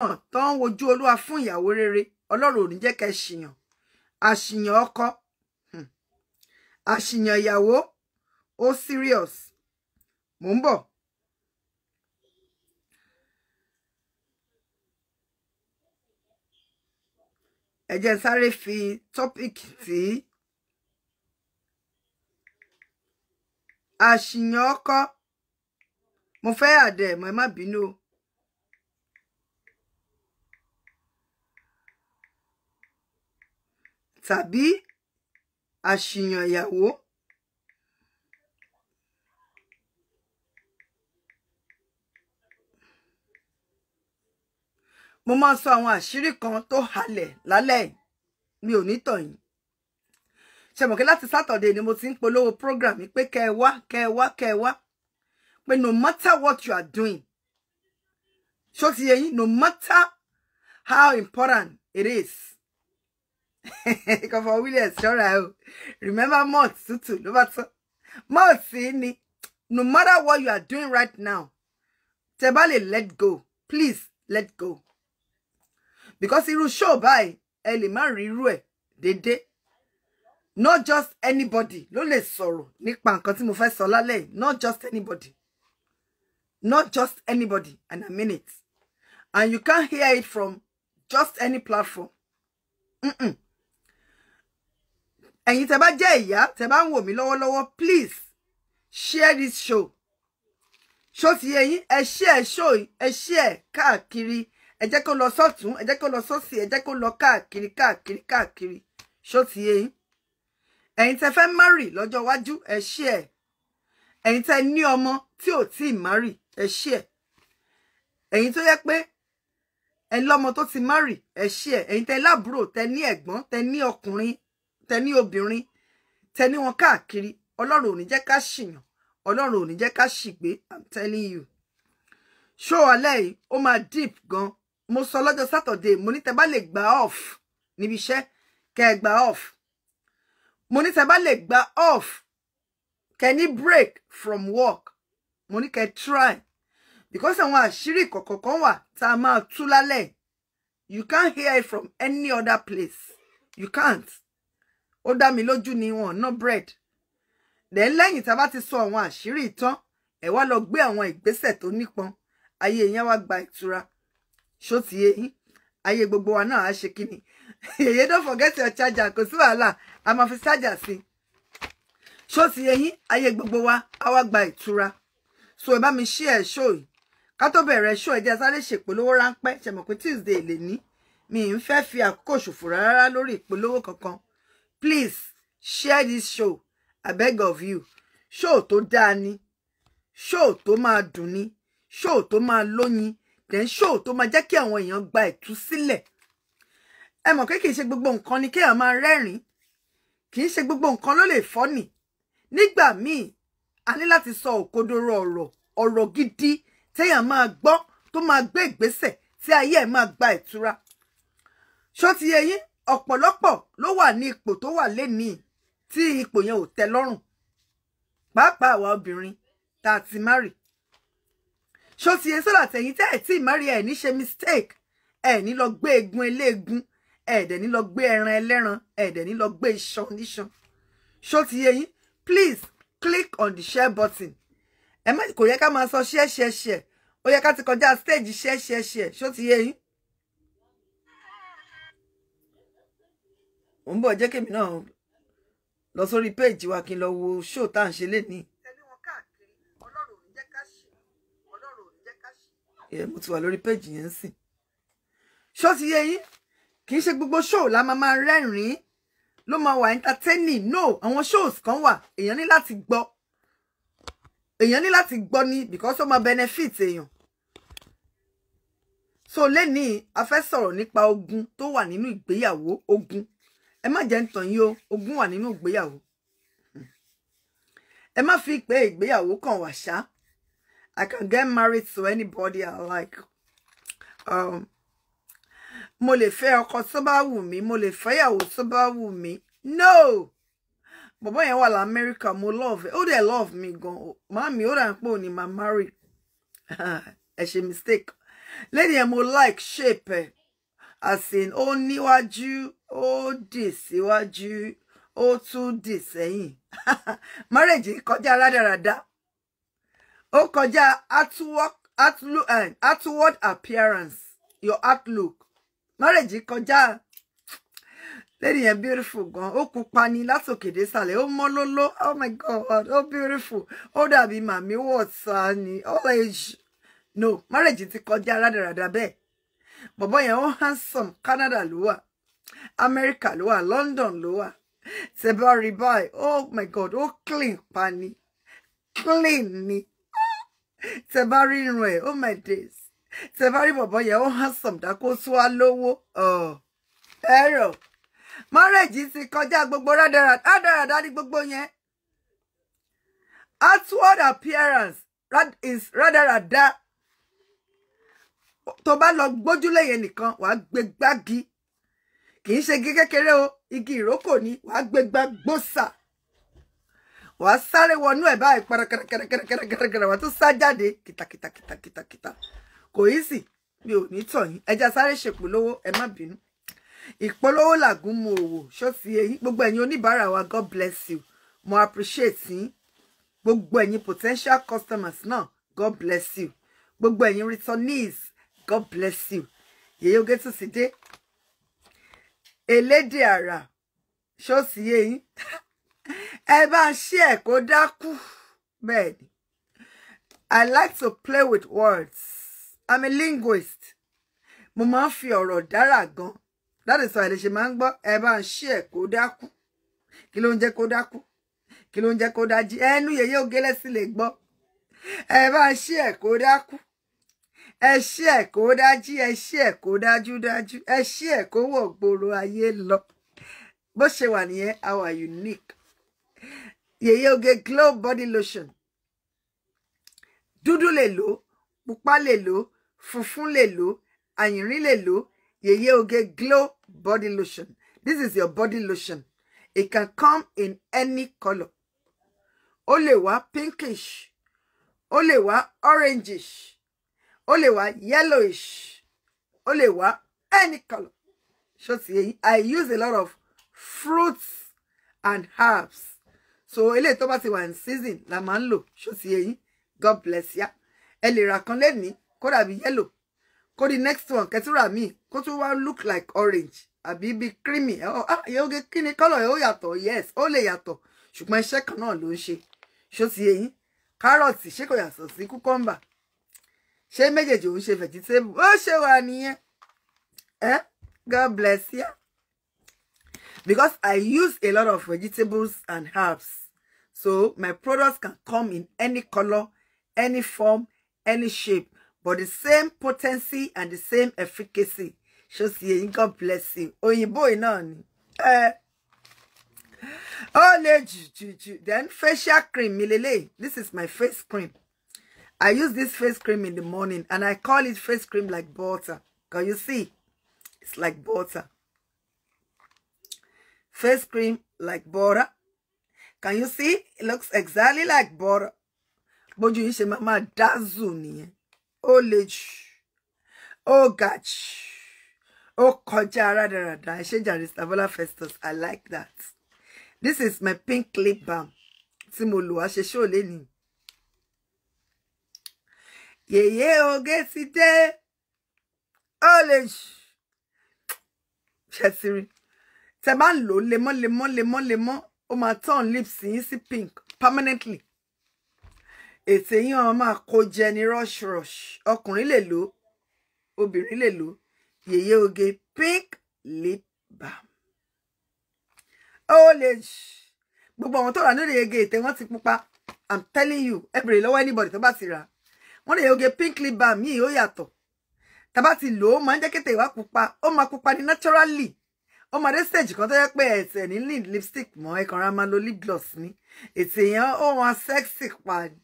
náà tó ń wojú olúwa fún ìyàwó rere ọlọ́run ò ní jẹ́ kẹ́ ṣìyàn àṣìyàn ọkọ hmm, àṣìyàn ìyàwó ó serious mò ń bọ̀. ẹ jẹ́ sáré fi tọ́píìkì tí àṣìyàn ọkọ mo fẹ́ àdẹ̀ mọ́ má bínú o. tàbí àṣìyàn ìyàwó mo máa sọ àwọn àṣírí kan tó halẹ̀ lálẹ́ mi ò ní tọ̀yìn ṣẹmọ̀kí láti Saturday ni mo ti ń polówó program pé kẹ́ ẹ wá kẹ́ ẹ wá kẹ́ ẹ wá pé no matter what you are doing ṣó ti yẹ yín no matter how important it is kọfọ williams ṣọ́ra o remember malt tútù ló bá tán malt ni no matter what you are doing right now tẹ́ bá lè let go please let go because irú show báyìí ẹ lè má rí irú ẹ̀ déédéé not just anybody ló lè sọ̀rọ̀ nípa nǹkan tí mo fẹ́ sọ lálẹ́ not just anybody not just anybody and I mean it and you can't hear it from just any platform. Mm -mm ẹ̀yin tẹ́ ba jẹ́ ìyá tẹ́ bá ń wò mí lọ́wọ́lọ́wọ́ please share this show Show ti yé e share show e share káàkiri ẹ jẹ́ kó lọ sọ́tún ẹ jẹ́ kó lọ sọ́sì ẹ jẹ́ kó lọ káàkiri káàkiri káàkiri ṣó ti yé yín ẹ̀yin tẹ́ fẹ́ marry lọ́jọ́ iwájú ẹ share ẹ̀yin tẹ́ ni omo ti o ti ì marry ẹ share ẹ̀yin tó yẹ pé ẹ lọ́mọ tó ti marry ẹ share ẹ̀yin tẹ́ lábúrò tẹ́ ni ẹ̀gbọ́n tẹ́ ni ọkùnrin tẹni obìnrin tẹni wọn káàkiri ọlọ́run ò ní jẹ́ ká ṣìyàn ọlọ́run ò ní jẹ́ ká ṣìgbé i'm telling you ṣó alẹ́ yìí ó máa deep gan mo sọ lọ́jọ́ Saturday, mo ní tẹ bá lè gba off níbi iṣẹ́ kẹ ẹ gba off mo ní tẹ bá lè gba off kẹ ní break from work mo ní kẹ try because àwọn àṣírí kọ̀kọ̀kan wà tá a máa tú lálẹ́ you can't hear it from any other place you can't ó dá mi lójú ni wọn ná bread then lẹ́yìn tá a bá ti sọ àwọn àṣírí ìtàn ẹ wá lọ gbé àwọn ìgbésẹ̀ tó nípọn ayé yẹn wá gba ìtura ṣó ti yé yín gbogbo wa na á ṣe kí ni yèyé don't forget your charger kò sí wàhálà a máa fi ṣájà sí i ṣó ti yé yín gbogbo wa á wá gba ìtura so ẹ bá mi ṣí ẹ ṣó yìí ká tó bẹ̀rẹ̀ ṣó ẹ jẹ́ sáré ṣèpolówó ráńpẹ́ ṣẹ̀mọ̀ pé Tuesday lè ní mi ń fẹ́ fi àkókò ṣòfò rárá lórí ìpolówó kankan please share this show i beg of you show to Dani. show to máa dùn show to máa Loni. then show to máa jẹ́ kí àwọn èèyàn gba ìtúsílẹ̀ ẹ mọ̀ pé kì í ṣe gbogbo nǹkan ni kéèyàn máa rẹ́rìn kì í ṣe gbogbo nǹkan ló lè fọ́nì nígbà míì a ní láti sọ òkodoro ọ̀rọ̀ ọ̀rọ̀ gidi téèyàn máa gbọ́ tó máa gbé ìgbésẹ̀ tí ayé ẹ̀ máa gba ìtura ṣó ti yé ọ̀pọ̀lọpọ̀ ló wà ní ipò tó wà lénìí tí ipò yẹn ò tẹ́ lọ́rùn pàápàá àwa obìnrin tá a ti márì ṣó ti yẹn tẹ́ ẹ̀ tí ìmárì ẹ̀ ní ṣe mistake ẹ̀ ní lọ gbé egun eléegun ẹ̀ dẹ̀ ní lọ gbé ẹran ẹlẹ́ran ẹ̀ dẹ̀ ní lọ gbé iṣan oníṣan ṣó ti please click on the share button ẹ má kò yẹ ká máa sọ share share share ó yẹ ká ti kọjá stage share share share ṣó ti ò ń bọ̀ jẹ́ kémi náà lọ sórí péèjì wa kí n lọ wo ṣó tá à ń ṣe lénìí. ẹ mo ti wà lórí péèjì yẹn sìn. ṣó ti yé yín kì í ṣe gbogbo ṣó la máa máa rẹ́rìn-ín ló máa wà entertaining no àwọn shows kan wà èèyàn ní láti gbọ́ èèyàn ní láti gbọ́ ni because ó máa benefit èèyàn so lẹ́nìí a fẹ́ sọ̀rọ̀ nípa ogun tó wà nínú ìgbéyàwó ogun ẹ má jẹ́ ń tàn yín o ogún wà nínú ìgbéyàwó ẹ má fi pé ìgbéyàwó kan wà ṣá i can get married to anybody i like um, mo lè fẹ́ ọkọ tó bá wù mí mo lè fẹ́yàwó tó bá wù mí no bọ̀bọ̀ yẹn wà lamẹ́ríkà mo love ó dẹ̀ love mi gan màmí ó dà ń pò ní màmá rè ẹ ṣe mistake lẹ́yìn yẹn mo like shape ẹ̀. Eh àsìn ó níwájú ó dì síwájú ó tún dì sẹ́yìn márèjì kọjá rádaràda ó kọjá outward, eh, outward appearance your outlook márèjì kọjá lady yẹn beautiful gan ó pupa ni látòkè dé sàlẹ̀ ó mọ́ lóló oh my god oh, beautiful ó dàbí màmí wọ̀tá ni Oh age no marriage ti kọjá rádaràda be. bọ̀bọ́ yẹn handsome Canada ló amerika America London oh my god oh clean pa clean ni tẹ̀bá rí oh my days tẹ̀bá rí bọ̀bọ́ yẹn ó handsome lowo oh wá lówó ẹ̀rọ ti kọjá gbogbo rádaràdá ní gbogbo outward appearance is To bá lọ gbójúlé yẹn nìkan wàá gbé gbági kì í ṣe o igi ìrókò ni wàá wa sare wàá sáré wọnú ẹ̀ báyìí kẹrẹkẹrẹkẹrẹkẹrẹkẹrẹ wàá tún sá jáde kìtàkìtàkìtàkìtà kò yí sì mi ò ní tọ̀ yín ẹja sáré ṣèpolówó ẹ má bínú ìpolówó làgùn mu òwò ṣọ́ọ̀tì eyín gbogbo ẹ̀yin oníbàárà wa god bless you mo appreciate yín gbogbo ẹ̀yin potential customers náà god bless you gbogbo ẹ̀yin returnees God bless you. Yeye Ogetu Side. Elede ara. Ṣó sì yé yín. Ẹ share kó dákú. Bẹ́ẹ̀ ni. I like to play with words. I'm a linguist. Mo máa fi ọ̀rọ̀ dára gan. That is why lè ṣe Mangbo. ń gbọ́ ẹ bá share kó dákú. Kí ló ń jẹ́ kó dákú? Kí ló ń jẹ́ kó dájí? Ẹnu Yeye Ogetu lè gbọ́. Ẹ bá share kó ẹ ṣí ẹ kó dájú ẹ ṣí ẹ kó dájúdájú ẹ ṣí ẹ kó wọ gbòòrò ayé lọ bó ṣe wà nìyẹn our unique yèyé oge glow body lotion dúdú lè lò pupa lè lò funfun lè lò àyìnrín lè lò yèyé oge glow body lotion this is your body lotion it can come in any colour ó lè wá pinkish ó lè wá orangish ó lè wá yellowish ó lè wá any color ṣó i use a lot of fruits and herbs so ele tó bá ti wà ní season la máa ń lò ti yẹ god bless ya E lè ra kan lẹ́nìí kó dàbí yellow kó di next one kẹtùrà mi kó tún wá look like orange àbí bíi creamy Oh ah ìyẹn oge kí ni kọ́lọ̀ yóò yes ó lè yàtọ̀ ṣùgbọ́n iṣẹ́ kan náà ló ń ṣe ṣó ti yẹ yín kárọ̀tì ṣé kò yàtọ̀ sí ṣé méjèèjì òun ṣe vegetable ó ṣe wà nìyẹn Eh? God bless you because I use a lot of vegetables and herbs so my products can come in any color any form any shape but the same potency and the same efficacy ṣó sì yẹn God bless you òyìnbó yìí náà ni ó lè jù jù jù then facial cream mi lélẹ̀ this is my face cream. I use this face cream in the morning and I call it face cream like butter. Can you see? It's like butter. Face cream like butter. Can you see? It looks exactly like butter. Bójú yín ṣe máa máa dazzle nìyẹn. Ó le jù. Ó ga jù. Ó kọjá rádaràda. Ẹ ṣé jàre Stabola Festus. I like that. This is my pink lip balm. Tí mo lò wá ṣe ṣó lé nìyí yèyé oge ti dé ó lè ṣẹ̀sìrì tẹ bá lemon, lemon. ó lemọ́ lemọ́ lemọ́ lemọ́ lips yín sí pink permanently ètè se yon máa kó jẹ rush rush ọkùnrin lè lò obìnrin lè lò yèyé oge pink lip balm ó lè gbogbo àwọn tó rà lórí ege ètè wọn ti pupa i'm telling you every bèrè anybody tó bá wọ́n lè oge pink lip balm yìí ó yàtọ̀ tá bá ti lò ó máa ń jẹ́ pupa ó máa pupa ní naturally O máa dé stage kan tó yẹ pé ẹsẹ̀ ní lipstick mọ́ ẹ̀kan ra máa lo lip gloss ni. ètò èèyàn ó wọn sexy pa ni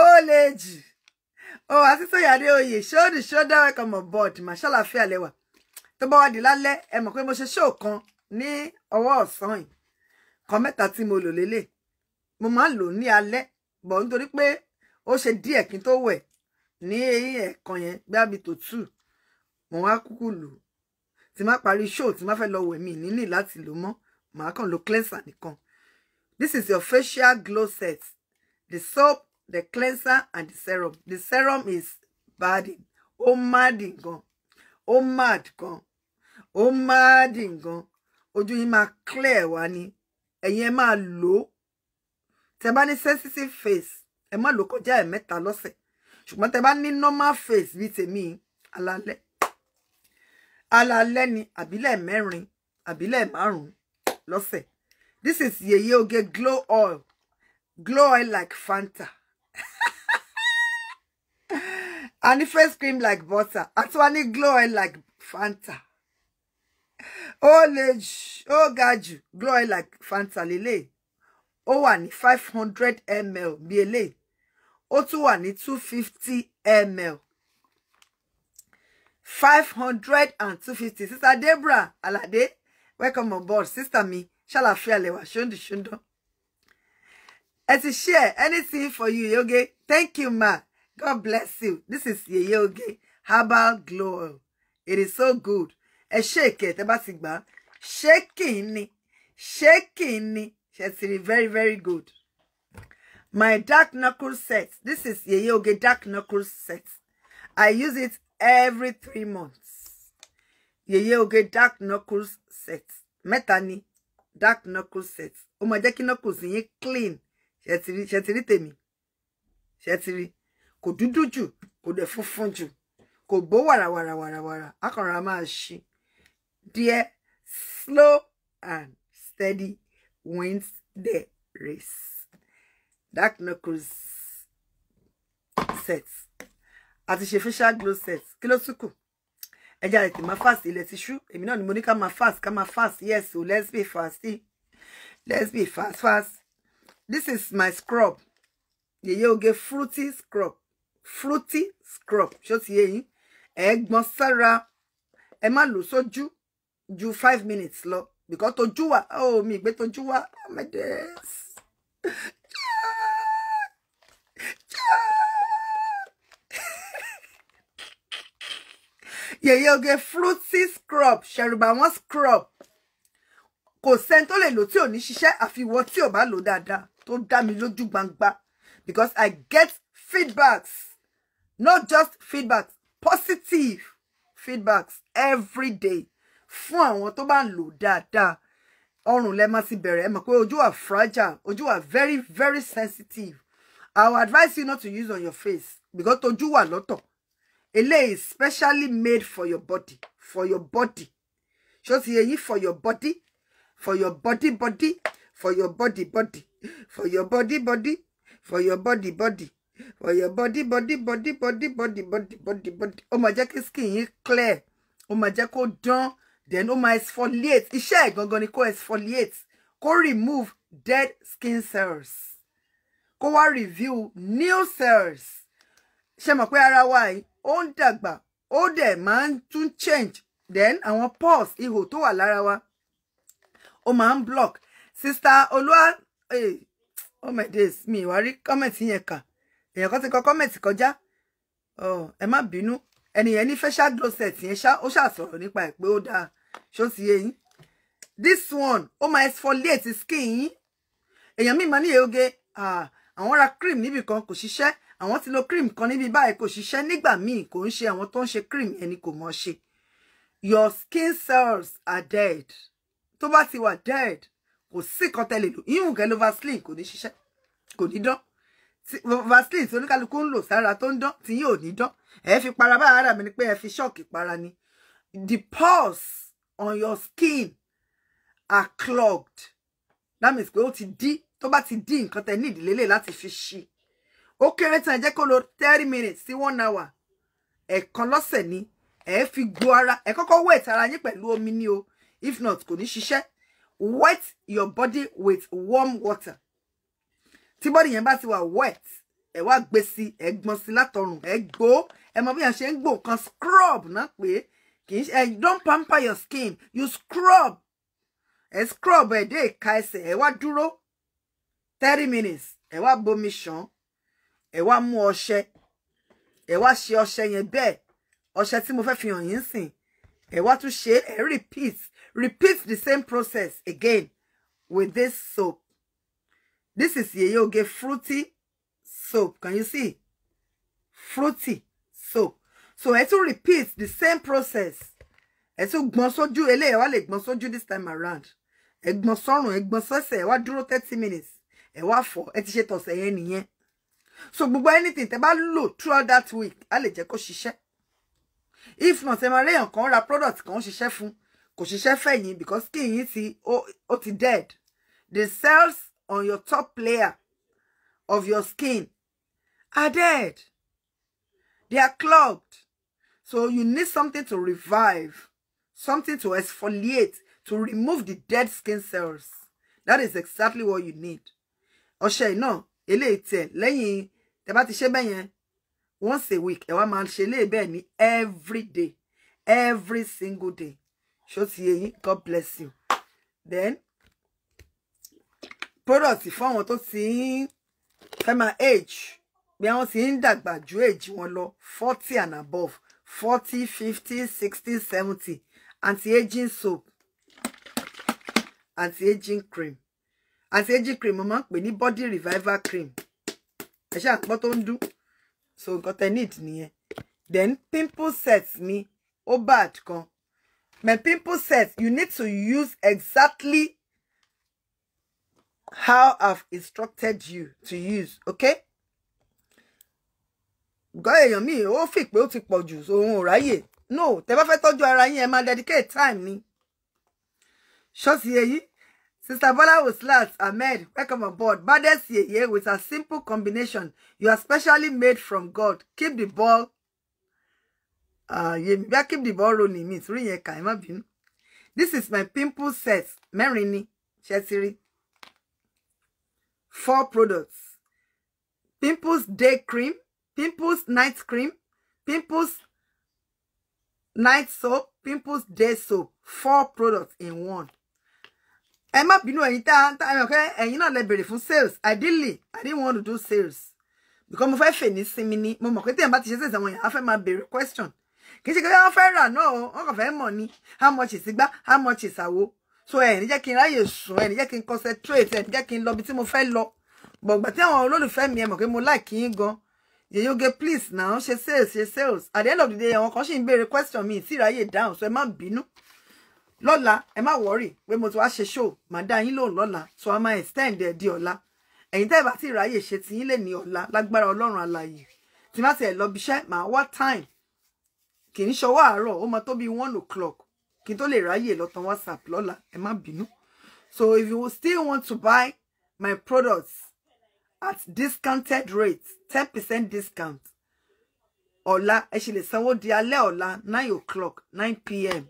ó lè jì ó wá sí sóyàdé oyè ṣóòdì ṣóòdà welcome on board mashallah fi àlẹwà tó bá wá di lálẹ́ ẹ mọ̀ pé mo se show kan ni ọwọ́ ọ̀sán yìí kan mẹ́ta tí mo lò lélẹ̀ mo máa ń lò ní alẹ́ bọ̀ nítorí ó ṣe díẹ̀ kí n tó wẹ̀ ní eyín ẹ̀kan yẹn gbábi tó tù mo wá kúkú lò tí má parí show tí má fẹ́ lọ wẹ̀ mí níní láti lò mọ́ màá kàn lo cleanser nìkan this is your facial glow set the soap the cleanser and the serum the serum is badding ó máàdì gan ó máàd gan ó máàdì gan ojú yín máa clear wá ni ẹ̀yin ẹ máa lò ó tẹ́ sensitive face ẹ má lò kọjá ẹ̀ mẹ́ta lọ́sẹ̀ ṣùgbọ́n tẹ bá ní normal face bíi tèmi Alale, alale. ni àbílẹ̀ mẹ́rin àbílẹ̀ márùn-ún lọ́sẹ̀ this is yeye oge glow oil glow oil like fanta and the face cream like butter Atwani glow oil like fanta Oh le oh gaju, ga glow oil like fanta lele. O wà ní 500 ml bí eléyìí ó tún wà ní two ml 500 and 250, sister Deborah Alade welcome on board sister mi ṣàlàfíà lẹwà ṣóńdì ṣóńdán ẹ ti share anything for you Yeye thank you ma God bless you this is Yeye Oge herbal glow oil it is so good A shake it, tẹ bá ti gbà ṣé kìíní ṣé Chetiri, very, very good. My dark knuckle set. This is Yeye Oge dark knuckle set. I use it every three months. Yeye Oge dark knuckles set. Metani dark knuckle set. Ó máa jẹ́ knuckles yín clean. Chetiri, Chetiri tèmi. Chetiri. Kò dúdú jù, kò dẹ̀ funfun jù. Kò bó wàrà wàrà wàrà wàrà. slow and steady wins the race. Dark knuckles sets. Àti ṣe facial glow set. Kí ló tún kù? Ẹja lè tì máa fast ilẹ̀ tíṣú. Èmi náà ni mo ní fast ká máa fast. Yes, so let's be fast. Let's be fast fast. This is my scrub. Ye ye, get fruity scrub. Fruity scrub. Ṣé ye. ti yé yín? Ẹ gbọ́n sára. Ẹ má ju five minutes Lo because tojú wa oh mi gbé tojú wa oh, my days yèyé oge fruity scrub ṣẹ̀rùbà wọn scrub kò sẹ́ni tó lè lò tí ò ní ṣiṣẹ́ àfiwọ́ tí ò bá lò dáadáa tó dá mi lójú gbangba because I get feedbacks not just feedbacks positive feedbacks every day fún àwọn tó bá ń lò dáadáa ọrùn lẹ máa ti bẹ̀rẹ̀ ẹ mọ̀ pé wa fragile ojú wa very very sensitive I would advise you not to use on your face because ojú wa lọ́tọ̀ eléyìí specially made for your body for your body ṣó ti yẹ for your body for your body body for your body body for your body body for your body body for your body body body body body body body body ó máa jẹ́ kí skin yín clear O máa jẹ́ kó dán then ó máa exfoliate iṣẹ́ ẹ̀ gangan ni kó exfoliate kó remove dead skin cells kó wá review new cells ṣe mọ̀ pé ara wa yìí ó ń dàgbà ó dẹ̀ máa change then àwọn pores ihò tó wà lára wa ó máa ń block sister olúwa eh, oh my days mi ìwà rí kọ́mẹ̀tì yẹn kà èèyàn kan ti kọ kọ́mẹ̀tì kọjá oh, ẹ má bínú ẹnìyẹn ní facial glow set yẹn ṣá ó soro nípa ẹ̀ pé ó dáa ṣó ti yé yín this one ó máa exfoliate skin yín èèyàn míì máa ní èoge àwọn ra cream níbì kan kò ṣiṣẹ́ àwọn ti lo cream kan níbi báyìí kò ṣiṣẹ́ nígbà míì kò ń ṣe àwọn tó ń cream ẹni kò mọ̀ ṣe your skin cells are dead tó bá ti wà dead kò sí kan tẹ́lẹ̀ lò ihun kẹ́ ló vaseline kò ní ṣiṣẹ́ kò ní dán vaseline tí oníkálukú ń lò sára tó ń dán tí yóò ní dán ẹ fi para báyà rà mí ni pé ẹ fi ṣọ́ọ̀kì para ni the pulse on your skin are clogged that means go ó ti dí tó bá ti dí nǹkan tẹ́ ní ìdílélè láti fi ṣí ó kéré tán jẹ́ lo thirty minutes see one hour E lọ́sẹ̀ ni e fi gbo ara ẹ kọ́kọ́ wẹ̀ tara yín pẹ̀lú omi ni o if not kò ní wet your body with warm water tí body yẹn si wa wet E wá gbé e ẹ gbọn sí látọrùn ẹ gbó ẹ mọ bí yẹn ṣe scrub na pé kì í eh, don't pamper your skin you scrub a scrub a day. ìka a what duro, dúró thirty minutes A what bomi ṣàn ẹ wá mú ọṣẹ ẹ wá ṣe ọṣẹ yẹn bẹ́ẹ̀ ọṣẹ tí mo fẹ́ fi hàn yín sìn ẹ wá tún repeat repeat the same process again with this soap this is Yeye Oge fruity soap can you see fruity soap so ẹ tún repeat the same process ẹ tún gbọn sójú eléyìí wá lè gbọn sójú this time around ẹ gbọn sọ́rùn ẹ gbọn sọ́sẹ̀ ẹ wá dúró thirty minutes ẹ wá fọ ẹ ti to say yẹn so gbogbo anything tẹ bá lò throughout that week I lè jẹ́ kó ṣiṣẹ́ if not ẹ máa réyàn kan ra product kan ṣiṣẹ́ fún she ṣiṣẹ́ fẹ̀yìn because skin is ti ó ti dead the cells on your top layer of your skin are dead they are clogged So you need something to revive, something to exfoliate, to remove the dead skin cells. That is exactly what you need. Ọṣẹ no, eléyìí ite lẹ́yìn tẹ́ bá once a week Ewa man shele ṣe every day, every single day. Ṣó ti God bless you. Then product fún àwọn tó ti ń fẹ́ age bí àwọn ti ń dàgbà ju age wọn lọ forty and above forty fifty sixty seventy anti-aging soap anti-aging cream anti-aging cream mo we need body reviver cream I shall pọ́ tó ń so got a need nìyẹn then pimple sets me. Oh, bad kan my pimple sets. you need to use exactly how I've instructed you to use okay gọ́ èèyàn míì ó fì pé ó ti pọ̀ jù òun ò ráyè no tẹ bá fẹ́ tọ́jú ara yín ẹ máa dedicate time ni ṣọ́ọ̀ṣì èyí Sister Bola Wuslat Ahmed, welcome aboard. Baddest Yeye with a simple combination. You are specially made from God. Keep the ball. Uh, ah, yeah, keep the ball rolling. Me, three year kan, má bínú. This is my pimple set. Merini, Chetiri. Four products. Pimples Day Cream pimples night cream pimples night soap pimples day soap four products in one ẹ má bínú ẹ̀yin tá tá ẹ̀yin ọkẹ ẹ̀yin náà lè béèrè fún sales ideally i didn't want to do sales because mo fẹ́ finish. ní sinmi ni mo mọ̀ pé téèyàn bá ti ṣe sales àwọn èèyàn á question kì í ṣe pé wọ́n fẹ́ rà náà o wọ́n kàn how much is igbá how much is àwo so ẹ̀ ní jẹ́ kí n ráyè sùn ẹ̀ ní jẹ́ kí concentrate ẹ̀ ní jẹ́ kí n lọ ibi tí mo fẹ́ lọ gbọ̀ngbà tí àwọn mi ẹ mọ̀ mo like yín yèyóge please now she sales she sales at the end of the day àwọn kan ṣì ń béèrè question mi tí ìráyè dáhùn so ẹ má Binu, Lola, ẹ má wọ́rì We mo ti wá ṣe show màá dá yín lóhùn lọ́la so a máa extend ẹ̀ Diola, ọ̀la ẹ̀yin tẹ́ ẹ bá ti ìráyè ṣe ti yín lè ní ọ̀la lágbára ọlọ́run alààyè tí má ti ẹ̀ lọ bíṣẹ́ màá wá time kì í ṣọwọ́ àárọ̀ ó máa to be one o'clock kí n tó lè ráyè lọ́tàn whatsapp Lola? ẹ má Binu? so if you still want to buy my products at discounted rate ten percent discount Ola actually, ṣe lè sanwó di alẹ́ ọ̀la nine o'clock nine pm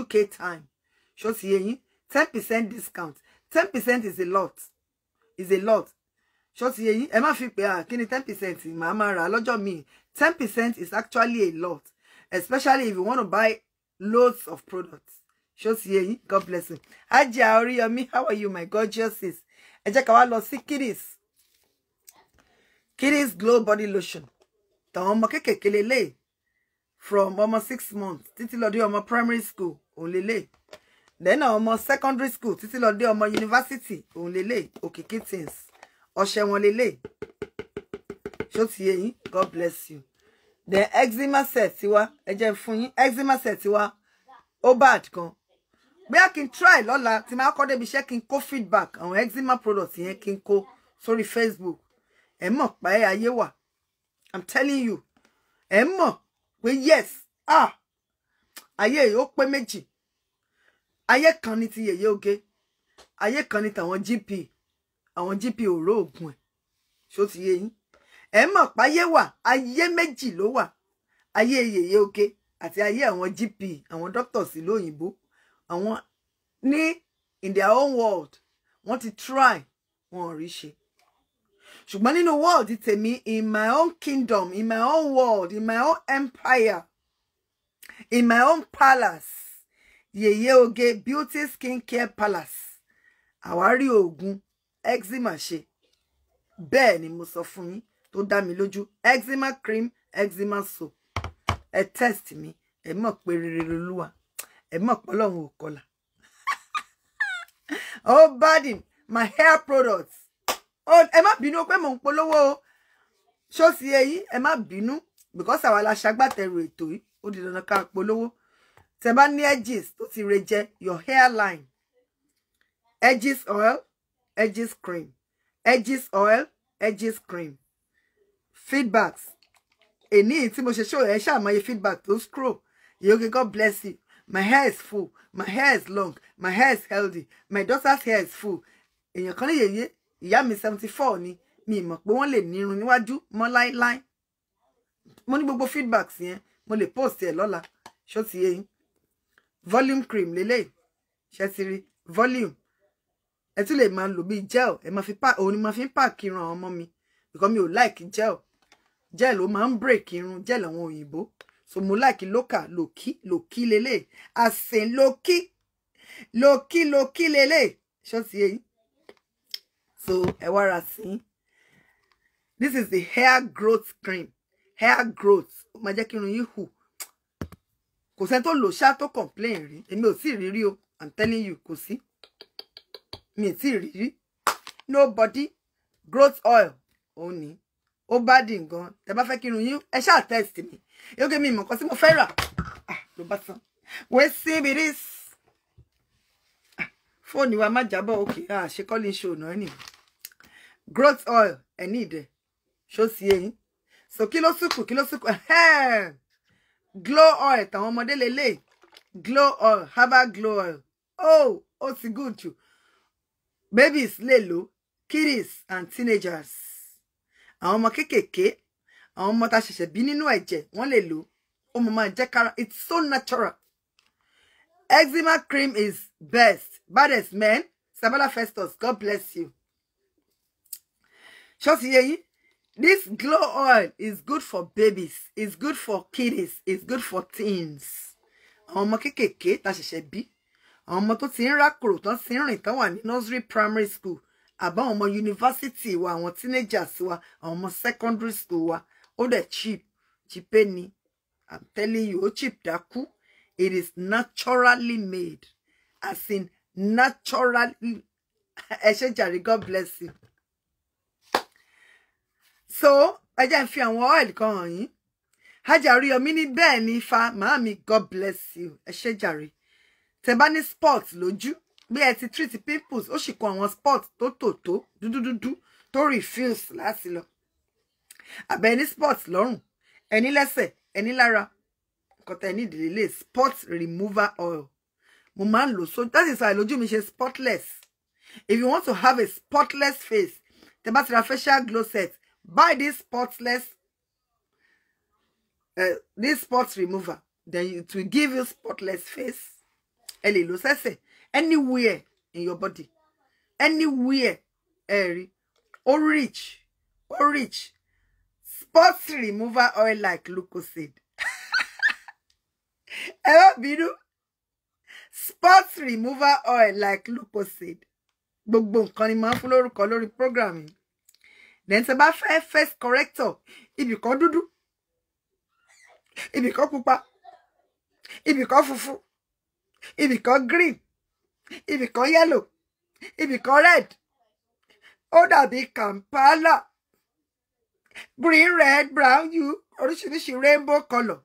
uk time ṣó ti yé yín ten percent discount ten percent is a lot is a lot ṣó ti yé yín ẹ fi pé à kí ni ten percent màá máa rà lọ́jọ́ míì ten percent is actually a lot especially if you want to buy loads of products ṣó ti yé god bless you ajá oríyọmí how are you my gorgeous sis ẹ jẹ́ ká wá lọ sí kiddies kiddies glow body lotion tàwọn ọmọ kéékèèké lélẹ̀ from almost six months títí lọ dé ọmọ primary school òun lélẹ̀ then ọmọ secondary school títí lọ dé ọmọ university òun lélẹ̀ òkìkí things ọṣẹ wọn lélẹ̀ ṣó ti god bless you then eczema set tiwa ẹ jẹ́ fún eczema set tiwa ó bad kan bóyá kí try Lola. tí máa kọ́ débi iṣẹ́ kí n feedback on eczema products. yẹn kí n kó facebook ẹ mọ̀ pa ẹ́ ayé wà i'm telling you ẹ mọ̀ pé yes ah ayé yìí ó pé méjì ayé kan ní ti yèyé oge ayé kan ní tàwọn gp àwọn gp ò ró oògùn ẹ ṣó ti yé yín ẹ mọ̀ páyé wà ayé méjì ló wà ayé yèyé oge àti ayé àwọn gp àwọn doctors lóyìnbó àwọn ní in their own world wọ́n ti try wọn ò rí ṣe ṣùgbọ́n nínú world tèmi in my own kingdom in my own world in my own empire in my own palace yèyé oge beauty skin care palace àwárí oògùn eczema ṣe bẹ́ẹ̀ ni mo sọ fún yín tó dá mi lójú eczema cream eczema soap ẹ test mi ẹ mọ̀ pé rere lolúwa ẹ mọ̀ pé ò kọlà oh badim my hair products ẹ má bínú pé mò ń polówó ṣó ti ẹ̀yin ẹ má bínú because àwa la ṣagbátẹrù ètò yìí ó di dandan ká polówó tẹ́ bá ní edges tó ti re jẹ your hairline edges oil edges cream edges oil edges cream feedbacks èní e tí mo ṣe ṣó ẹ ṣàmọye feedback tó scroll yogi God bless you my hair is full my hair is long my hair is healthy my daughter's hair is full èèyàn kan ní yèyé ìyá mi seventy four ni mi mọ̀ pé wọ́n lè nírun níwájú mọ́ láíláí mo ní gbogbo feedbacks yẹn mo lè post ẹ̀ lọ́la ṣó ti yé volume cream lélẹ̀ ṣe ti rí volume ẹ tún lè máa lò bíi gel ẹ máa fi pa òun ni máa fi ń pààkì ran ọmọ mi because mi ò like gel gel ó máa ń break irun gel àwọn òyìnbó so mo like local lòkí lòkí lélẹ̀ àsìn lòkí lòkí lòkí lélẹ̀ ṣó ti yé yín So Ewara see. This is the hair growth cream. Hair growth. Ó máa jẹ́ kí irun yín hù. Kò sẹ́ni tó lò complain rí. Èmi ò tíì rírí o. I'm telling you kò sí. Mi ò tíì Nobody growth oil only. ni ó bá dì nǹkan tẹ bá fẹ́ kí irun yín test mi yóò gé mi ìmọ̀ kan tí mo fẹ́ rà ah, ló bá san wé sí ibi rí fóònù wa má jábọ̀ òkè àṣekọ́lé ah, ṣe ònà ẹnìyàn growth oil ẹ ní ìdẹ ṣó sí eyín so kí ló sùkù kí ló sùkù glow oil tàwọn ọmọdé lélẹ̀ glow oil herbal glow oil oh ó ti good jù babies lè lò kiddies and teenagers àwọn ọmọ kéékèèké àwọn ọmọ tá a ṣẹ̀ṣẹ̀ bí nínú ẹ̀jẹ̀ wọ́n lè lò ó mọ̀ máa jẹ́ kára it's so natural eczema cream is best baddest men sabala festus god bless you Just hear yín this glow oil is good for babies It's good for kiddies It's good for teens àwọn ọmọ kéékèèké tá ṣẹ̀ṣẹ̀ bí àwọn ọmọ tó ti ń rákòrò tán ti ń rìn nursery primary school àbáwọn ọmọ university, wa àwọn teenagers wa àwọn secondary school wa ó dẹ̀ cheap cheape i'm telling you ó cheap dákú it is naturally made as in naturally ẹ ṣé god bless you so ẹ jẹ́ n fi àwọn oil kan hàn yín Haja Oríyọmí ní bẹ́ẹ̀ ni ifá màámi god bless you ẹ ṣé jàre tẹ́ bá ní spot lójú bí ẹ ti treat pimples ó sì kó àwọn spot to tó tòótó dúdúdúdú tó refuse láti lọ àbẹ ní spot lọ́rùn ẹni lẹ́sẹ̀ ẹni lára nǹkan tẹ́ ní ìdílé lè spot remover oil mo máa ń so that is why loju mi ṣe spotless if you want to have a spotless face tẹ́ bá ti ra facial glow set buy this spotless uh, this spot remover then it will give you spotless face ẹ lè lò sẹ́sẹ̀ anywhere in your body anywhere ẹ̀rí ó rich ó rich spot remover oil like glucoside ẹ má bínú spot remover oil like glucoside Boom boom. Can you fún lórúkọ lórí program programming? then tẹ́ bá fẹ́ face corrector ibì kan dudu. ibì kan pupa ibì kan fufu. ibì kan green ibì kan yellow ibì kan red ó dàbí Kampala green red brown hue oríṣiríṣi rainbow color.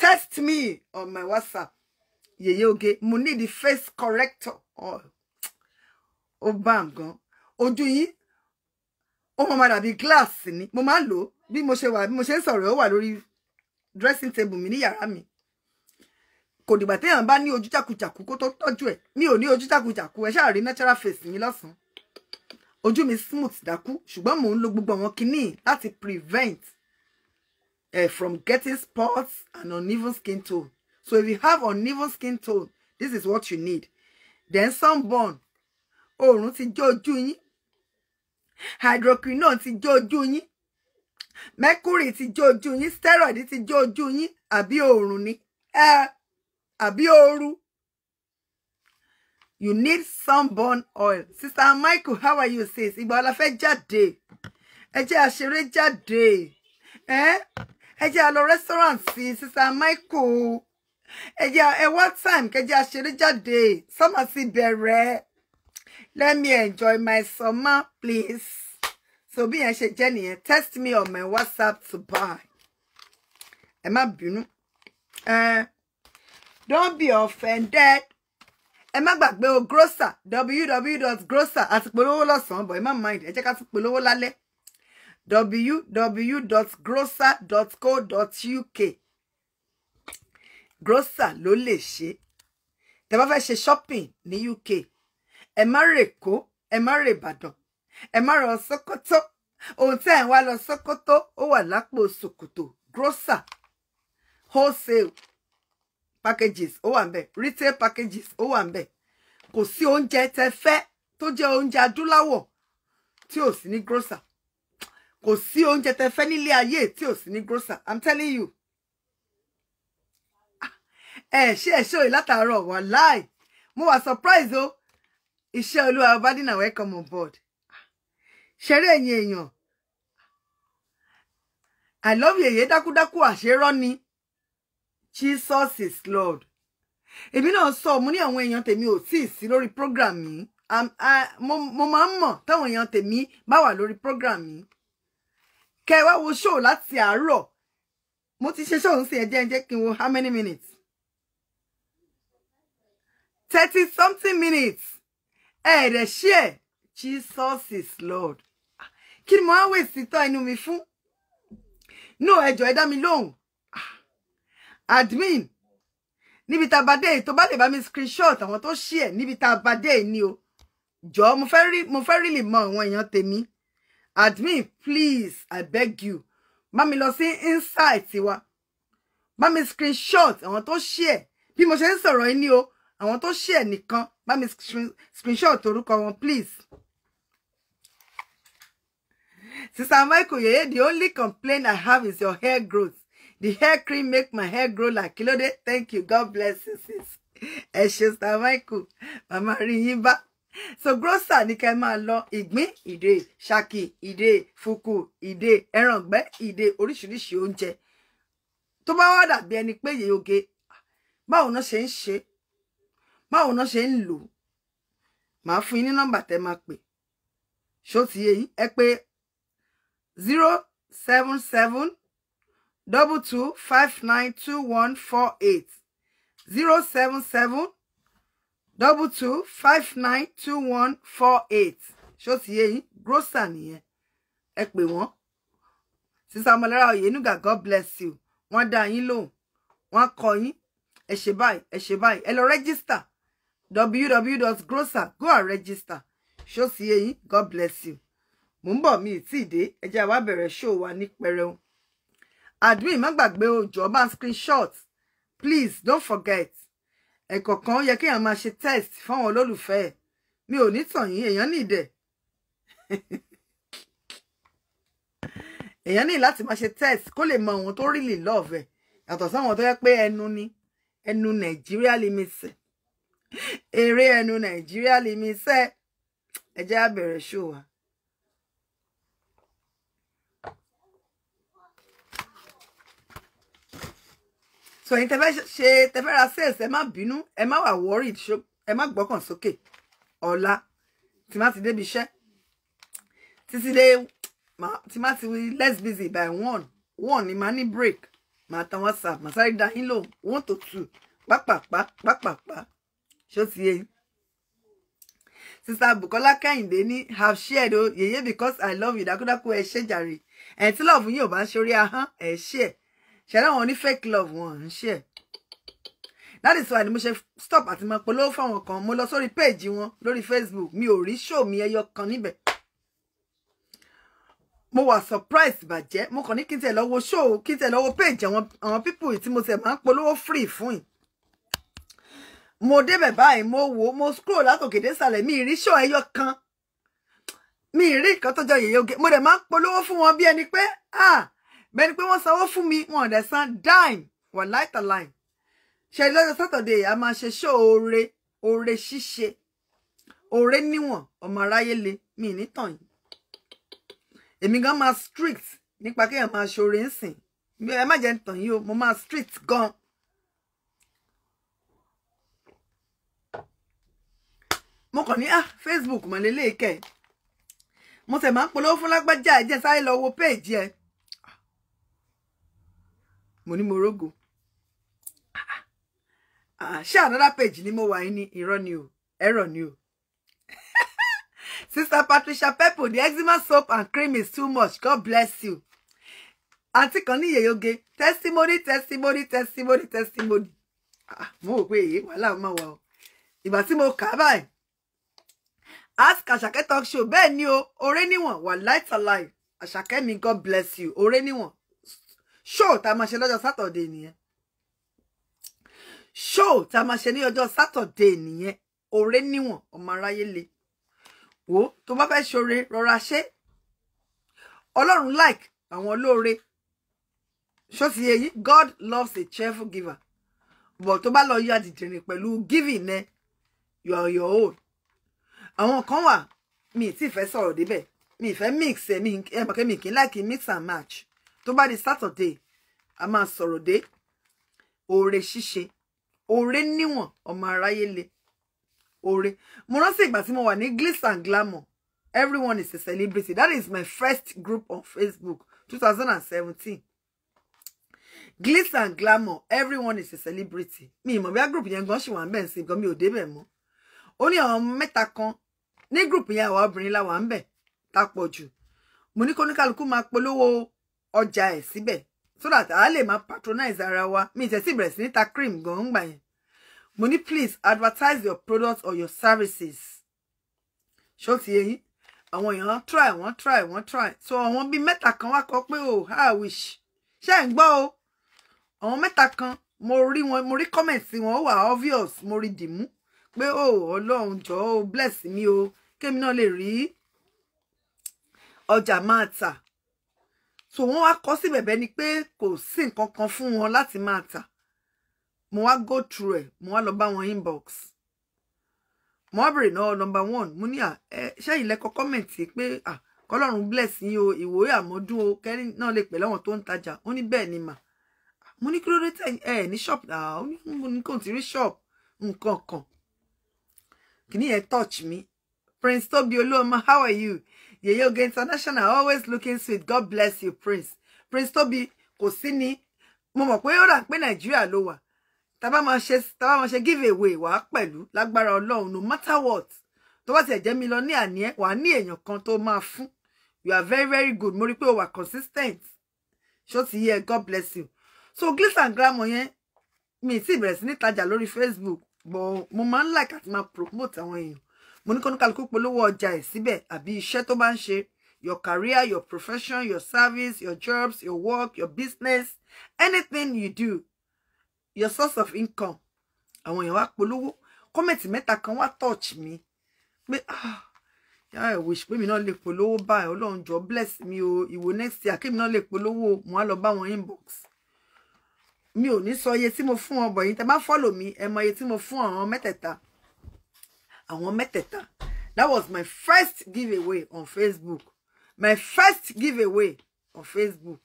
Test me on my WhatsApp yèyé oge mo need the face corrector Oh, ó bá nǹkan ojú yìí ó máa dàbí gíláàsì ni mo máa ń lò ó bí mo ṣe wà bí mo ṣe ń sọ̀rọ̀ ó wà lórí dressing table mi ní yàrá mi kò dìgbà téèyàn bá ní ojú jàkújàkú kó tó tọ́jú ẹ̀ mi ò ní ojú jàkújàkú ẹ ṣáà rí natural face mi lọ́sàn-án ojú mi smooth dákú ṣùgbọ́n mò ń lo gbogbo àwọn kinní láti prevent uh, from getting spots and uneven skin tone so if you have uneven skin tone this is what you need then sunburn oòrùn ti jó ojú yín hydroquinone ti jó ojú yín mercury ti jó ojú yín steroid ti jó ojú yín àbí oòrùn ni àbí ooru you need sunburn oil sister michael how are you sis ìgbà ọ̀la fẹ́ jáde ẹ jẹ́ àṣeré jáde ẹ jẹ́ àlọ́ restaurant sí sister michael ẹ jẹ́ ẹ What time kẹjẹ́ àṣeré jáde summer ti bẹ̀rẹ̀ let me enjoy my summer please so bí yẹn ṣe jẹ́ nìyẹn me on my whatsapp to buy ẹ má uh, don't be offended ẹ má gbàgbé o grocer www.grocer àti polówó lọ́sàn-án In my mind ẹ jẹ́ ká tún polówó lálẹ́ www.grocer.co.uk grocer ló lè ṣe tẹ́ bá shopping ní UK ẹ má rè kó ẹ má rè ìbàdàn ẹ má rọ sókótó ohun tí ẹ ń wá lọ sókótó ó wà lápò grocer wholesale packages O wà ńbẹ̀ retail packages O wà ńbẹ̀ kò sí oúnjẹ tẹ fẹ́ tó jẹ́ oúnjẹ adúláwọ̀ tí ò sí ní grocer kò sí oúnjẹ tẹ fẹ́ nílé ayé tí ò sí ní grocer i'm telling you ah, ẹ ṣe ẹ ṣe òye látàárọ̀ wàláì mo wa surprise o iṣẹ́ olúwa ọbádìnà welcome on board ṣeré ẹ̀yin èèyàn i love you. yèyé dákúdákú àṣerọ́ ni jesus is lord èmi náà sọ mo ní àwọn èèyàn tèmi ò tíì sí lórí program mi mo máa ń mọ̀ táwọn èèyàn tèmi bá wà lórí program mi kẹ wá wo show láti àárọ̀ mo ti ṣe show ń sìn ẹjẹ ẹjẹ kí n wo how many minutes thirty something minutes ẹ rẹ̀ ṣí ẹ̀ Jesus is Lord kí ni mo á wè sítọ́ inú mi fún no ẹjọ́ ẹ dá mi lóhùn admin níbi tá a bá dé tó bá lè bá mi screenshot àwọn tó ṣí ẹ níbi tá a bá dé ni o jọ̀ọ́ mo fẹ́ rí mo fẹ́ rí lè mọ àwọn èèyàn tèmi admin please i beg you bá mi lọ sí insight wa bá mi screenshot àwọn tó ṣí ẹ bí mo ṣe ń sọ̀rọ̀ yìí ni o àwọn tó ṣí ẹ nìkan bá mi screenshot orúkọ wọn please. Sister Michael the only complaint I have is your hair growth. The hair cream make my hair grow like kílódé. Thank you. God bless you, sis. Ẹ ṣé, Sister Michael. Màmá rí yín bá. So grocer ni kẹ́ máa lọ ìgbín ìdè, ṣàkì ìdè, fùkù ìdè, ẹ̀ràngbẹ́ ìdè, oríṣiríṣi oúnjẹ. Tó bá wá dàbí ẹni pé yèyé oge, báwo náà ṣe ń ṣe báwo náà ṣe ń lò màá fún yín ní nọ́mbà tẹ́ máa pè ṣó ti yé yín ẹ pé zero seven seven double two five nine two one four eight zero seven seven double two five nine two one four eight ṣó ti yé yín grocer nìyẹn ẹ pè wọ́n god bless you wọ́n dá yín lóhùn wọ́n kọ́ yín ẹ ṣe báyìí ẹ ṣe báyìí ẹ lọ rẹ́gísítà www.grocer go and register ṣó sì eyín god bless you mò ń bọ̀ mi ì tí ì dé ẹ jẹ́ a wá bẹ̀rẹ̀ ṣó wa ní pẹrẹu admin má gbàgbé o jọ̀ọ́ bá screenshot please don't forget ẹ̀kọ̀ọ̀kan yẹ kéèyàn máa ṣe test fáwọn olólùfẹ́ ẹ̀ mi ò ní tàn yín èèyàn ní ìdẹ̀ èèyàn ní láti máa ṣe test kó lè mọ ohun tó really love ẹ̀ yàtọ̀ sáwọn tó yẹ pé ẹnu ni ẹnu nàìjíríà lè eré ẹnu Nigeria, lèmi sẹ ẹ jẹ́ á bẹ̀rẹ̀ ṣó so ẹ̀yin tẹ́fẹ́ ṣe tẹ́fẹ́ ra sales ẹ má bínú ẹ má wà worried ẹ má gbọ́kàn sókè ọ̀la tí má ti débi iṣẹ́ títí dé tí má ti less busy by one one ni má ní break má tan whatsapp má sáré dá yín lò one to two pápápá pápápá ṣó ti sister Bukola Kẹ́hìndé ni have shared o yeye because i love you dákúdákú ẹ ṣe jàre ẹ̀yìn tí lọ́ọ̀fù yìí ò bá ń ṣorí ahọ́n ẹ̀ ṣe ṣẹlẹ̀ wọn ní fake love wọn Share. that is why ni mo ṣe stop àti máa polówó fáwọn kan mo lọ sórí péèjì wọn lórí facebook mi ò rí show mi ẹyọ kan níbẹ̀ mo wà surprise bàjẹ́ mo kàn ní kí n tẹ̀ lọ́wọ́ show kí n tẹ̀ lọ́wọ́ péèjì àwọn people tí mo tẹ̀ máa ń free fún yìí mo débẹ̀ báyìí mo wo mo scroll látòkè dé sàlẹ̀ mi ìrí ṣọ́ ẹyọ kan mi ìrí nǹkan tó jọ yèyé oge mo dẹ̀ máa ń polówó fún wọn bí ẹni pé ah bẹ́ni pé wọ́n sanwó fún mi wọn ọ̀dẹ̀ san dime wọ̀ láìta láì ṣe lọ́jọ́ sátọ̀dẹ̀ a máa ṣe ṣó oore oore ṣíṣe oore níwọ̀n ọmọ aráyé le mi ní tàn yìí èmi gan máa strict nípa kéèyàn máa ṣoore ń sìn ẹ má jẹ́ ń tàn yìí o mo máa strict gan mo kàn ní ah facebook mọ̀ lélẹ́yìí kẹ̀ mo tẹ̀ máa ń polówó fún lágbájá ẹ̀jẹ̀ sáré lọ wo péèjì ẹ̀ mo ní mo rógo ah, ah, ṣé another page ni mo wà yín ní irọ́ ni o ẹ̀rọ ni o sister patricia pepo the eczema soap and cream is too much god bless you àǹtí kan ní yèyóge testimony testimony testimony testimony ah, mo rò pé èyí wàhálà máa wà o ìgbà tí mo kà á báyìí ask àṣàkẹ́ talk show bẹ́ẹ̀ ni o ọ̀rẹ́ níwọ̀n wà láìtàláì àṣàkẹ́ mi god bless you ọ̀rẹ́ níwọ̀n show tá a máa ṣe lọ́jọ́ sátọ̀dé nìyẹn show tá a máa ṣe ní ọjọ́ sátọ̀dé nìyẹn ọ̀rẹ́ níwọ̀n ọmọ aráyé le wo tó bá fẹ́ ṣoore rọra ṣe ọlọ́run like àwọn olóore ṣó ti yẹ god loves a cheerful giver but tó bá lọ yọ àdìdìrín pẹ̀lú giving eh? you are your own àwọn kan wà mi ì tí ì fẹ́ sọ̀rọ̀ débẹ̀ mi ì fẹ́ mix ẹ̀ mi ẹ̀ mọ̀kẹ́ mi kì í láìkí mix and match tó bá di Saturday a máa sọ̀rọ̀ dé oore ṣíṣe oore níwọ̀n ọmọ aráyé le oore mo rántí ìgbà tí mo wà ní glitz and glamour everyone is a celebrity that is my first group on Facebook 2017 glitz and glamour everyone is a celebrity mi ìmọ̀ bí a group yẹn gan ṣì wà ń bẹ̀ ń sin gan mi ò débẹ̀ mọ́ ó ní àwọn mẹ́ta kan ní group yẹn àwa obìnrin la wà ń bẹ tá pọ̀ jù mo ní kóníkálukú máa polówó ọjà ẹ̀ síbẹ̀ so that a lè máa patronize ara wa mi ìtẹ̀sí bẹ̀rẹ̀ sí níta cream gan-an gbà yẹn mo ní please advertise your products or your services ṣó ti yẹ yín àwọn èèyàn try wọ́n try wọ́n try so àwọn bíi mẹ́ta kan wá kọ pé o oh, i wish ṣe ń gbọ́ o àwọn mẹ́ta kan mo rí wọn mo rí comments wọn ó wà obvious mo rí dìmú pé o ọlọ́run jọ o bless mi o kémi náà lè rí ọjà máa tà so wọ́n wá kọ sí bẹ̀bẹ̀ ni pé kò sí nǹkan kan fún wọn láti máa tà mo wá go through ẹ̀ mo wá lọ bá wọn inbox mo wá bèrè náà number one mo ní à ẹ ṣẹ́yìn lẹ́kọ́ kọ́mẹ̀ntì pé à kọ́lọ́run bless yín o ìwòye àmọ́dún o kẹ́rin náà lè pè lọ́wọ́n tó ń tajà ó ní bẹ́ẹ̀ ni mà mo ní kí ló dé tẹ̀ ẹ ní ṣọ́ọ̀pù àwọn oníkùnkùn ní kò tí rí ṣọ́ọ̀pù nǹkan kan Can you e touch me Prince Tobi Oluomo how are you Yeye Oge International always looking sweet God bless you Prince Prince Tobi kò sí ni mo mọ̀ pé ó Taba pé Nàìjíríà ló wà tá bá máa ṣe give away wàá pẹ̀lú lágbára Ọlọ́run no matter what tó bá tiẹ̀ jẹ́ millionaire ni ẹ́ wàá ní èèyàn kan tó máa you are very very good mo rí pé consistent ṣó ti God bless you so glitz and glamour yẹn mi ti bẹ̀rẹ̀ sí ní tajà lórí Facebook but mo máa ń like àti máa promote àwọn èèyàn mo ní kọ́nùkálukú polówó ọjà ẹ̀ síbẹ̀ àbí iṣẹ́ tó to ń ṣe your career your profession your service your jobs your work your business anything you do your source of income àwọn èèyàn wá polówó kọ́mẹ̀tì mẹ́ta kan wá touch mi pé ah yà I wish pé mi náà lè polówó báyìí ọlọ́run jọ bless mi o ìwò next year kí mi náà lè polówó mo á lọ bá wọn inbox mi ò ní sọ iye tí mo fun wọn bọ̀ yín tẹ́ follow mi ẹ mọ ye ti mo fun àwọn meteta àwọn meteta. that was my first giveaway on Facebook my first giveaway on Facebook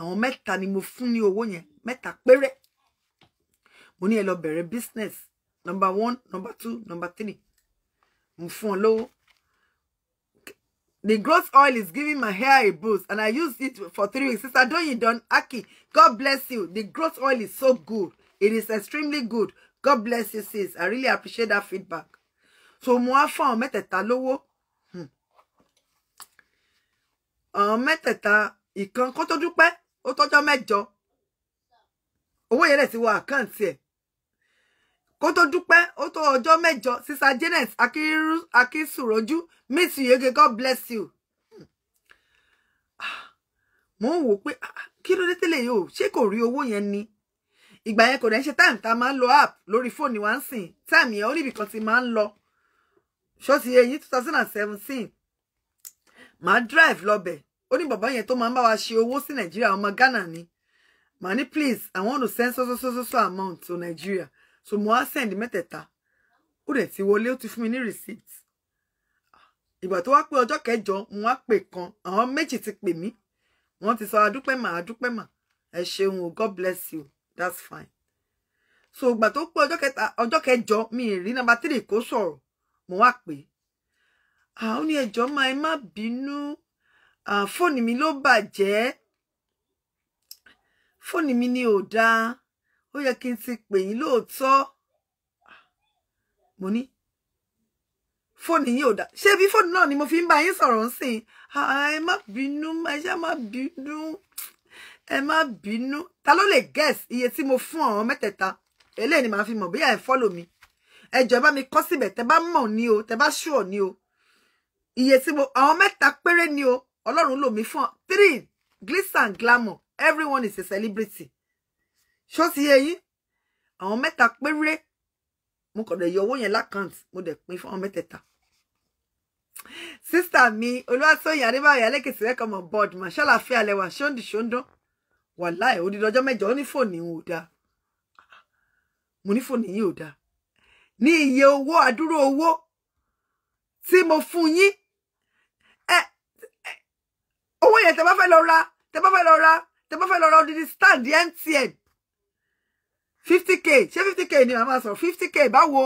àwọn mẹ́ta ni mo fun ní owo yẹn mẹ́ta péré mo ní ẹ lọ bẹ̀rẹ̀ business number one number two number three mo fun ọ The growth oil is giving my hair a boost, and I used it for three weeks. Sister don't you Don Aki, God bless you. The growth oil is so good. It is extremely good. God bless you, sis. I really appreciate that feedback. So, mo wá fún àwọn mẹ́tẹ̀ẹ̀ta lówó. Hmm. Àwọn mẹ́tẹ̀ẹ̀ta ìkan kó tó dúpẹ́, ó tọ́jọ́ mẹ́jọ. Owó yẹn lẹ̀ ti wọ àkáǹtì ẹ̀ kó tó dúpẹ́ ó tó ọjọ́ mẹ́jọ sísá janet akísùrọ́jú miss uyege god bless you ah, mo ń wò pé ah, kí ló dé tẹ́lẹ̀ yìí o ṣé kò rí owó yẹn ni ìgbà yẹn kò dẹ̀ ṣe time tá a máa ń lo app lórí fóònù wa ń sìn time yẹn ó níbi kan ti máa ń lọ ṣọ́ọ̀tì eyín two thousand and seventeen màá drive lọ́bẹ̀ ó ní bàbá yẹn tó máa ń bá wa ṣe owó sí nàìjíríà ọmọ ghana ni màá ní please i want to send so so so so so amount to nigeria so mo wá send mẹ́tẹ̀ẹ̀ta ó dẹ̀ ti wọlé ó ti fún mi ní receipt ìgbà tó wá pé ọjọ́ kẹjọ mo wá pè kan àwọn méjì ti pè mí wọ́n ti sọ adúpẹ́ mà adúpẹ́ mà ẹ ṣeun o god bless you that's fine so ìgbà tó pé ọjọ́ kẹta ọjọ́ kẹjọ mi ì number three kó sọ̀rọ̀ mo wá pè àwọn ní ẹjọ́ máa ẹ má bínú fóònù mi ló bàjẹ́ fóònù mi ni ò dáa ó yẹ kí n ti pè yín lóòótọ́ mo ní fóònù yìí ò dá ṣé bí fóònù náà ni mo fi ń bá yín sọ̀rọ̀ ńsìn ẹ má bínú ẹ ṣá má bínú ẹ má bínú ta ló lè guess iye tí mo fún ọ̀hún mẹ́tẹ̀ẹ̀ta eléyìí ni màá fi mọ̀ bóyá ẹ follow mi ẹ jọ̀ọ́ bá mi kọ́ síbẹ̀ tẹ bá mọ̀ ni o tẹ bá sure ni o iye tí mo àwọn mẹ́ta péré ni o ọlọ́run lò mí fún three glitz and glamour everyone is a celebrity ṣó ti yé yín àwọn mẹ́ta péré mo kàn dẹ̀ yọ owó yẹn lákàntì mo dẹ̀ pín fún àwọn mẹ́tẹ̀ẹ̀ta sísítà mi olúwatóyìn adébáyọ̀ alẹ́kẹ̀sì welcome on board mà ṣàlàfẹ́ alẹ́ wà ṣóńdì ṣóńdán wàláì odidi ọjọ́ mẹ́jọ ó ní fóònù yìí ò dáa mo ní fóònù yìí ò dáa ní iye owó àdúró owó tí mo fún yín ẹ owó yẹn tẹ bá fẹ́ lọ ra tẹ bá fẹ́ lọ ra tẹ bá fẹ́ lọ ra odidi stand mtn 50 k ṣé 50 k ni màmá sọ 50 k báwo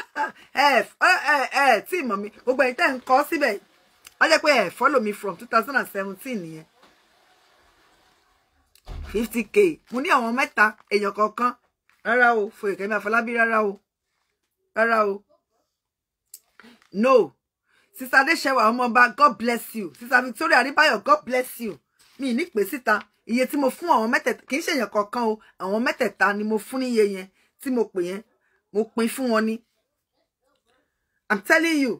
ẹ ẹ ẹ tí mọ̀ mi gbogbo ẹ̀yin tẹ́ ń kọ́ síbẹ̀ ó jẹ́ pé ẹ follow me from two thousand and seventeen nìyẹn fifty k mo ní àwọn mẹ́ta èèyàn kọ̀ọ̀kan rárá o Foyekemi Afọlábí rárá o rárá o no sister Adéṣẹwà ọmọọba God bless you sister Victoria Adébáyọ̀ God bless you mi ní pè síta iye tí mo fún àwọn mẹ́tẹ̀ẹ̀ta kì í ṣèyàn kankan o àwọn mẹ́tẹ̀ẹ̀ta ni mo fún níye yẹn tí mo pè yẹn mo pin fún wọn ni i'm telling you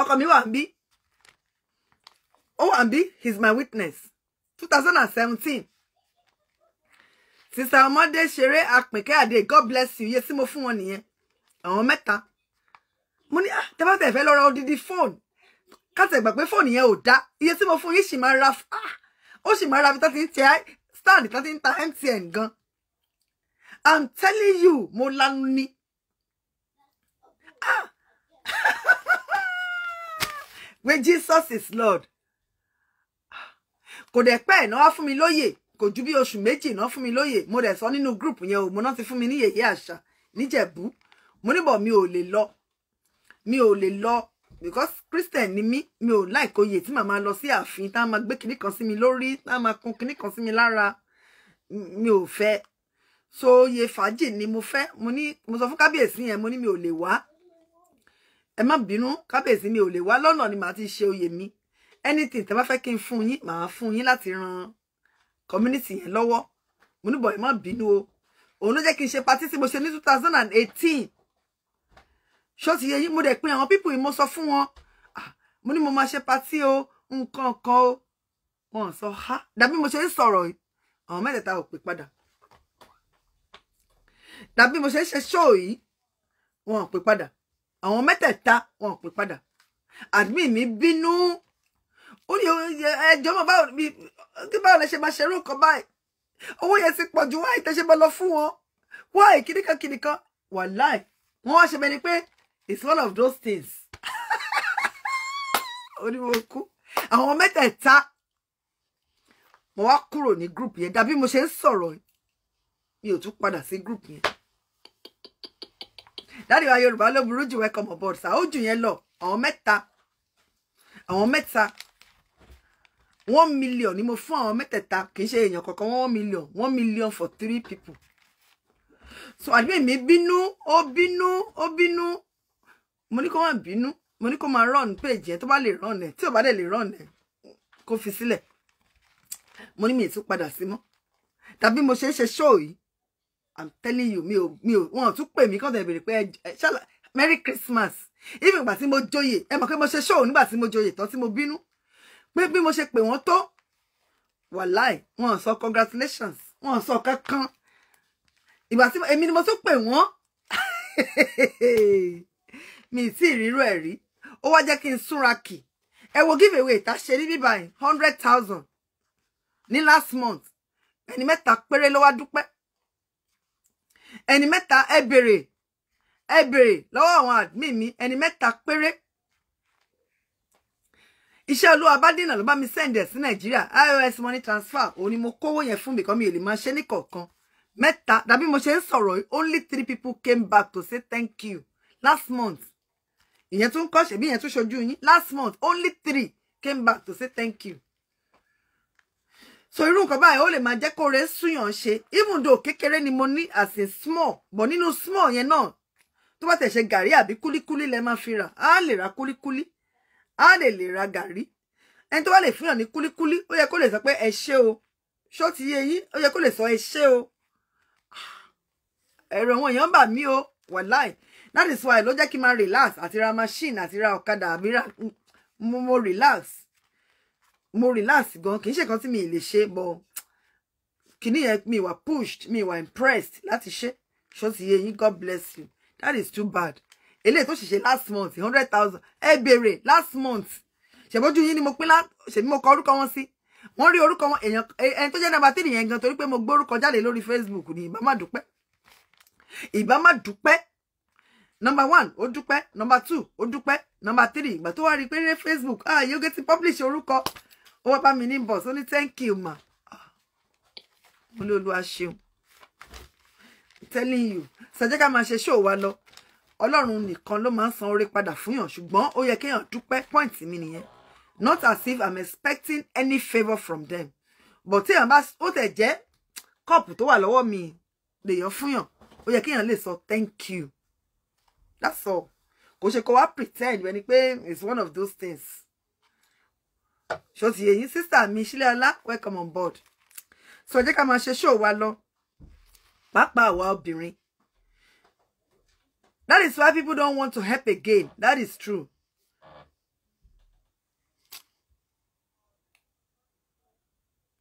ọkọ mi wà ń bí ó wà he's my witness 2017. thousand and seventeen sister ọmọdé ṣeré apìnkẹ́ àdé god bless you iye tí mo fún wọn nìyẹn àwọn meta. mo ní ah tẹ́fẹ́ tẹ́fẹ́ lọ́rọ̀ odidi phone kátẹ gbà pé fóònù yẹn ò dá iye tí mo fún yín sì máa ra ah, ó sì máa ra bí tó ti stand tó ta MTN gan i'm telling you mo lanu ni pé ah! Jesus is Lord kò dẹ̀ pẹ́ ìnáwó fún mi lóyè kò ju bí oṣù méjì ìnáwó fún mi lóyè mo dẹ̀ sọ nínú group yẹn o mo náà ti fún mi ní yèyé àṣà níjẹ̀bú mo níbọ̀ mi ò lè lọ mi ò lè lọ because christian ni mi mi o like oye, ti mama máa lọ sí ààfin tá máa gbé kan sí mi lori, tá ma kun kinní kan sí mi Lara, mi o fe. so ye faji ni mo fe, mo ní mo sọ fún kábíyèsí yẹn mo ní mi o lè wá ẹ má bínú kábíyèsí mi o lè wá lọ́nà ni màá ti ṣe oyè mi anything tẹ́ bá fẹ́ kí n fún yín màá fún yín ran community yẹn lọ́wọ́ mo ní bọ̀ ẹ má bínú o òun ló jẹ́ kí n ṣe patí mo ṣe ní two ṣó ti yẹ yín mo dẹ̀ pin àwọn pípù yìí mo sọ fún wọn ah, mo ní mo máa ṣe patí o nǹkan kan o wọn sọ ha dàbí mo ṣe ń sọ̀rọ̀ yìí àwọn mẹ́tẹ̀ẹ̀ta ò pè padà dàbí mo ṣe ń ṣe ṣóò yìí wọn ò pè padà àwọn mẹ́tẹ̀ẹ̀ta wọn ò pè padà àdmí mi bínú ó ní ẹjọ́ mọ̀ báwo ni kí báwo lẹ ṣe máa ṣerú nǹkan báyìí owó yẹn ti pọ̀ ju wáyé tẹ́ ṣe máa lọ fún wọn wáyé kíníkan kíníkan wàláì wọn wá ṣe bẹ́ẹ̀ pé it's one of those things onímọ̀ọ́kú àwọn mẹ́tẹ̀ẹ̀ta mo wá kúrò ní group yẹn dàbí mo ṣe ń sọ̀rọ̀ mi ò tún padà sí group yẹn dáàdì wa yorùbá ló burú jù welcome aboard sá ó jù yẹn lọ àwọn mẹ́ta àwọn mẹ́ta one million ni mo fún àwọn mẹ́tẹ̀ẹ̀ta kì í ṣe èèyàn kankan one million one million for three people so àdúgbò mi bínú ó bínú ó bínú mo ní kó má bínú mo ní kó máa run page yẹn tó bá lè run ẹ̀ tí ò bá dẹ̀ lè run ẹ̀ kó fi sílẹ̀ mo ní mi ì tún padà sí mọ́ tàbí mo ṣe ń ṣe show yìí i'm telling you mi ò mi ò wọn ò tún pè mí kọ́ tẹ̀ bèrè pé ṣálá merry christmas even ìgbà tí mo joyè ẹ mọ̀ pé mo ṣe show nígbà tí mo joyè tán tí mo bínú pé bí mo ṣe pè wọ́n tó wàláì wọn ò sọ congratulations wọn ò sọ kankan ìgbà tí èmi ni mo tún pè wọ́n. mi ti ìrírò ẹ̀ rí ó wá jẹ́ kí n súnra kì wo give away tá a ṣe ní bíbá yìí hundred thousand ní last month eni meta péré lo wa dupe, eni meta ẹ bèrè ẹ bèrè lọ́wọ́ àwọn admin mi ẹni mẹ́ta péré iṣẹ́ olúwa bá dènà ló bá mi send ẹ̀ sí nàìjíríà ios money transfer oni ni mo kówó yẹn fún bìkan mi ò lè máa ṣe ní kọ̀ọ̀kan mẹ́ta dàbí mo ṣe ń only three people came back to say thank you last month ìyẹn tún kọ́ ṣèbí ìyẹn tún ṣojú yín last month only three came back to say thank you so irú nǹkan báyìí ó lè máa jẹ́ kó rẹ̀ súyàn ṣe even though kékeré ni mo ní as in small but nínú small yẹn náà tó bá tẹ̀ ṣe gàrí àbí kúlíkúlí lẹ máa fi rà á lè ra kúlíkúlí á lè lè ra gàrí ẹni tó bá lè fihàn ní kúlíkúlí ó yẹ kó lè sọ pé ẹ ṣé o ṣó ti yé yín ó yẹ kó lè sọ ẹ ṣé o ah, ẹ̀rọ àwọn èèyàn bà mí o wàláì that is why ló jẹ́ kí n relax àti ra machine àti ra ọ̀kadà àbí ra mo mo relax mo relax gan kì í ṣe kan tí mi lè ṣe bọ kìíní yẹn mi wà pushed mi wà impressed láti ṣe ṣó ti yé yín god bless you that is too bad eléyìí tó ṣiṣẹ́ last month hundred thousand ẹ last month ṣèbójú yín ni mo pín lá ṣèbí mo kọ orúkọ wọn sí wọ́n rí orúkọ wọn èèyàn ẹni tó jẹ́ nàbà tí nìyẹn gan torí pé mo gbórúkọ jáde lórí facebook ni ìbá má dúpẹ́ ìbá má dúpẹ́ number one ó dúpẹ́ number two ó dúpẹ́ number three ìgbà tó wá rí i pé ní facebook ah yóò gẹ́tì publish orúkọ ó wá bá mi ní bọ̀ sóní thank you ma ah. mo ní olúwa ṣeun telling you sàjẹ́ká máa ṣe ṣó wa lọ ọlọ́run nìkan ló máa ń san oore padà fún yàn ṣùgbọ́n ó yẹ kéèyàn dúpẹ́ point mi nìyẹn not as if i'm expecting any favour from them but téèyàn bá ó tẹ̀ jẹ́ kọ́ọ̀pù tó wà lọ́wọ́ mi lèèyàn fún yàn ó yẹ kéèyàn lè sọ thank you that's all kò ṣe kó pretend when it's one of those things ṣòtì èyí sister mi sílẹ̀ welcome on board so jẹ́ ká máa ṣe show wa lọ pàápàá àwa obìnrin that is why people don't want to help again that is true.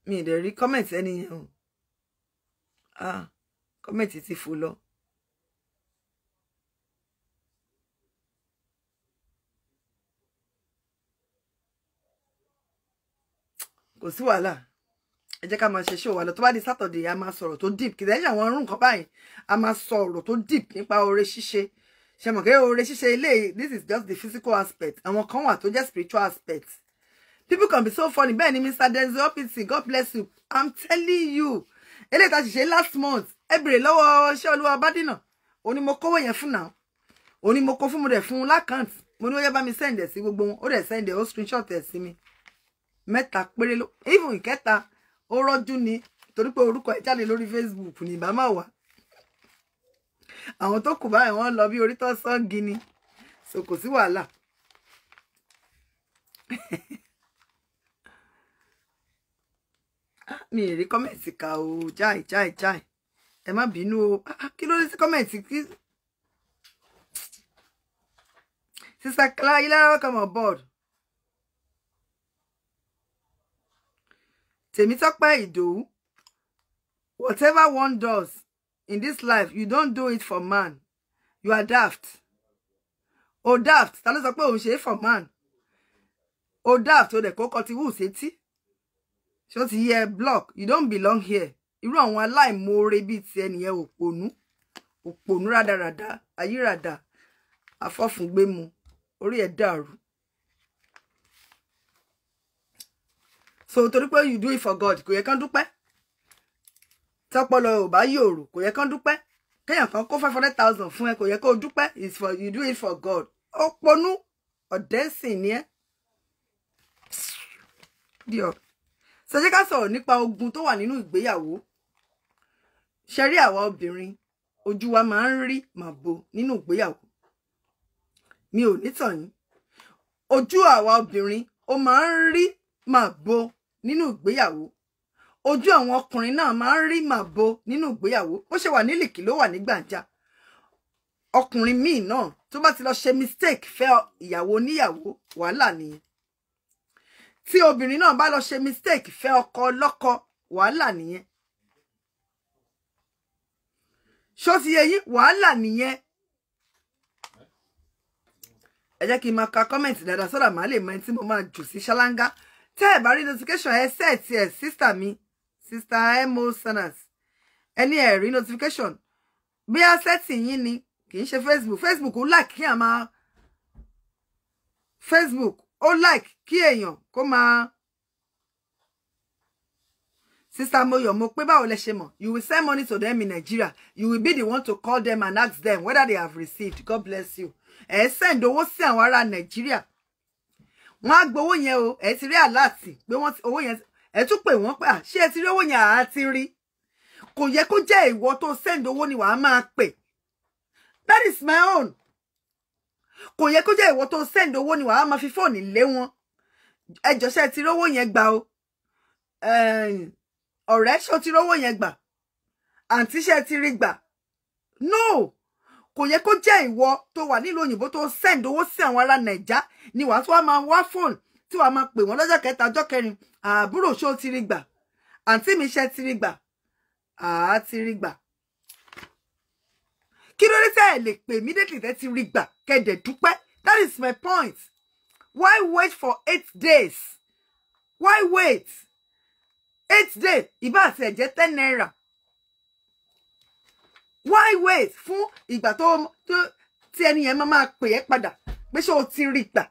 Me, ì dẹ̀ any comment ah comment ti fò lọ. kò sí wàhálà ẹ jẹ́ ká máa ṣe ṣó wa lọ tó bá di Saturday a máa sọ̀rọ̀ tó deep kì í ṣe àwọn irú nǹkan báyìí a máa sọ̀rọ̀ tó deep nípa oore ṣíṣe ṣe mọ̀ pé oore ṣíṣe ilé this is just the physical aspect àwọn kan wà tó jẹ́ spiritual aspect people can be so funny bẹ́ẹ̀ ni Mr Denzel Upington God bless you I'm telling you eléyìí tá a ṣiṣẹ́ last month ẹ bèrè lọ́wọ́ ṣé olúwa bádìnà òní mo kówó yẹn fún náà òní mo kó fún mo dẹ̀ fún lákàntì mo ní ó yẹ bá mi sẹ́ǹdẹ̀ sí gbogbo wọn ó dẹ̀ sẹ́ǹdẹ̀ ó screenshot ẹ̀ sí mi mẹ́ta péré ló even ìkẹta ó rọ́jú ni torí pé orúkọ ẹ̀ jáde lórí Facebook ní ìbámà wa àwọn tó kù báyìí wọ́n lọ bí orí tó sọ́ọ̀gì ni so kò sí wàhálà ah, mi ì rí kọ́mẹ̀ntì kà ó jáì jáì jáì ẹ má bínú o ah, ah, kí ló dé sí kọ́mẹ̀ntì kí sísá kíláyé lára welcome on board Temitope Idowu, whatever one does in this life, you don't do it for man. You are daft. O daft, ta ló sọ pé for man. O daft, o dẹ̀ kókọ ti wù sétí. Ṣó ti yẹ block, you don't belong here. Irú àwọn aláìmoore bíi ti ẹnìyẹn òpònú. rada. rádaràda, ayíràdà, afọ́fúngbému, orí ẹ̀ dàrú. so torí pé you do it for God kò yẹ kán dúpẹ́ tọpọlọ ò bá yòrò kò yẹ kán dúpẹ́ kéèyàn kan kó five hundred thousand fún ẹ kò yẹ kó dúpẹ́ it's for you do it for God ó ponú ọ̀dẹ́sìn ni ẹ́ díọ̀ ṣẹjẹ́ ká sọ̀rọ̀ nípa ogun tó wà nínú ìgbéyàwó ṣe rí àwa obìnrin ojú wa máa ń rí màbo nínú ìgbéyàwó mi ò nítàn yín ojú àwa obìnrin ó máa ń rí màbo Ninu ìgbéyàwó ojú àwọn ọkùnrin náà máa ń rí màbo nínú ìgbéyàwó bó ṣe wà nílìkì ló wà ní gbàǹjà ọkùnrin míì náà tó bá ti lọ ṣe mistake fẹ́ ìyàwó oníyàwó wàhálà nìyẹn tí obìnrin náà bá lọ ṣe mistake fẹ́ ọkọ ọlọ́kọ wàhálà nìyẹn ṣó ti yẹ yín wàhálà nìyẹn ẹ jẹ́ kí n máa ka kọ́mẹ̀ntì dáadáa sọ́dà màá lè mọ ẹni tí mo máa jù sí ṣáláńgá tẹ́ ẹ̀ bá rí notification ẹ sẹ́ẹ̀tì ẹ̀ sísítà mi sísítà mo sanas ẹni ẹ̀ rí notification bí a sẹ́ẹ̀tì yín ni kì í ṣe facebook facebook ó like kí a máa facebook ó like kí èèyàn kó máa sísítà moyo mo pé báwo lẹ ṣe mọ̀ you will send money to them in nigeria you will be the one to call them and ask them whether they have received god bless you ẹ send owó sí àwọn ará nàìjíríà wọ́n á gbowó yẹn o ẹ ti rí àláàtì pé wọ́n ti owó yẹn ẹ tún pè wọ́n pé à ṣé ẹ ti rí owó yẹn àá ti rí kò yẹ kó jẹ́ ìwọ tó send owó ni wàá máa pè that is my own kò yẹ kó jẹ́ ìwọ tó send owó ni wàá máa fi fóònù lé wọn ẹ jọ̀ọ́ ṣé ẹ ti rí owó yẹn gbà o ọ̀rẹ́ ṣó ti rí owó yẹn gbà àǹtí ṣé ti rí gbà no kò yẹ kó jẹ́ ìwọ tó wà nílùú òyìnbó tó send owó sí àwọn ará nàìjá ni wàá tí wàá máa wá fóònù tí wàá máa pè wọ́n lọ́jọ́ kẹta ọjọ́ kẹrin àbúrò ṣó ti rí gbà àǹtí mi ṣe ti rí gbà àá ti rí gbà kí ló dé tẹ́ lè pè mí déètì tẹ́ ti rí gbà kẹ́dẹ̀ dúpẹ́ that is my point why wait for eight days why wait eight days ìbá àti ẹ̀jẹ̀ ten naira why wait fún ìgbà tó tí ẹni yẹn máa pè é padà pé ṣé o ti rí gbà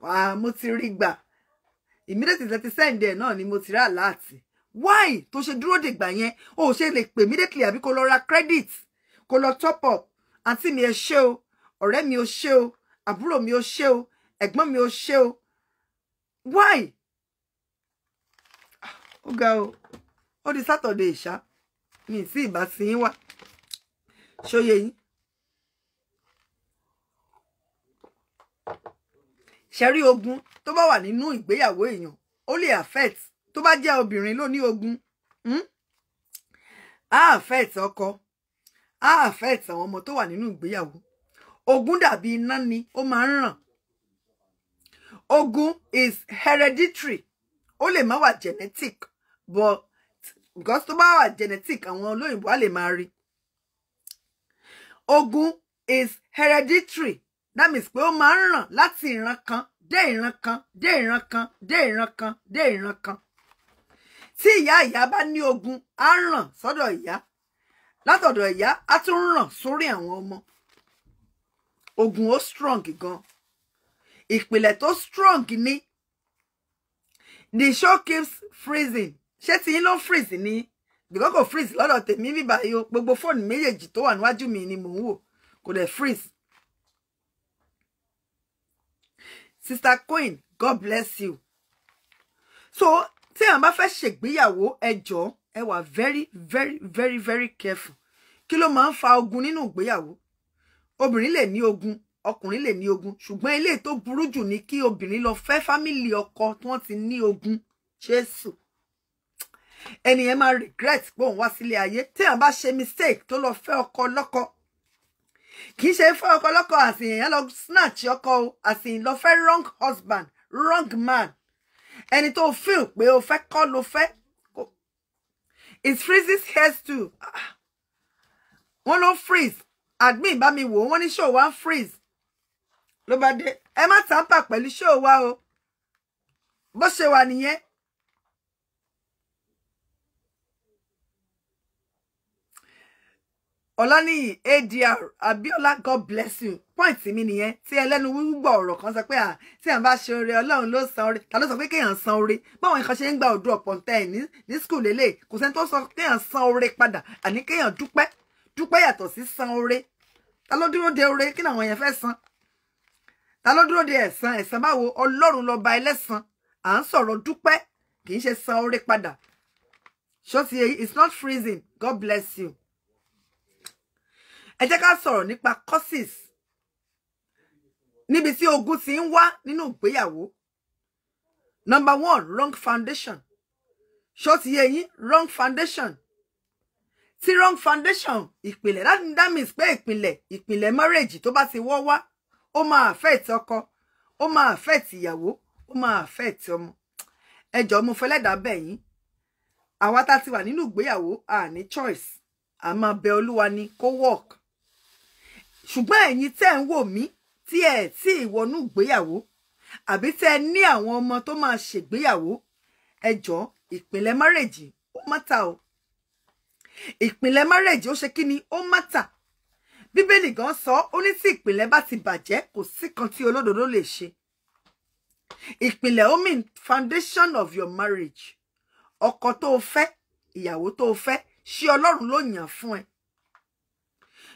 wàá mo ti rí gbà immediately thirty cent ẹ̀ náà ni mo ti rí àláàtì why tó ṣe dúró dìgbà yẹn o ò ṣe lè immediately àbí kó lọ ra credit kó lọ top up àǹtí mi ẹ ṣé o ọ̀rẹ́ mi ò ṣé o àbúrò mi ò ṣé o ẹ̀gbọ́n mi ò ṣé o why ah, ó ga o ó di Saturday ìṣá mi ì sí ìbá sí ṣóyè yín ogun tó bá wà nínú ìgbéyàwó èèyàn ó lè affect tó bá jẹ́ obìnrin ló ní ogun hmm? á affect ọkọ á affect àwọn ọmọ tó wà nínú ìgbéyàwó ogun dàbí iná ni ó máa ń ràn ogun is hereditary ó lè má wà genetic but because tó bá wà genetic àwọn olóyìnbó á lè máa rí i ogun is hereditary that means pé ó máa ń ràn láti ìran kan dé ìran kan dé ìran kan dé ìran kan dé ìran kan tí ìyá ìyá bá ní ogun á ràn sọ́dọ̀ ìyá látọ̀dọ̀ ìyá á tún ràn sórí àwọn ọmọ ogun ó strong gan ìpìlẹ̀ tó strong ni the show keeps freezing ṣé tí yín ló freeze ni because kò freeze lọ́dọ̀ tèmi bíbá yìí o gbogbo fóònù méjèèjì tó wà níwájú mi ni mò ń wò kò freeze. sister queen god bless you. so tí àwọn bá fẹ́ ṣègbéyàwó ẹ jọ̀ọ́ ẹ wà very very very very careful kí ló máa ń fa ogun nínú ìgbéyàwó obìnrin lè ní ogun ọkùnrin lè ní ogun ṣùgbọ́n ilé tó burú ni ki obìnrin lọ fẹ́ fámìlì ọkọ tí ti ní ogun jésù ẹni yẹn máa regret pé òun wá sílé ayé téèyàn bá ṣe mistake tó lọ fẹ́ ọkọ lọ́kọ kì í ṣe fẹ́ ọkọ lọ́kọ àsìn èèyàn snatch oko asin lo fe wrong husband wrong man ẹni to feel pé o fe kọ́ lo fe. it freezes hairs too wọ́n ló freeze admin ba mi wo. wọ́n ní show one freeze ló bá dé ẹ má tàǹpà pẹ̀lú show wa o bó ṣe wà nìyẹn Olani, adr abiola god bless you point mi nìyẹn tí ẹlẹ́nu gbọ́ ọ̀rọ̀ kan sọ pé à ah, tí à ń bá ṣe oore ọlọ́run ló san oore ta ló sọ pé kéèyàn san oore báwọn nǹkan ṣe ń gba ọ̀dọ́ ọ̀pọ̀ ntẹ́ ẹ̀ ní skul lélẹ̀ kò sẹ́ni tó sọ kéèyàn san oore padà àní kéèyàn dúpẹ́ dúpẹ́ yàtọ̀ sí san oore ta ló dúró de oore kí ni àwọn yẹn fẹ́ san ta ló dúró de ẹ̀san ẹ̀san báwo ọlọ́run ló ba ẹlẹ́san à ń sọ̀rọ̀ dúpẹ́ kì í ṣe san oore padà ṣó it's not freezing god bless you ẹ jẹ́ ká sọ̀rọ̀ nípa courses níbi tí ogun ti ń wá nínú number one wrong foundation Short ti yé wrong foundation tí wrong foundation ìpìlẹ̀ that, that means pé ìpìlẹ̀ ìpìlẹ̀ marriage tó bá ti wọ́ wá ó máa affect ọkọ ó máa affect ìyàwó ó máa affect ọmọ ẹ jọ̀ọ́ mo fẹ́lẹ́dàá bẹ̀ yín àwa tá ti wà nínú ìgbéyàwó a ní choice a máa bẹ Olúwa ni kó work ṣùgbọ́n ẹ̀yin tẹ́ ń wò mí tí ẹ tí ìwọnú ìgbéyàwó àbí tẹ́ ẹ ní àwọn ọmọ tó máa ṣègbéyàwó ẹ jọ ìpìlẹ̀ márèjì ó mátà o ìpìlẹ̀ márèjì ó ṣe kí ni ó mátà bíbélì gan sọ ó ní tí ìpìlẹ̀ bá ti bàjẹ́ kò sí kan tí olódodo lè ṣe ìpìlẹ̀ ó foundation of your marriage ọkọ tó o fẹ́ ìyàwó tó o fẹ́ ṣé Ọlọ́run ló yàn fún ẹ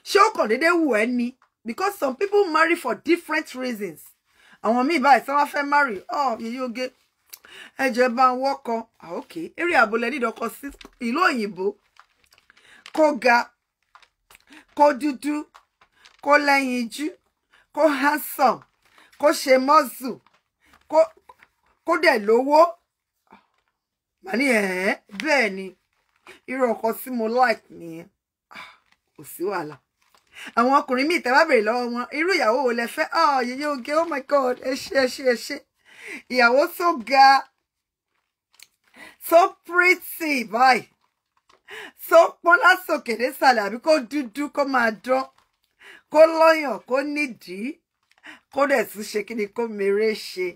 Show ó kàn déédéé wù ẹ́ because some people marry for different reasons àwọn míì báyìí tí wọ́n fẹ́ marry ọ oh, yeye oge ẹjọ ẹ bá ń wọkọ àókè eré àbọlẹ nídọkọ sí ìlú òyìnbó kó ga kó dúdú kó lẹ́yinjú kó handsome kó ṣe mọ́sù kó dẹ̀ lówó màní ẹ̀ẹ́ bẹ́ẹ̀ ni irú ọkọ tí mo like nìyẹn ah, kò sí wàhálà àwọn ọkùnrin míì tẹ́ bá bèrè lọ́wọ́ wọn irú ìyàwó wo lẹ fẹ́ oh yeye oge oh my god ẹ ṣé ẹ ṣé ẹ ṣé ìyàwó so ga so pretty báyìí so pọ́n lásòkè nísàlẹ̀ àbí kó dúdú kó máa dán kó lọ́yàn kó nídìí kó dẹ̀ tún ṣe kí ni kó mèrè ṣe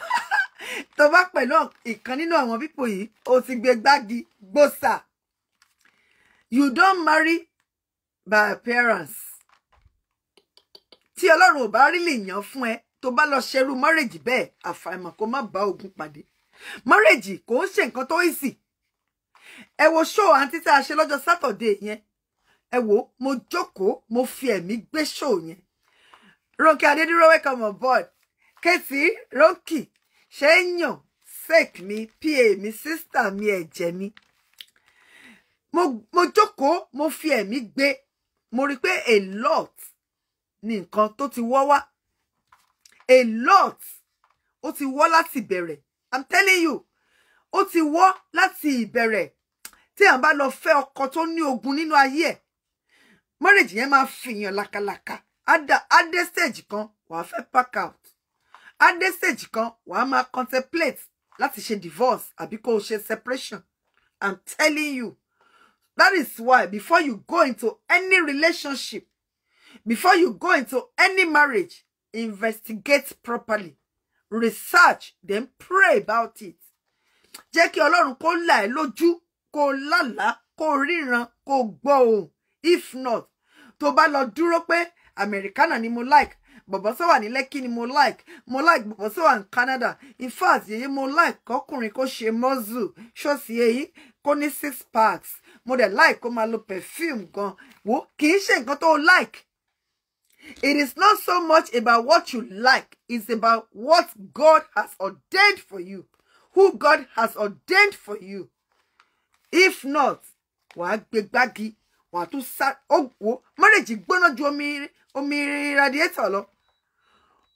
tó bá pẹ̀lú ìkan nínú àwọn pípò yìí o ti gbé gbági gbòòsà you don't marry by parents, tí ọlọ́run ò bá rí lè yàn fún ẹ tó bá lọ ṣerú mọ́rẹ́jì bẹ́ẹ̀ àfàìmọ̀ kó má bá ogun pàdé mọ́rẹ́jì kò ń ṣe nǹkan tó easy ẹ wo ṣóò àǹtí tá a ṣe lọ́jọ́ sátọ̀dé yẹn ẹ wo mo jókòó mo fi ẹ̀mí gbé ṣóò yẹn Rónkẹ́ Adédúró welcome on board Kétì Rónkì ṣe é mi pa mi sister mi ẹ̀jẹ̀ mi mo jókòó mo fi ẹ̀mí gbé mo rí pé a lot ni nǹkan tó ti wọ́ wá a lot ó ti wọ́ láti ìbẹ̀rẹ̀ i'm telling you ó ti wọ́ láti ìbẹ̀rẹ̀ tí à ń bá lọ fẹ́ ọkọ tó ní ogun nínú ayé ẹ̀ marriage yẹn máa fìyàn lakalaka á dé stage kan wàá fẹ́ pack out á dé stage kan wàá máa contemplate láti ṣe divorce àbí kó o ṣe separation i'm telling you That is why before you go into any relationship, before you go into any marriage, investigate properly. Research, then pray about it. Jẹ́ kí Ọlọ́run kó là ẹ́ lójú, kó lálàá, kó ríran, kó gbọ́ If not, tó bá lọ dúró pé Americana ni mo like, baba sọ wà ní lẹ́kí ni mo like mo like baba sọ wà ní Canada in fact ye mo like kọkùnrin kó ṣe muscle ṣọ́ọ̀sì èyí kó ní six packs mo dẹ̀ like kó máa lo perfume gan wo kì í ṣe nǹkan like it is not so much about what you like it's about what God has ordained for you who God has ordained for you if not wàá gbé gbági wàá tún sá ó wo marriage gbóná ju omi omi radiator lọ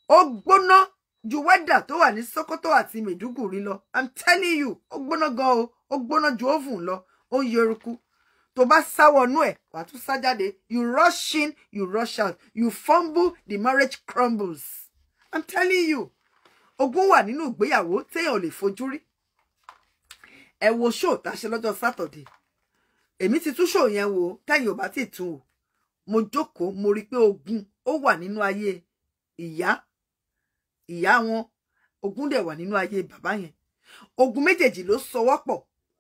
ó gbóná ju wẹ́dà tó wà ní Sokoto àti Maiduguri lo. i'm telling you ó gbóná go, o ó gbóná ju oven lo ó ń yoruku tó bá sáwọnú ẹ̀ wàá tún sá jáde you rush in you rush out you fumble the marriage crumbles i'm telling you ogun wà nínú ìgbéyàwó téèyàn lè fojú rí ẹ wo show tá a ṣe lọ́jọ́ sátọ̀dẹ̀ èmi ti tún show yẹn wo táyìn ò bá ti tún o mo jókòó mo rí i pé ogún ó wà nínú ayé ìyá ìyá wọn ogún dẹ̀ wà nínú ayé bàbá yẹn ogún méjèèjì ló sọwọ́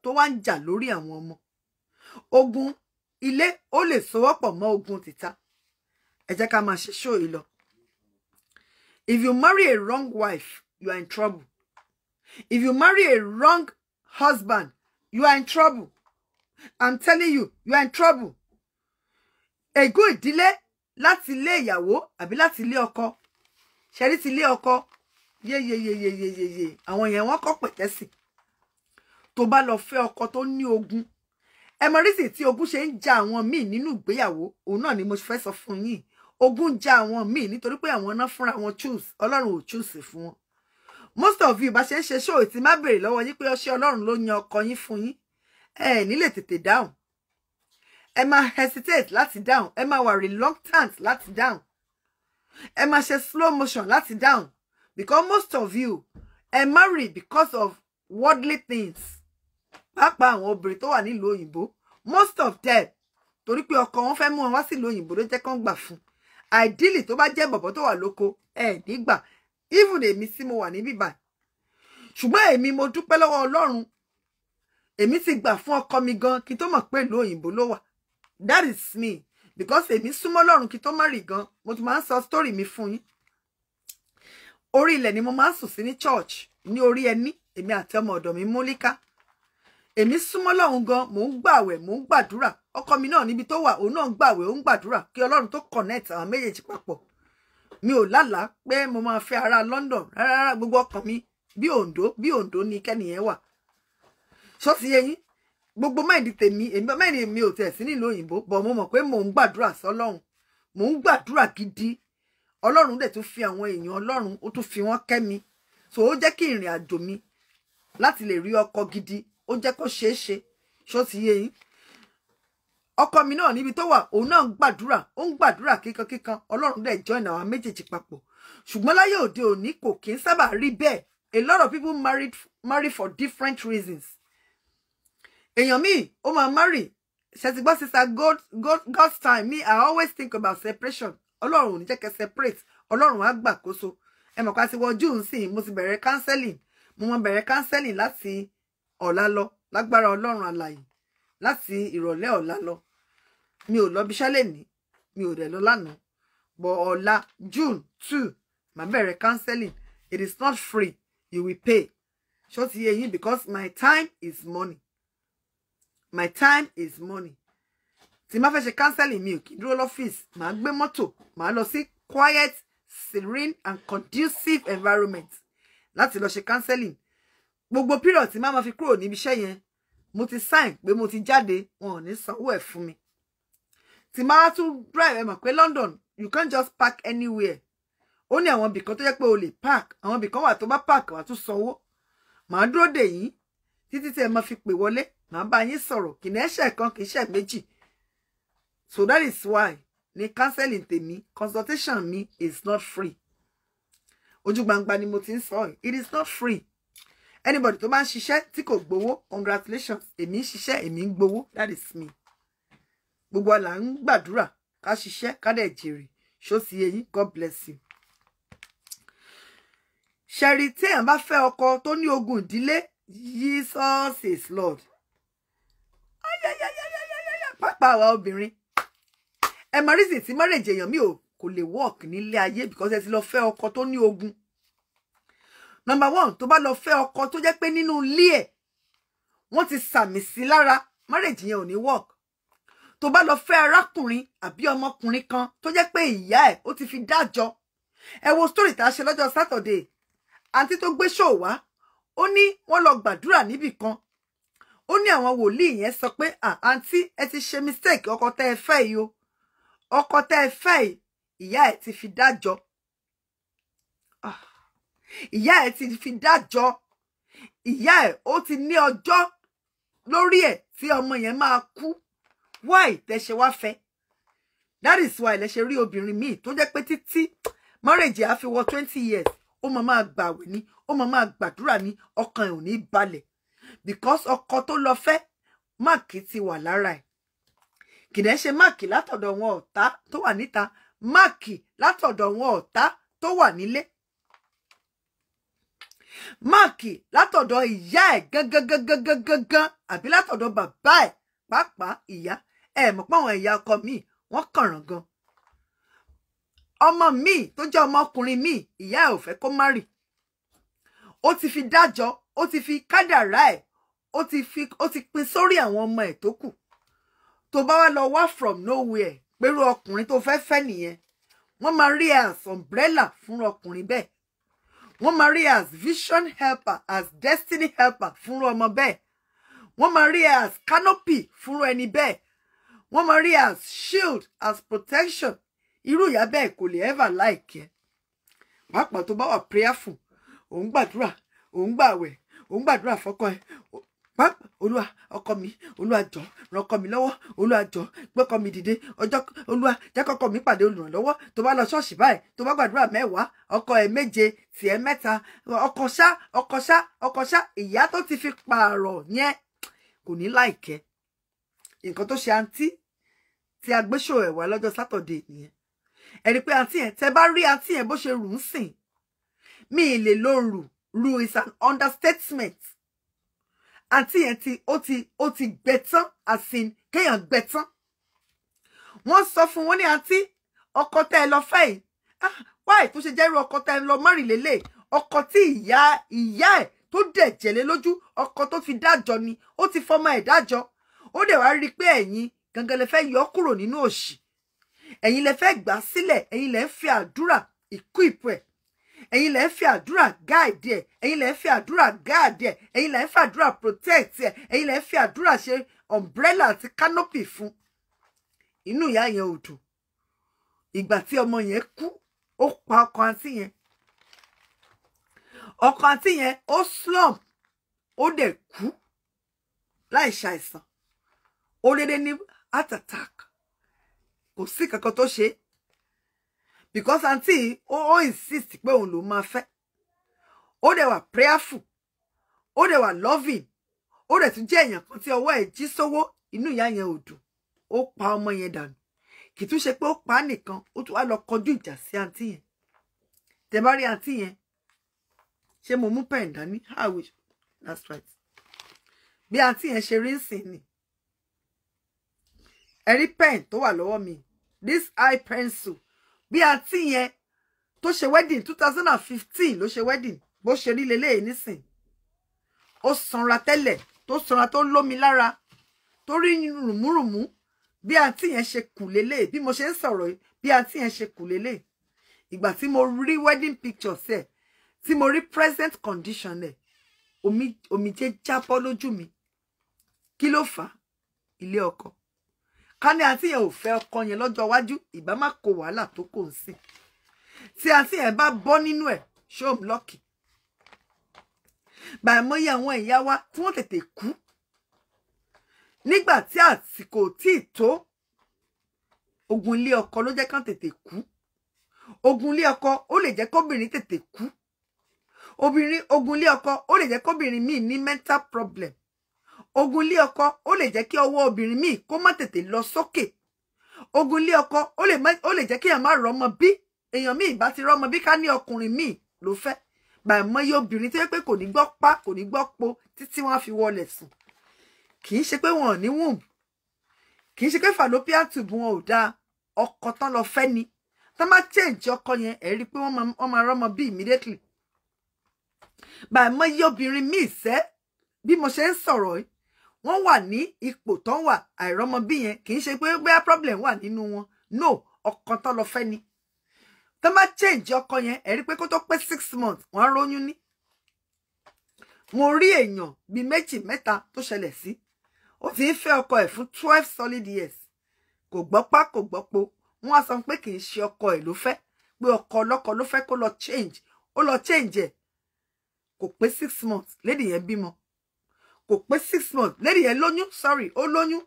tó wá ń jà lórí àwọn ọmọ ogun ilé ó lè sowọ́pọ̀ mọ́ ogun tìta ẹ jẹ́ ká máa ṣe ṣó yìí if you marry a wrong wife you are in trouble if you marry a wrong husband you are in trouble i'm telling you you are in trouble ègún ìdílé láti ilé ìyàwó àbí láti ilé ọkọ ṣẹrí ti ilé ọkọ yéyeyeyeyeye àwọn yẹn wọ́n kọ́ pẹ̀tẹ́sì. To bá lọ fẹ́ ọkọ tó ní ogun ẹ mọ rísì tí ogún ṣe ń ja àwọn míì nínú ìgbéyàwó òun náà ni mo fẹ́ sọ fún yín ogún ja àwọn míì nítorí pé àwọn náà fúnra wọn choose ọlọ́run ò choose fún wọn most of you bá ṣe ń ṣe ṣóò tí má béèrè lọ́wọ́ yín pé ọṣẹ ọlọ́run ló yan ọkọ yín fún yín ẹ nílè tètè dáhùn ẹ máa hesitate láti dáhùn ẹ máa wà reluctant láti dáhùn ẹ máa ṣe slow motion láti down. because most of you ẹ marry because of worldly things pàápàá àwọn obìnrin tó wà nílùú òyìnbó most of them torí pé ọkọ wọn fẹ́ mú wọn wá sílùú òyìnbó ló jẹ́ kán gbà fún ideally tó bá jẹ́ bọ̀bọ̀ tó wà lóko ẹ nígbà even èmi tí mo wà níbí báyìí ṣùgbọ́n èmi mo dúpẹ́ lọ́wọ́ Ọlọ́run èmi ti gbà fún ọkọ mi gan kí tó mọ̀ pé ìlú òyìnbó ló wà that is me because èmi súnmọ́ Ọlọ́run kí tó má rì gan mo ti máa ń sọ story mi fún yín orí ilẹ̀ ni mo máa ń sùn sí ní church ní orí ẹní èmi àti ọmọ ọ̀dọ̀ mi Múlíká èmi súnmọ́ lọ́hùn gan mò ń gbàwẹ̀ mò ń gbàdúrà ọkọ mi náà níbi tó wà òun náà ń gbàwẹ̀ òun gbàdúrà kí ọlọ́run tó connect àwọn méjèèjì papọ̀ mi ò lálàá pé mo máa fẹ́ ara London rárá gbogbo ọkàn mi bí òǹdó bí òǹdó ni kẹ́nìyẹn wà ṣó ti yé yín gbogbo mẹ́rin tèmi èmi mẹ́rin mi ò tẹ̀ sí nílùú òyìnbó bọ̀ mo mọ̀ pé mò ń gbàdúrà sọlọ́run mò ń gbàdúrà gidi ọlọ́run dẹ̀ tún fi àwọn èèyàn ọlọ́run ó tún fi wọ́n kẹ́ mi so ó jẹ́ kí ìrìn àjò mi láti lè rí ọkọ gidi ó jẹ́ kó ṣeé ṣe ṣó ti yé yín ọkọ mi náà níbi tó wà òun náà ń gbàdúrà ó ń gbàdúrà kíkan kíkan ọlọ́run dẹ̀ join àwọn méjèèjì papọ̀ ṣùgbọ́n láyé òde òní kò kí ń sábà rí bẹ́ẹ̀ a lot of people married, marry for different reasons èèyàn míì ó máa marry ṣètìgbọ́ sister god god god's time me i always think about separation ọlọ́run ò ní jẹ́ kẹ́ separate ọlọ́run á gbàkóso ẹ mọ̀ pa ti june sí mo ti bẹ̀rẹ̀ counseling mo mọ bẹ̀rẹ̀ counseling láti ọ̀la lọ lágbára ọlọ́run alàyè láti ìrọ̀lẹ́ ọ̀la lọ mi ò lọ bíṣẹ́ lèní mi ò dẹ̀ lọ lánàá but ọ̀la June two màá bẹ̀rẹ̀ counseling it is not free you will pay ṣó ti yé yín because my time is money my time is money tí má fẹ́ ṣe counseling mi ò kì í dúró lọ́fíìsì màá gbé mọ́tò màá lọ sí quiet serene and conducive environment láti lọ ṣe counseling gbogbo period tí màá ma fi kúrò níbi iṣẹ́ yẹn mo ti sign pé mo ti jáde wọn ò ní sanwó ẹ̀ fún mi tí màá tún drive ẹ mọ̀ pé London you can't just park anywhere ó ní àwọn ibìkan tó jẹ́ pé o lè park àwọn ibìkan wà tó bá park wà tún sanwó màá dúró dè yín títí tí ẹ máa fi pè wọlé màá bá yín sọ̀rọ̀ kì ní ẹ̀ṣẹ̀ kan kì í ṣe so that is why ni counseling tèmi consultation mi is not free ojú gbangba ni mo ti ń sọ it is not free anybody to bá ń ṣiṣẹ́ tí kò gbowó congratulations èmi ń ṣiṣẹ́ èmi ń gbowó that is me gbogbo ọ̀la ń gbàdúrà ká ṣiṣẹ́ ká dẹ̀ jèrè ṣó ti yé god bless you. ṣẹ̀rí téèyàn bá fẹ́ ọkọ tó ní ogun ìdílé jesus is lord pápá àwa obìnrin ẹ mọ rísì tí mọ́rẹ̀jẹ̀ èèyàn mi ò kò lè work nílé ayé because ẹ ti lọ fẹ́ ọkọ tó ní ogun number one tó bá lọ fẹ́ ọkọ tó jẹ́ pé nínú ilé ẹ̀ wọ́n ti sàmì sí lára marriage yẹn oni ní work tó bá lọ fẹ́ arákùnrin àbí ọmọkùnrin kan tó jẹ́ pé ìyá ẹ̀ ó ti fi dájọ́ ẹ wo story ta a ṣe lọ́jọ́ Saturday Anti to gbe show wa ó ní wọ́n lọ gbàdúrà níbì kan ó ní àwọn wòlíì yẹn sọ pé àǹtí ẹ ti ṣe mistake ọkọ tẹ́ fe yo yìí o ọkọ tẹ́ ẹ ti fi dájọ́ ìyá ẹ̀ ti fi dájọ́ ìyá ẹ̀ ó ti ní ọjọ́ lórí ẹ̀ tí ọmọ yẹn máa kú why tẹ́ ṣe wá fẹ́ that is why lẹ ṣe rí obìnrin míì tó jẹ́ pé títí marriage á fi wọ twenty years ó máa máa gbàwẹ̀ ni ó máa máa gbàdúrà ni ọkàn ẹ̀ ò ní balẹ̀ because ọkọ tó lọ fẹ́ máàkì ti wà lára ẹ̀ kìdẹ́ ṣe máàkì látọ̀dọ̀ wọn ọ̀tá tó wà níta máàkì látọ̀dọ̀ wọn ọ̀tá tó wà nílé máàkì látọ̀dọ̀ ìyá ẹ̀ gangangangangangan àbí látọ̀dọ̀ bàbá ẹ̀ pàápàá ìyá ẹ̀ mọ̀ pé àwọn ìyá ọkọ mi wọ́n kànràn gan ọmọ mi tó jẹ́ ọmọkùnrin mi ìyá ẹ̀ ò fẹ́ kó má rì ó ti fi dájọ́ ó ti fi kádàrá ẹ̀ ó ti fi ó ti pin sórí àwọn ọmọ ẹ̀ tó kù tó bá wá lọ wá from nowhere pẹ̀lú ọkùnrin tó fẹ́ fẹ́ nìyẹn wọ́n máa rí ẹ̀ as umbrella fún ọkùnrin bẹ́ẹ̀ wọ́n máa as vision helper as destiny helper fúnrú ọmọ bẹ́ẹ̀ wọ́n máa rí as canopy fúnrú ẹni bẹ́ẹ̀ wọ́n máa rí as shield as protection irú ìyá bẹ́ẹ̀ kò lè ever like ẹ pàápàá tó bá wà prayerful òun gbàdúrà òun gbàwẹ̀ òun gbàdúrà fọ́kọ ẹ pápá olúwa ọkọ mi olúwa jọ ràn ọkọ mi lọ́wọ́ olúwa jọ gbọ́kọ mi dìde ọjọ́ olúwa jákọkọ mi pàdé olùrànlọ́wọ́ tó bá lọ ṣọ́ọ̀ṣì báyìí tó bá gbàdúrà mẹ́wàá ọkọ ẹ̀ méje tiẹ̀ mẹ́ta ọkọ ṣá ọkọ ṣá ọkọ ṣá ìyá tó ti fi pààrọ̀ yẹn kò ní láìkẹ́ nǹkan tó ṣe àǹtí tí a gbéṣọ ẹ̀ wá lọ́jọ́ sátọ̀dé nìyẹn ẹ rí pé àǹtí yẹn tẹ bá rí àǹtí yẹn bó ṣe rù ú sìn mí lè lo rù is an understatement àǹtí yẹn ti ó ti ó ti gbẹ tán àsìn kéèyàn gbẹ tán wọ́n sọ fún wọn ní àǹtí ọkọ tẹ́ ẹ lọ fẹ́ yìí ah, wáì tó ṣe jẹ́rú ọkọ tẹ́ ẹ lọ mọ́rin ọkọ tí ìyá ìyá ẹ̀ tó dẹ̀ jẹ̀lé lójú ọkọ tó fi dájọ́ ni ó ti fọmọ ẹ̀ dájọ́ ó dẹ̀ wá rí i pé ẹ̀yin gangan lè fẹ́ yọ kúrò nínú òṣì ẹ̀yin lè fẹ́ gbà sílẹ̀ ẹ̀yin lè fi àdúrà ìkú ìpẹ́ ẹ̀yin lẹ́ fi àdúrà guide ẹ̀ ẹ̀yin lẹ́ fi àdúrà gáàdì ẹ̀ ẹ̀yin lẹ́ fi àdúrà protect ẹ̀ ẹ̀yin lẹ́ fi àdúrà ṣe umbrella àti canopy fún inú ìyá yẹn ò dùn ìgbà tí ọmọ yẹn kú ó pa ọkọ àǹtí yẹn ọkọ àǹtí yẹn ó slump ó dẹ̀ kú láì ṣàìsàn ó dédé ní heart attack kò sí kankan tó ṣe é because aunty oh, ó insist pé òun ló máa fẹ́ ó dẹ̀ wà prayerful Oh, dẹ̀ wà loving Oh, dẹ̀ tún jẹ́ èèyàn kan tí ọwọ́ ẹ̀ jí sówó inú ìyá yẹn ò dùn ó pa ọmọ yẹn dànù kì í tún ṣe pé pa á nìkan ó tún wá lọ kọjú ìjà sí àǹtí yẹn tẹ bá rí àǹtí yẹn mo mú pen dani. i wish that's right bí auntie yẹn ṣe rí ń sìn ni ẹ rí pen tó wà lọ́wọ́ mi this eye pencil bí àǹtí yẹn tó ṣe wedding two thousand and fifteen ló ṣe wedding bó ṣe rí leléyìí nísìn ó sanra tẹ́lẹ̀ tó sanra tó lómi lára tó rí rùmúrùmú bí àǹtí yẹn ṣe kù leléyìí bí mo ṣe ń sọ̀rọ̀ yìí bí àǹtí yẹn ṣe kù leléyìí ìgbà tí mo rí wedding pictures ẹ̀ tí mo rí present condition ẹ̀ omi omijé jábọ́ lójú mi kí ló fà ilé ọkọ ká ní àti yẹn e ò fẹ́ ọkọ yẹn lọ́jọ́ iwájú ìbá má kó wàhálà tó kò ń sìn tí àti yẹn e bá bọ́ nínú ẹ̀ e, ṣóòm lọ́kì bàìmọye àwọn ìyá wa tí wọ́n tètè kú nígbà tí àsìkò tí ì tó ogun ilé ọkọ ló jẹ́ kán tètè kú ogun ilé ọkọ ó lè jẹ́ kóbìnrin tètè kú obìnrin ogun ilé ọkọ ó lè jẹ́ kóbìnrin míì ní mental problem ogun ilé ọkọ ó lè jẹ́ kí ọwọ́ obìnrin míì kó má tètè lọ sókè ogun ilé ọkọ ó lè jẹ́ kí èèyàn má rọ́mọ bí èèyàn míì bá ti rọ́mọ bí ká ní ọkùnrin míì ló fẹ́ bàmọye obìnrin tó yẹ pé kò ní gbọ́ pa kò ní gbọ́ po títí wọ́n fi wọlé sùn kì í ṣe pé wọn ò ní wùm kì í ṣe pé fallopian tube wọn ò dáa ọkọ tán lọ fẹ́ ni tán bá change ọkọ yẹn ẹ rí i pé wọ́n máa rọ́mọ bí immediately bàmọye obìnrin míì sẹ́ bí mo ṣe ń sọ̀rọ̀ yìí wọ́n wà ní ipò tán wà àìrọ́mọ bí yẹn kì í ṣe pé bóyá problem wà nínú wọn no ọkàn tán lọ fẹ́ ni tán bá change ọkọ yẹn ẹ rí pé kó tó pé six months wọ́n á róyún ní mo rí èèyàn bíi méjì mẹ́ta tó ṣẹlẹ̀ sí ó ti ń fẹ́ ọkọ ẹ̀ fún twelve solid years kò gbọ́pá kò gbọ́po wọ́n á sọ pé kì í ṣe ọkọ ẹ̀ ló fẹ́ pé ọkọ ọlọ́kọ ló fẹ́ kó lọ change ó lọ change ẹ̀ kò pé six months lady yẹn bímọ kò pé six months lady yẹn lóyún sorry ó lóyún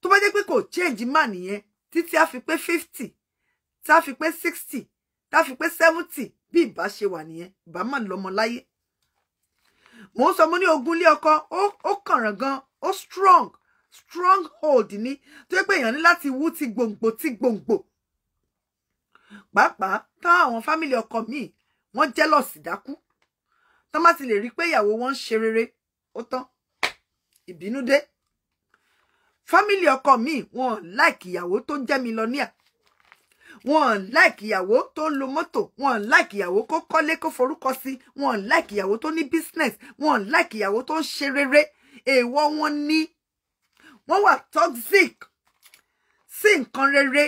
tó bá jẹ́ pé kò change man nìyẹn títí a fi pé fifty tá a fi pé sixty tá a fi pé seventy bí ìbá ṣe wà nìyẹn ìbá mà lọ́mọ láyé mo ń sọ mo ní ogun ilé ọkọ ó kànràn gan ó strong stronghold ni tó yẹ pé èèyàn ní láti wú ti gbòǹgbò ti gbòǹgbò pàápàá táwọn àwọn fámìlì ọkọ míì wọ́n jẹ́lọ̀sì dákú tán bá ti lè rí pé ìyàwó wọn ń ṣe rere ó tán ìbínú dé fámìlì ọkọ mi wọn láìkì ìyàwó tó ń jẹ́ mílíọ̀nìà wọn láìkì ìyàwó tó ń lo mọ́tò wọn láìkì ìyàwó kó kọ́lé kó forúkọ sí wọn láìkì ìyàwó tó ní business wọn like ìyàwó tó ń ṣe rere èèwọ̀ wọn ni wọ́n wa toxic sí nǹkan rere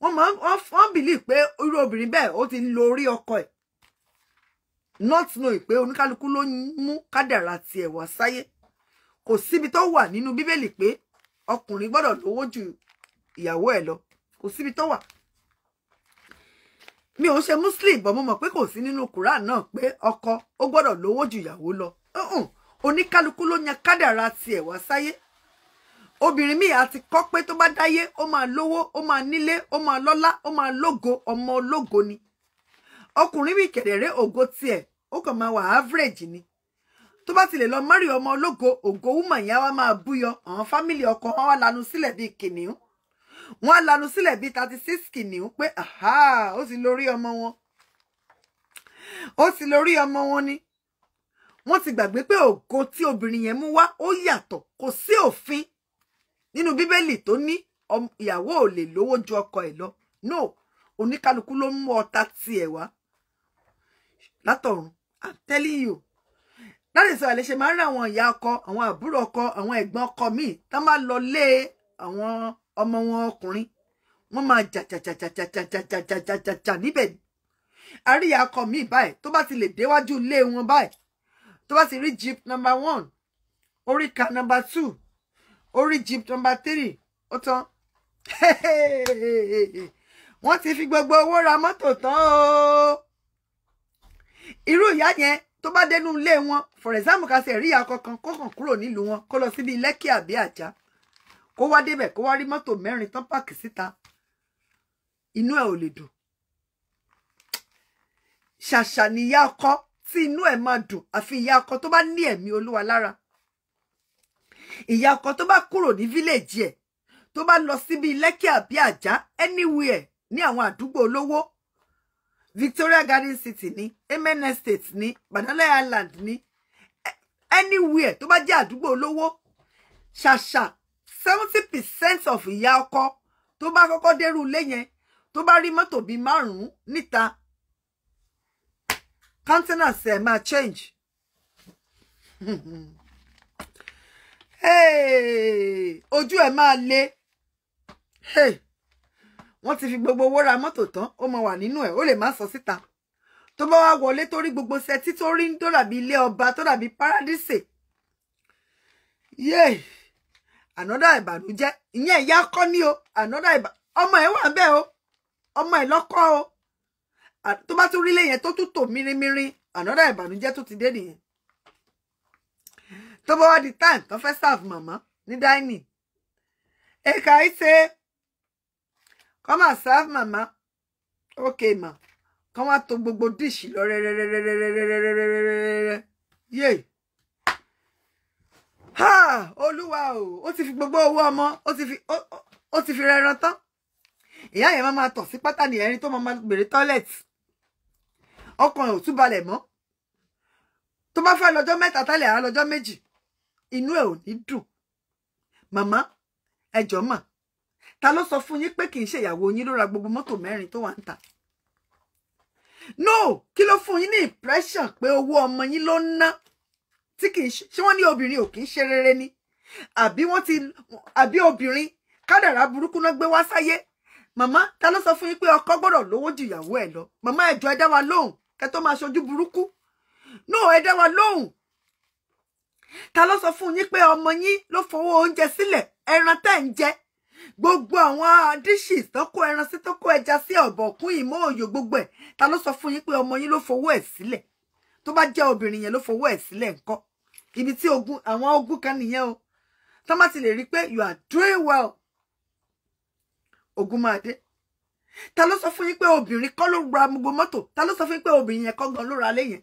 wọ́n máa wọ́n bìlì pé irú obìnrin bẹ́ẹ̀ ó ti lo orí ọkọ not know pé oníkálukú ló mú kádàrá tiẹ̀ wá sáyé kò síbi tó wà nínú bíbélì pé ọkùnrin gbọ́dọ̀ lówó ju ìyàwó ẹ̀ lọ kò síbi tó wà mi ò ṣe muslim bọ̀ mo mọ̀ pé kò sí nínú quran náà pé ọkọ ó gbọ́dọ̀ lówó ju ìyàwó lọ oníkálukú ló yan kádàrá tiẹ̀ wá sáyé obìnrin míì àti kọ́ pé tó bá dáyé ó máa lówó ó máa nílé ó máa lọ́lá ó máa lógo ọmọ ológo ni ọkùnrin míì kẹ̀dẹ̀rẹ́ ògo tiẹ̀ ó kàn máa wà average ni tó bá ti lè lọ mọ́rì ọmọ ológo ògo wúmọ̀ yẹn wá máa búyọ àwọn fámìlì ọkọ wọn wá lanu sílẹ̀ bíi kìnìún wọn á lanu sílẹ̀ bíi thirty six kìnìún pé ó sì lórí ọmọ wọn ó sì lórí ọmọ wọn ni wọ́n ti gbàgbé pé ògo tí obìnrin yẹn mú wá ó yàtọ̀ kò sí òfin nínú bíbélì tó ní ìyàwó ò lè lówó ju ọkọ ẹ̀ lọ no oníkálukú ló mú ọ̀tá tiẹ̀ wá látọ̀run I'm telling you that is why. ṣe máa ń rí àwọn ìyá ọkọ àwọn àbúrò ọkọ àwọn ẹ̀gbọ́n ọkọ míì tá máa lọ lé àwọn ọmọ wọn ọkùnrin cha cha cha cha cha cha cha cha cha jà jà jà jà jà níbẹ̀ ni àríyá ọkọ míì báyìí tó bá ti lè déwájú ilé wọn báyìí tó bá ti jeep number one orí car number two orí jeep number three ó tán wọ́n ti fi gbogbo owó ra mọ́tò tán o irú ìyá yẹn tó bá dénú ilé wọn for example ká ṣe rí ìyá kankan kó kàn kúrò nílùú wọn kó lọ síbi lẹ́kì àbí àjá kó wá débẹ̀ kó wá rí mọ́tò mẹ́rin tán pààkì síta inú ẹ̀ ò lè dùn ṣàṣà ni ìyá ọkọ tí inú ẹ̀ máa dùn àfi ìyá ọkọ tó bá ní ẹ̀mí olúwa lára ìyá ọkọ tó bá kúrò ní fílẹ̀jì ẹ̀ tó bá lọ síbi lẹ́kì àbí àjá anywhere ní àwọn àdúgbò olówó Victoria Garden City ni, Amen Estate ní Banana Island ni, eh, anywhere To ba jẹ́ àdúgbò olówó ṣàṣà seventy percent of yako. To ba koko kọ́kọ́ dérú To ba tó bá rí nita. bíi márùn-ún countenance ẹ̀ máa change. ojú ẹ̀ máa le. Hey wọ́n ti fi gbogbo owó ra mọ́tò tán ó mọ wà nínú ẹ̀ ó lè má sọ síta tó bá wá wọlé torí gbogbo sẹtí tó rí tó dàbí ilé ọba tó dàbí paradíṣe yéè ànọ́dà ìbànújẹ́ ìyẹn ìyá kọ́ ní o ànọ́dà ìbà ọmọ ẹ̀ wà bẹ́ẹ̀ o ọmọ ẹ̀ lọ́kọ́ o tó bá tún rí lẹ́yìn tó tún tò mírímírí ànọ́dà ìbànújẹ́ tó ti dé nìyẹn tó bá wá di time tó fẹ́ serve màmá ní dining ẹ̀ka ìṣe Come and serve mama. Okay, ma. Come out to gbogbo dish lọ Ha! Oh wow! ó ti fi gbogbo owó ọmọ, ó ti fi ó ti fi rẹran tán. Ìyá yẹn máa ma tọ̀ sí pátá ni ẹni tó máa ma bèrè tọ́lẹ̀tì. Ọkàn ẹ̀ ò tún balẹ̀ mọ́. Tó bá fẹ́ lọ́jọ́ mẹ́ta tálẹ̀ àá lọ́jọ́ méjì. Inú ẹ̀ ò ta ló sọ fún yín pé kì í ṣe ìyàwó yín ra gbogbo mọ́tò mẹ́rin tó wà ń no kí ló fún yín ní impression pé owó ọmọ yín ló ń ná tí kì í ṣe wọ́n ní obìnrin ò kì í ṣe rere ni àbí wọ́n ti àbí obìnrin kádàrá buruku náà gbé wá sáyé màmá ta ló sọ fún yín pé ọkọ gbọ́dọ̀ lówó ju ìyàwó ẹ̀ lọ màmá ẹjọ ẹ dá wa lóhùn kẹ́ tó máa ṣojú burúkú no ẹ dá wa lóhùn ta ló sọ fún yín pé ọmọ yín ló fowó oúnjẹ sílẹ̀ ẹran tẹ́ ń gbogbo àwọn dishes tọkọ ẹran sí tọkọ ẹja sí ọ̀bọ̀kún ìmọ̀ òyò gbogbo ẹ̀ ta ló sọ fún yín pé ọmọ yín ló fowó ẹ̀ sílẹ̀ tó bá jẹ́ obìnrin yẹn ló fowó ẹ̀ sílẹ̀ ńkọ́ ibi tí ogun àwọn ogun kan nìyẹn o tọ́ bá ti lè rí i pé you are doing well ogun máa dé ta ló sọ fún yín pé obìnrin kọ́ ló ra gbogbo mọ́tò ta ló sọ fún yín pé obìnrin yẹn kọ́ gan ló ra lé yẹn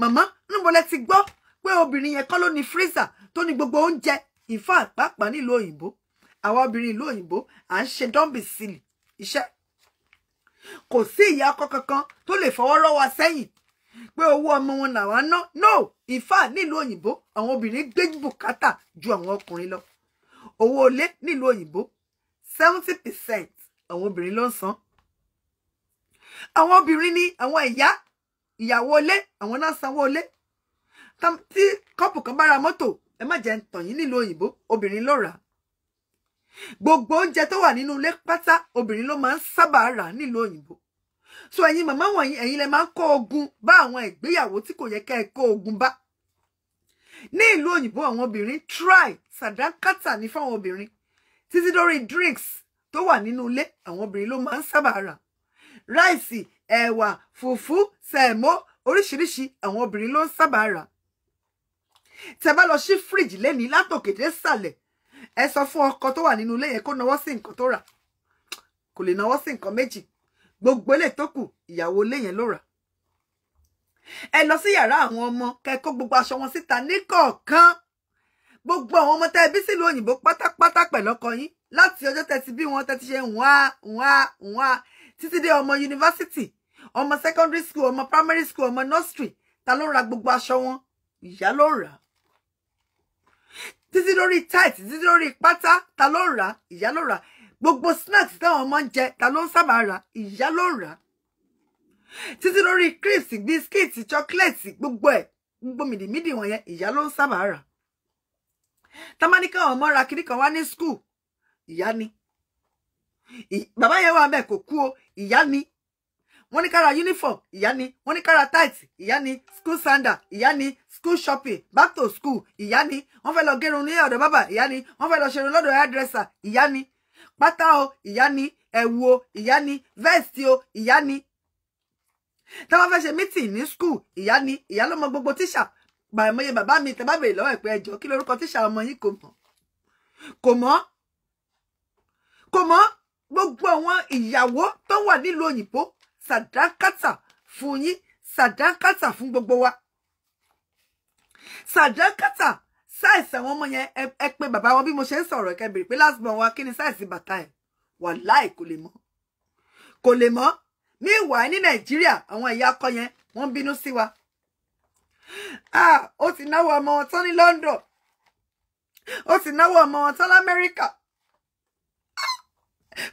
màmá níbo lẹ ti gbọ́ pé obìnrin yẹn kọ́ ló ní freezer tó ní gbogbo oúnjẹ ìfá àpáàpá nílùú òyìnbó àwa obìnrin ìlú òyìnbó à ń ṣe don't be silly iṣẹ́ kò sí ìyá ọkọ kankan tó lè fọwọ́ rọ́ wa sẹ́yìn pé owó ọmọ wọn làwa ná no in fact nílùú òyìnbó àwọn obìnrin gbé bùkátà ju àwọn ọkùnrin lọ owó olé nílùú òyìnbó seventy percent àwọn obìnrin ló ń san àwọn obìnrin ni àwọn ìyá ìyàwó olé àwọn náà sanwó olé tí kọ́pù kan bára mọ́tò ẹ má jẹ́ ń tàn yín nílùú òyìnbó obìnrin ló rà á gbogbo oúnjẹ tó wà nínú ilé pátá obìnrin ló máa ń sábà rà nílùú òyìnbó so ẹ̀yin màmá wọ̀nyí ẹ̀yin lẹ máa ń kó ogun bá àwọn ìgbéyàwó tí kò yẹ kẹ́ ẹ kó ogun bá ní ìlú òyìnbó àwọn obìnrin try sàdákàtà ní fáwọn obìnrin títí dórí drinks tó wà nínú ilé àwọn obìnrin ló máa ń sábà rà ráìsì ẹ̀wà fùfú sẹ̀mó oríṣiríṣi àwọn obìnrin ló ń sábà rà tẹ́ bá lọ sí fíríjì lẹ́ni látòkè dé sàlẹ̀ ẹ sọ fún ọkọ tó wà nínú ilé yẹn kó nawọ́ sí nǹkan tó rà kò lè nawọ́ sí nǹkan méjì gbogbo ilé tó kù ìyàwó ilé yẹn ló rà ẹ lọ sí yàrá àwọn ọmọ kẹ́ kó gbogbo aṣọ wọn síta níkọ̀ọ̀kan gbogbo àwọn ọmọ tẹ́ bí sílùú òyìnbó pátápátá pẹ̀lú yín láti ọjọ́ tẹ́ bí wọn tẹ́ ṣe wá wá wá títí dé ọmọ yunifásitì ọmọ secondary school ọmọ primary school ọmọ nursery ta ló ra gbogbo aṣọ wọn ìyá ló rà títí lórí tight títí lórí pátá ta ló ń rà ìyá ló rà gbogbo snacks táwọn ọmọ ń jẹ ta ló ń sábà rà ìyá ló ń títí lórí crisps bisikíìtì chocolate gbogbo ẹ gbogbo mìdìmídì wọ̀nyẹn ìyá ló ń sábà rà tamanika ọmọ ra kiri kan wá ní school ìyá ni bàbá yẹn wà mẹ kò kú o ìyá ni wọ́n ní kára uniform ìyá ni wọ́n ní kára tight ìyá ni school sandal ìyá ni school shopping back to school ìyá ni wọ́n fẹ́ lọ gẹrun ní ọ̀dọ̀ bàbá ìyá ni wọ́n fẹ́ lọ ṣerun lọ́dọ̀ hairdresser ìyá ni pátá o ìyá ni ẹ̀wù o ìyá ni vest o ìyá ni tá bá fẹ́ ṣe meeting ní school ìyá ni ìyá ló mọ gbogbo tíṣà gbàmọye bàbá mi tẹ́ bá bèrè lọ́wọ́ ìpẹ́ ẹjọ́ kí lórúkọ tíṣà ọmọ yín kò mọ̀ kò mọ̀ kò mọ̀ gbogbo àwọn ìyàwó tó wà nílùú òyìnbó sàdákàtà fún yín sàdákàtà fún gbogbo wa sàdákàtà sáìsì àwọn ọmọ yẹn ẹ pé bàbá wọn bí mo ṣe ń sọ̀rọ̀ ẹ̀kẹ́ bèrè pé last born wa kí ni sáìsì bàtà ẹ̀ wàláì kò lè mọ́ kò lè mọ́ meanwhile ní nàìjíríà àwọn ẹ̀yà akọ yẹn wọ́n bínú sí wa ah ó ti náwó ọmọ wọn tán ní London ó ti náwó ọmọ wọn tán lamẹ́ríkà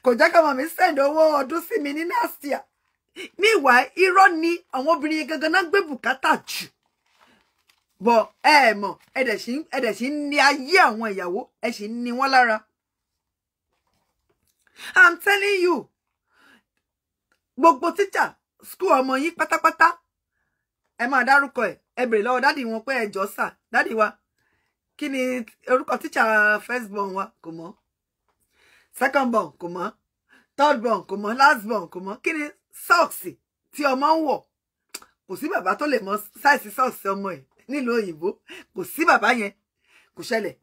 kò jẹ́ kí ọmọ mi send owó ọdún sí mi ní last meanwhile irọ́ ni àwọn obìnrin yẹn gangan náà gbé bùkátà jù bọ ẹ mọ̀ ẹdẹ sì ń ní ayé àwọn ìyàwó ẹ sì ń ní wọn lára i'm telling you gbogbo tíjà skul ọmọ yín pátápátá ẹ máa dárúkọ ẹ ẹ bèrè lọ́wọ́ dádì wọn pé ẹ jọ sà daddy wa Kini, ni orúkọ first born wa Komo. second born Komo. third born Komo. last born Komo. Kini socks tí ọmọ ń wọ̀ kò sí bàbá tó lè mọ size socks ọmọ ẹ̀ nílùú òyìnbó kò sí bàbá yẹn kò ṣẹlẹ̀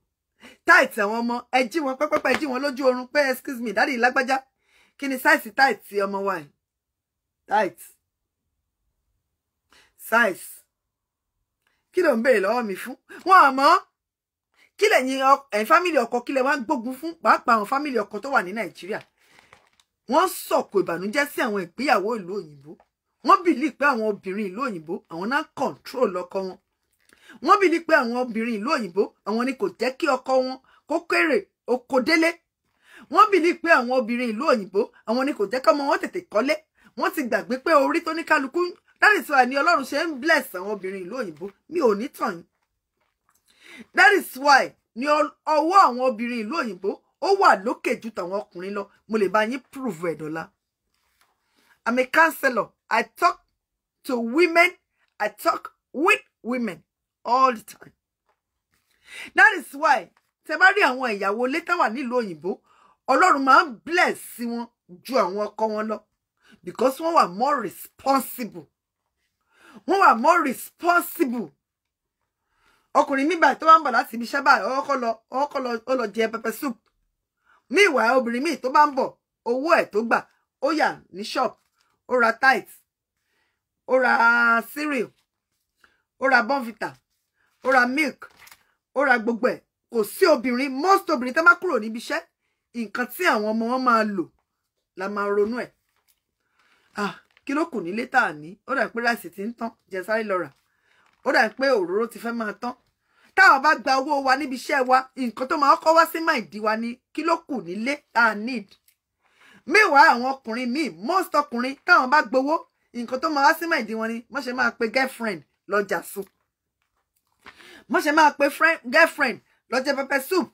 tight àwọn ọmọ ẹ jí wọn pẹ́pẹ́pẹ́ jí wọn lójú oorun pé excuse me dáàdi lágbájá kí ni size tight ti ọmọ wa yìí tight size kí ló ń béèrè lọ́wọ́ mi fún wọn àmọ́ kí lẹ̀yin ẹ̀yin fámìlì ọkọ kí lẹ wá ń gbógun fún pàápàá àwọn fámìlì ọkọ tó wà ní nàìjíríà wọ́n sọ̀kò ìbànújẹ́ sí àwọn ìgbéyàwó ìlú òyìnbó wọ́n bìlí pé àwọn obìnrin ìlú òyìnbó àwọn náà control ọkọ wọn wọ́n bìlí pé àwọn obìnrin ìlú òyìnbó àwọn ni kò jẹ́ kí ọkọ wọn kó kéré oko délé wọ́n bìlí pé àwọn obìnrin ìlú òyìnbó àwọn ni kò jẹ́ kọ́mọ wọn tètè kọ́lé wọ́n ti gbàgbé pé orí tó ní kálukú dáàdì tí wà ní Ọlọ́run ṣe bless àwọn obìnrin ìlú òyìnbó mi ò ní tàn that is why ni ọwọ́ àwọn obìnrin ìlú òyìnbó ó wà lókè ju tàwọn ọkùnrin lọ mo lè bá yín prove ẹ̀ dọ́là i'm a counselor i talk to women i talk with women all the time that is why tẹ bá rí àwọn ìyàwó létàwà nílùú òyìnbó ọlọ́run máa ń bless wọn ju àwọn ọkọ wọn lọ because wọ́n wà more responsible wọ́n wà more responsible ọkùnrin mi ba tó bá ń bọ̀ láti ibi O báyìí ọkọ lọ ọkọ lọ ó lọ jẹ pepper soup meanwhile obìnrin míì tó bá ń bọ̀ owó ẹ̀ tó gbà ó yà ní shop ó ra tight ó ra cereal ó ra bonvita ó ra milk ó ra gbogbo ẹ̀ kò sí obìnrin most obìnrin tó bá kúrò níbi iṣẹ́ nǹkan tí àwọn ọmọ wọn máa lò la máa ronú ẹ̀ ah kí ló kù nílé tá a ní ó dà pé ráìsì ti ń tán jẹ sáré lọ rà ó dà pé òróró ti fẹ́ máa tán táwa bá gba owó wa níbi iṣẹ́ wa nǹkan tó máa kọ́ wá sí máìdí wa ni kí ló kù nílé i need meanwhile àwọn ọkùnrin míì most ọkùnrin táwọn bá gbowó nǹkan tó máa wá sí máìdí wọn ni mo ṣe máa pe girlfriend lọ́jà soup mo ṣe máa pe girlfriend lọ́jà pepper soup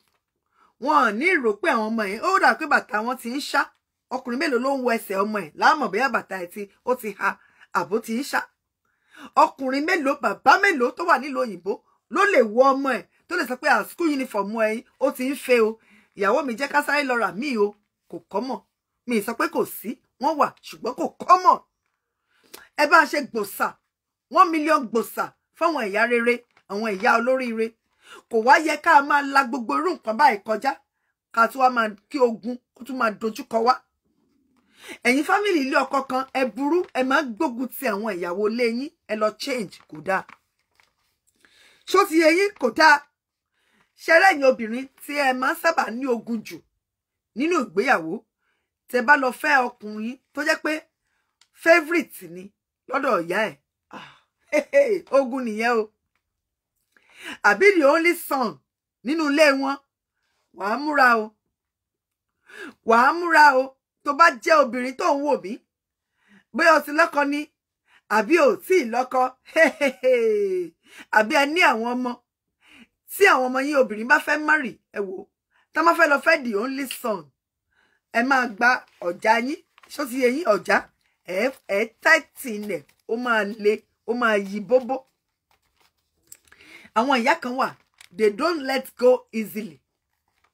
wọn ò ní rò pé àwọn ọmọ yẹn ó dà pé bàtà wọn ti ń ṣá ọkùnrin mélòó ló ń wọ ẹsẹ̀ ọmọ ẹ̀ láàmọ̀ bẹ́ẹ̀ bàtà ẹ̀ ti ha àbó ti ń ṣá ọkùnrin mélòó bàbá mélòó tó wà nílùú òyìnbó ló lè wọ to le tó lè sọ pé àsìkò ah, yunifọ̀mù ẹ̀yìn ó ti ń fẹ́ o ìyàwó mi jẹ́ ká sáré lọ rà mí o kò kọ́mọ̀ mi sọ pé kò sí wọ́n wà ṣùgbọ́n kò kọ́mọ̀ ẹ bá ṣe gbòòsà one million gbòòsà fáwọn ẹ̀yà rere àwọn ẹ̀yà olóríire kò wá yẹ ká máa la gbogbo irú nǹkan báyìí kọjá ká tún wá máa kí ogun kó tún máa dojú kọ wá ẹ̀yin fámìlì ilé ọkọ kan e burú ẹ máa gbógun ti àwọn ìyàwó ilé yín ẹ lọ change kò dáa ṣó ti eyín kò dáa ṣẹlẹ́yìn obìnrin tí ẹ máa ń sábà ní ogun jù nínú ìgbéyàwó tẹ bá lọ fẹ́ ọkùnrin tó jẹ́ pé favourite ni lọ́dọ̀ ìyá ẹ̀ ah, ogun nìyẹn o àbí the only son nínú ilé wọn wàá múra o wàá múra o tó bá jẹ́ obìnrin tó ń wò mí bóyá o ti lọ́kọ ni àbí ò tí ì lọ́kọ àbí ẹ ní àwọn ọmọ tí àwọn ọmọ yín obìnrin bá fẹ́ márì ẹ wò tá má fẹ́ lọ fẹ́ the only son ẹ máa gba ọ̀já yín ṣó ti yẹ yín ọ̀já ẹ tẹ́tì ilẹ̀ ó máa le ó máa yí bóbó àwọn ìyá kan wà they don't let go easily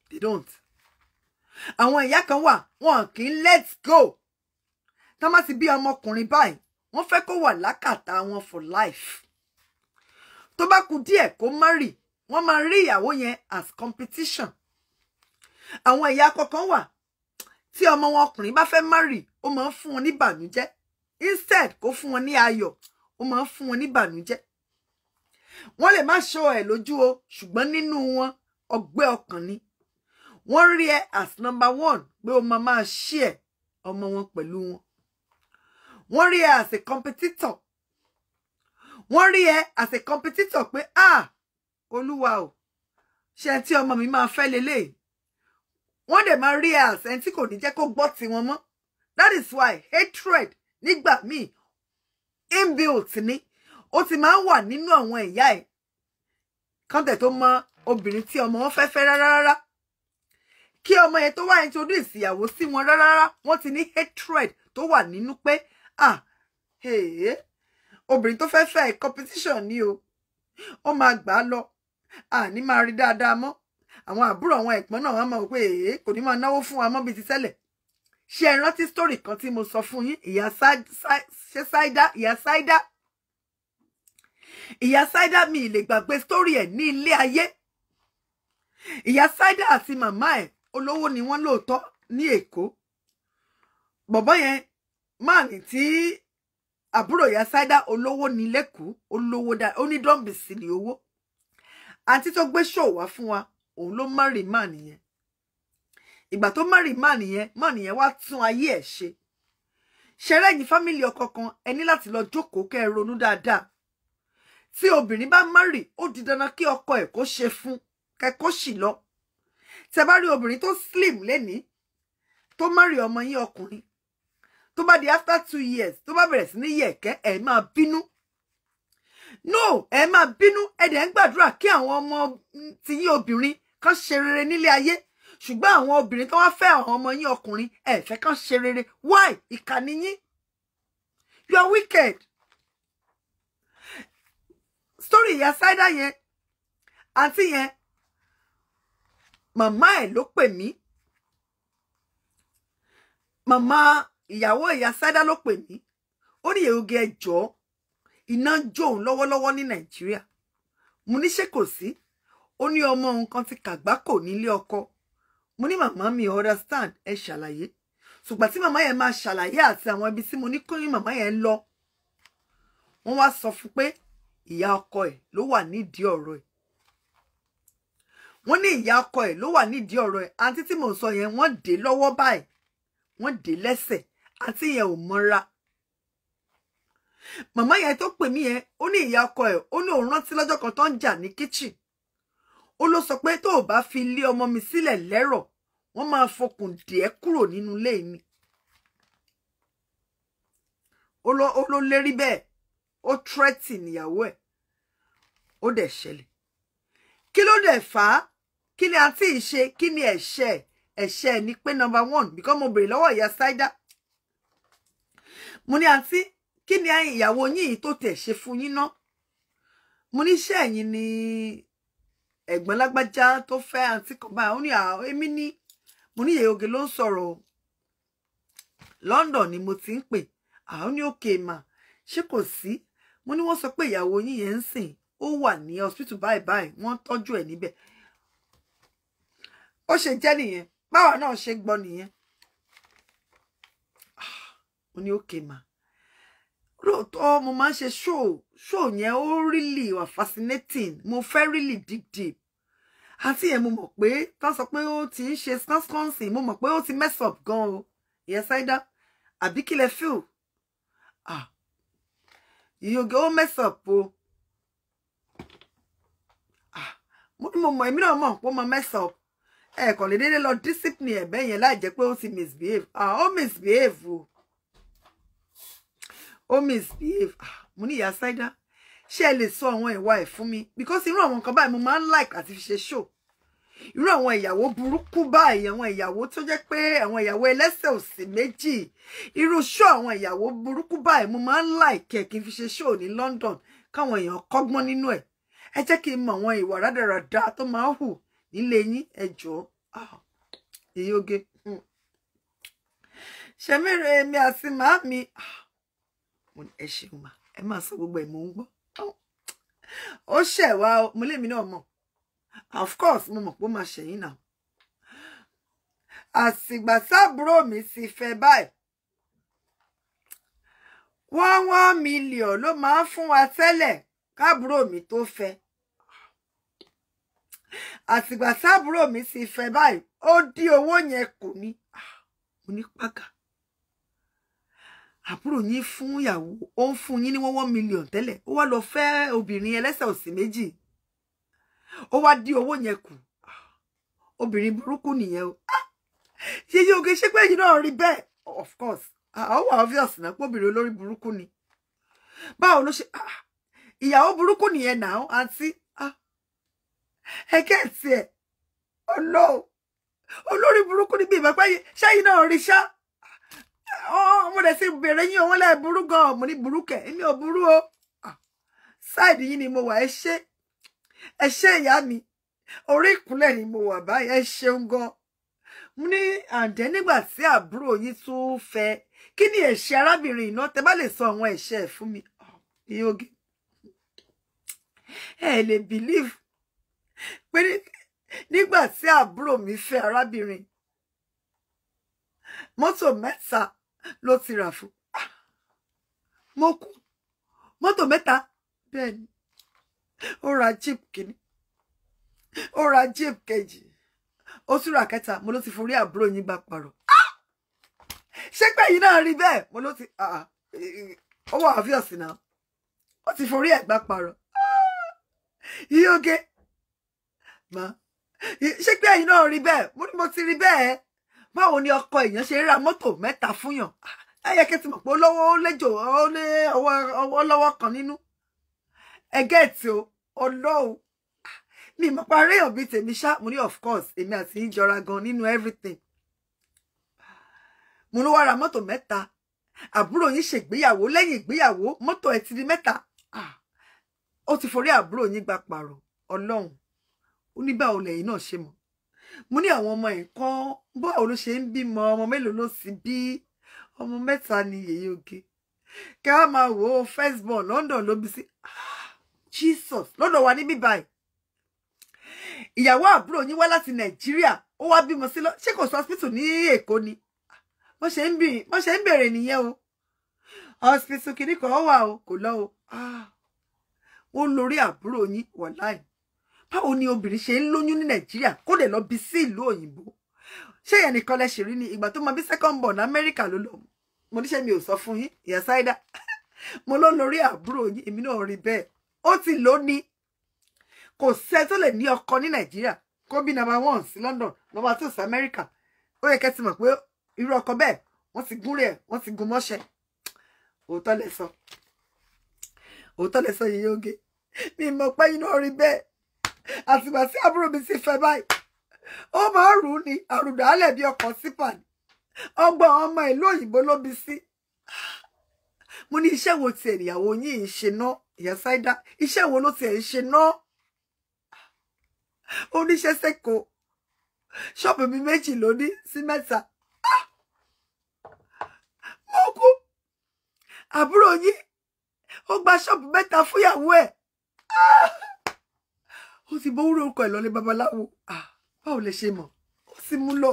they don't àwọn ìyá kan wà wọn kì í let go tá má ti bí ọmọkùnrin báyìí wọ́n fẹ́ kó wà lákàtà wọn for life tó bá kù díẹ̀ kó marry wọ́n máa rí ìyàwó yẹn as competition àwọn ìyá kọ̀ọ̀kan wà tí ọmọ wọn ọkùnrin bá fẹ́ marry ó máa ń fún wọn ní bànújẹ́ instead kó fún wọn ní ayọ̀ ó máa ń fún wọn ní bànújẹ́ wọ́n lè má ṣọ ẹ̀ lójú o ṣùgbọ́n nínú wọn ọgbẹ́ ọkàn ni wọ́n rí ẹ as number one pé ó máa máa ṣí ẹ ọmọ wọn pẹ̀lú wọn wọ́n rí ẹ as a competitor wọ́n rí ẹ as a competitor pé ah olúwa o ṣe tí ọmọ mi máa fẹ́ lélẹ̀ wọ́n dẹ̀ máa rí ẹ as ẹni tí kò ní jẹ́ kó gbọ́ tiwọn mọ́ that is why hatred nígbà míì inbuilt ni ó ti máa ń wà nínú àwọn ìyá ẹ̀ kọ́ńtẹ̀ tó mọ obìnrin tí ọmọ wọn fẹ́ fẹ́ rárá rárá kí ọmọ yẹn tó wá introduce ìyàwó sí wọn rárá rárá wọ́n ti ní hatred tó wà nínú pé ah hey, obìnrin tó fẹ́ fẹ́ competition ni o ó máa gbà á lọ àní máa rí dáadáa mọ́ àwọn àbúrò àwọn ẹ̀gbọ́n náà wọ́n mọ̀ pé èé kò ní máa náwó fún wa mọ́ bíi ti tẹ́lẹ̀ ṣé ẹ rántí story kan tí mo sọ fún yín ìyá ṣáídá ìyá ṣáídá ìyá ṣáídá mi lè gbàgbé story ẹ̀ ní ilé ayé ìyá ṣáídá àti màmá ẹ̀ olówó ni wọ́n lóòótọ́ ní èkó bọ̀bọ́ yẹn máàní tí àbúrò ìyá Saida olówó ní lẹ́kọ̀ọ́ olówó dá onídọ́ǹbìsì ní owó àti tó gbé ṣòwò fún wa òun ló márì máà nìyẹn ìgbà tó márì máà nìyẹn máà nìyẹn wá tún ayé ẹ̀ ṣe ṣẹrẹ́yìn fámìlì ọkọ kan ẹ ní láti lọ jókòó kẹ́ ẹ ronú dáadáa tí obìnrin bá márì ó di dandan kí ọkọ ẹ̀ kó ṣe fún kẹ́kọ̀ọ́ sì lọ tẹ bá rí obìnrin tó slim lẹ́nìí tó márì ọmọ yín ọkùnrin tó bá di after two years tó bá bẹ̀rẹ̀ sí ní yẹ̀kẹ́ ẹ̀ máa bínú no ẹ̀ ma bínú ẹ̀ dẹ̀ ń gbàdúrà kí àwọn ọmọ tiyín obìnrin kan ṣe rere nílé ayé ṣùgbọ́n àwọn obìnrin tó wá fẹ́ àwọn ọmọ yín ọkùnrin ẹ̀ fẹ́ kan ṣe rere why ìkà ni you are wicked story ìyá sáídà yẹn àǹtí yẹn màmá ẹ̀ ló pè mí Mama ìyàwó ìyá sádá ló pè mí ó ní èrògì ẹjọ́ iná ń jó òun lọ́wọ́lọ́wọ́ ní nàìjíríà mo ní kò sí ó ní ọmọ òun kan ti kàgbákò nílé ọkọ mo ní màmá mi understand ẹ ṣàlàyé ṣùgbọ́n tí màmá yẹn máa ṣàlàyé àti àwọn ibi tí mo ní kóyún màmá yẹn lọ wọ́n wá sọ fún pé ìyá ọkọ ẹ̀ ló wà nídìí ọ̀rọ̀ ẹ̀ wọ́n ní ìyá ọkọ ẹ̀ ló wà nídìí ọ̀rọ̀ ẹ̀ àǹtí tí mò sọ yẹn wọ́n dé lọ́wọ́ báyìí wọ́n dé lẹ́sẹ̀ àti ìyẹn ò mọ́ra màmá yẹn tó pè mí yẹn ó ní ìyá ọkọ ẹ̀ ó ní òun rántí lọ́jọ́ kan tó ń jà ní kíchìn ó ló sọ pé tó o bá fi lé ọmọ mi sílẹ̀ lẹ́rọ̀ wọ́n máa fokùn dìẹ́ kúrò nínú ilé mi ó ló lérí bẹ́ẹ̀ ó tírẹ́tì níyàwó ẹ̀ ó dẹ̀ ṣẹlẹ̀ kí ló dẹ̀ fà á kí ni àti ìṣe kí ni ẹ̀ṣẹ̀ ni pé number one because mo bèrè lọ́wọ́ ìyá Saida mo ní àǹtí kí ni ìyàwó yín tó tẹ̀ ṣe fún yín ná mo ní iṣẹ́ ẹ̀yin ni ẹ̀gbọ́n lágbájá tó fẹ́ àǹtí kan báyìí ó ní àwọn èmi ní mo ní yèyé ló ń sọ̀rọ̀ London ni mo ti ń pè àwọn ní òkè mà ṣé kò sí mo ní wọ́n sọ pé ìyàwó yín yẹn ń sìn ó wà ní hospital báyìí báyìí wọ́n tọ́jú ẹ̀ níbẹ̀ ó ṣe jẹ́ nìyẹn báwa náà ṣe gbọ́ nìyẹn mo ní okay ma lóòótọ́ mo máa ń show show yẹn ó really wa fascinating mo fẹ́ really dig deep àti yẹn mo mọ̀ pé tán sọ pé ó ti ń ṣe scansconsin mo mọ̀ pé ti mess up gan o ìyẹn ṣáídá àbí kí lẹ feel ah you go mess up o ah mo ní mo mọ̀ èmi náà mọ̀ pé mess up ẹ kàn lè déédéé lọ discipline ẹ̀bẹ́ yẹn la je pé ó ti misbehave ah ó misbehave o ó misbehave ah, mo ní ìyá ṣáídá ṣé ẹ lè sọ àwọn ìwà ẹ̀ fún mi because irú àwọn nǹkan báyìí mo máa ń like àti fi ṣe show irú àwọn ìyàwó burúkú báyìí àwọn ìyàwó tó jẹ́ pé àwọn ìyàwó ẹlẹ́sẹ̀ òsì méjì irú show àwọn ìyàwó burúkú báyìí mo máa ń like ẹ̀ kí n fi ṣe show ní London káwọn èèyàn kọ́gbọ́n nínú ẹ̀ ẹ jẹ́ kí n mọ̀ àwọn ìwà rádaràda tó máa ń hù nílé yín ẹ jọ̀ọ́ èyí ah, oge hmm. ṣẹmẹrẹ mi àti màámi. Ah mo ní ẹ ṣeun mà ẹ máa sọ gbogbo ẹ mò ń gbọ́ ó ṣẹ̀ wá mo lèmi náà mọ̀ of course mo mọ̀ pé ó máa ṣẹ̀yìn náà àsìgbà sábúrò mi sì fẹ́ báyìí wọ́n wọ́n mílíọ̀n ló máa ń fún wa tẹ́lẹ̀ kábúrò mi tó fẹ́ àsìgbà sábúrò mi sì fẹ́ báyìí ó dín owó yẹn kù ah, ní mo pàkà àbúrò yín fún ìyàwó ó ń fún yín ní wọ́n one million tẹ́lẹ̀ ó wá lọ fẹ́ obìnrin ẹlẹ́sẹ̀ òsì méjì ó wá dí owó yẹn kù obìnrin burúkú nìyẹn o yeye ah! oge ṣé pé ẹ̀yin náà rí bẹ́ẹ̀ of course ah, àwọn obvious náà pé obìnrin olórí burúkú ni báwo ló ṣe ah, ìyàwó burúkú nìyẹn náà àǹtí ẹ ẹ̀ ọlọ́ọ̀ olórí burúkú ni bí ìbápá yìí ṣẹ́yìn náà rí ṣáá. Oh, mo dẹ̀ sí bèrè yín òun lẹ́ẹ̀ burú gan mo ní burú kẹ̀ èmi ò burú o ah, sáìdì yín ni mo wà ẹ ṣé ìyá mi orí ìkúnlẹ̀ ni mo wà báyìí ẹ ṣeun gan mo ní àǹdẹ́ nígbà tí àbúrò yín tún fẹ́ kí ni ẹ̀ṣẹ̀ arábìnrin iná tẹ bá lè sọ àwọn ẹ̀ṣẹ̀ ẹ̀ fún mi ah, ìyógi ẹ lè believe pé nígbà tí àbúrò mi fẹ́ arábìnrin mọ́tò mẹ́ta ló ti rà fún ah! mo kú mọ́tò mẹ́ta bẹ́ẹ̀ ni ó ra jeep kìíní ó ra jeep kejì ó tún ra kẹta mo ló ti forí àbúrò yín bá parọ́ ah! ṣé pé yìí náà rí bẹ́ẹ̀ mo ló ti ah, eh, ó wà obvious náà ó ti forí ẹ̀gbá parọ́ yíyóge ma ṣé pé ẹ̀yin náà rí bẹ́ẹ̀ mo ti rí bẹ́ẹ̀ báwo ni ọkọ èèyàn ṣe ra mọ́tò mẹ́ta fúnyàn ẹyẹ kí n ti mọ̀ pé olówó lẹ́jọ́ ọwọ́ lọ́wọ́ kan nínú ẹgẹ́ tí o ọlọ́run mi mọ̀ pa réyàn tèmi ṣá mo ní of course èmi àti yín jọra gan nínú everything mo ló wá ra mọ́tò mẹ́ta àbúrò yín ṣègbéyàwó lẹ́yìn ìgbéyàwó mọ́tò ẹ̀ ti di mẹ́ta ó ti forí àbúrò yín gba pààrọ̀ ọlọ́run ó ní báwo lẹ́yìn náà ṣe mọ̀ mo ní àwọn ọmọ ìkan báwo ló ṣe ń bímọ ọmọ mélòó ló sì bí ọmọ mẹ́ta ni yèyé oge kẹ wá máa wò ó first born London ló bí sí ah, Jesus lọ́dọ̀ wa níbí báyìí ìyàwó àbúrò yín wá láti Nàìjíríà ó wá bímọ sí lọ ṣé kò sọ hospital ní Èkó ni wọ́n ṣe ń bèrè nìyẹn o hospital kini ko wà o kò lọ o ah, ó lórí àbúrò yín wọ̀láì báwo ni obìnrin ṣe ń lóyún ní nàìjíríà kó lè lọ bí sí ìlú òyìnbó ṣé yẹn lẹ ṣì ni ìgbà tó máa bí second born ní amẹ́ríkà ló lọ mo níṣẹ́ mi ò sọ fún yín ìyá sáídà mo ló lórí àbúrò yín èmi náà rí bẹ́ẹ̀ ó ti lò ní kò sẹ́ tó lè ní ọkọ ní nàìjíríà kó bí number one sí london number two sí amẹ́ríkà ó yẹ kẹ́ ti mọ̀ pé irú ọkọ bẹ́ẹ̀ wọ́n ti gún rẹ̀ wọ́n ti gun mọ́ṣẹ́ òótọ́ lẹ sọ òótọ́ yìí yóò gé mi mọ̀ pé iná rí bẹ́ẹ̀ àtìgbà tí àbúrò mi sì fẹ́ báyìí ó máa rù ú ni àrùdálẹ̀ bí ọkọ̀ sípà ni ọgbọ́n ọmọ ìlú òyìnbó ló bí sí mo ní iṣẹ́ wo tiẹ̀ ìyàwó yín ń ṣe ná ìyá Saida iṣẹ́ wo ló tiẹ̀ ń ṣe ná oníṣẹ́ sẹ́kọ̀ọ́ ṣọ́ọ̀bù mi méjì ló ní sí mẹ́ta ah! mo kú àbúrò yín ó gba ṣọ́ọ̀bù mẹ́ta fúyàwó ẹ̀. Ah! ó ti bó orúkọ ẹ̀ lọ́lé babaláwo báwo lè ṣe mọ̀ ó sì mú lọ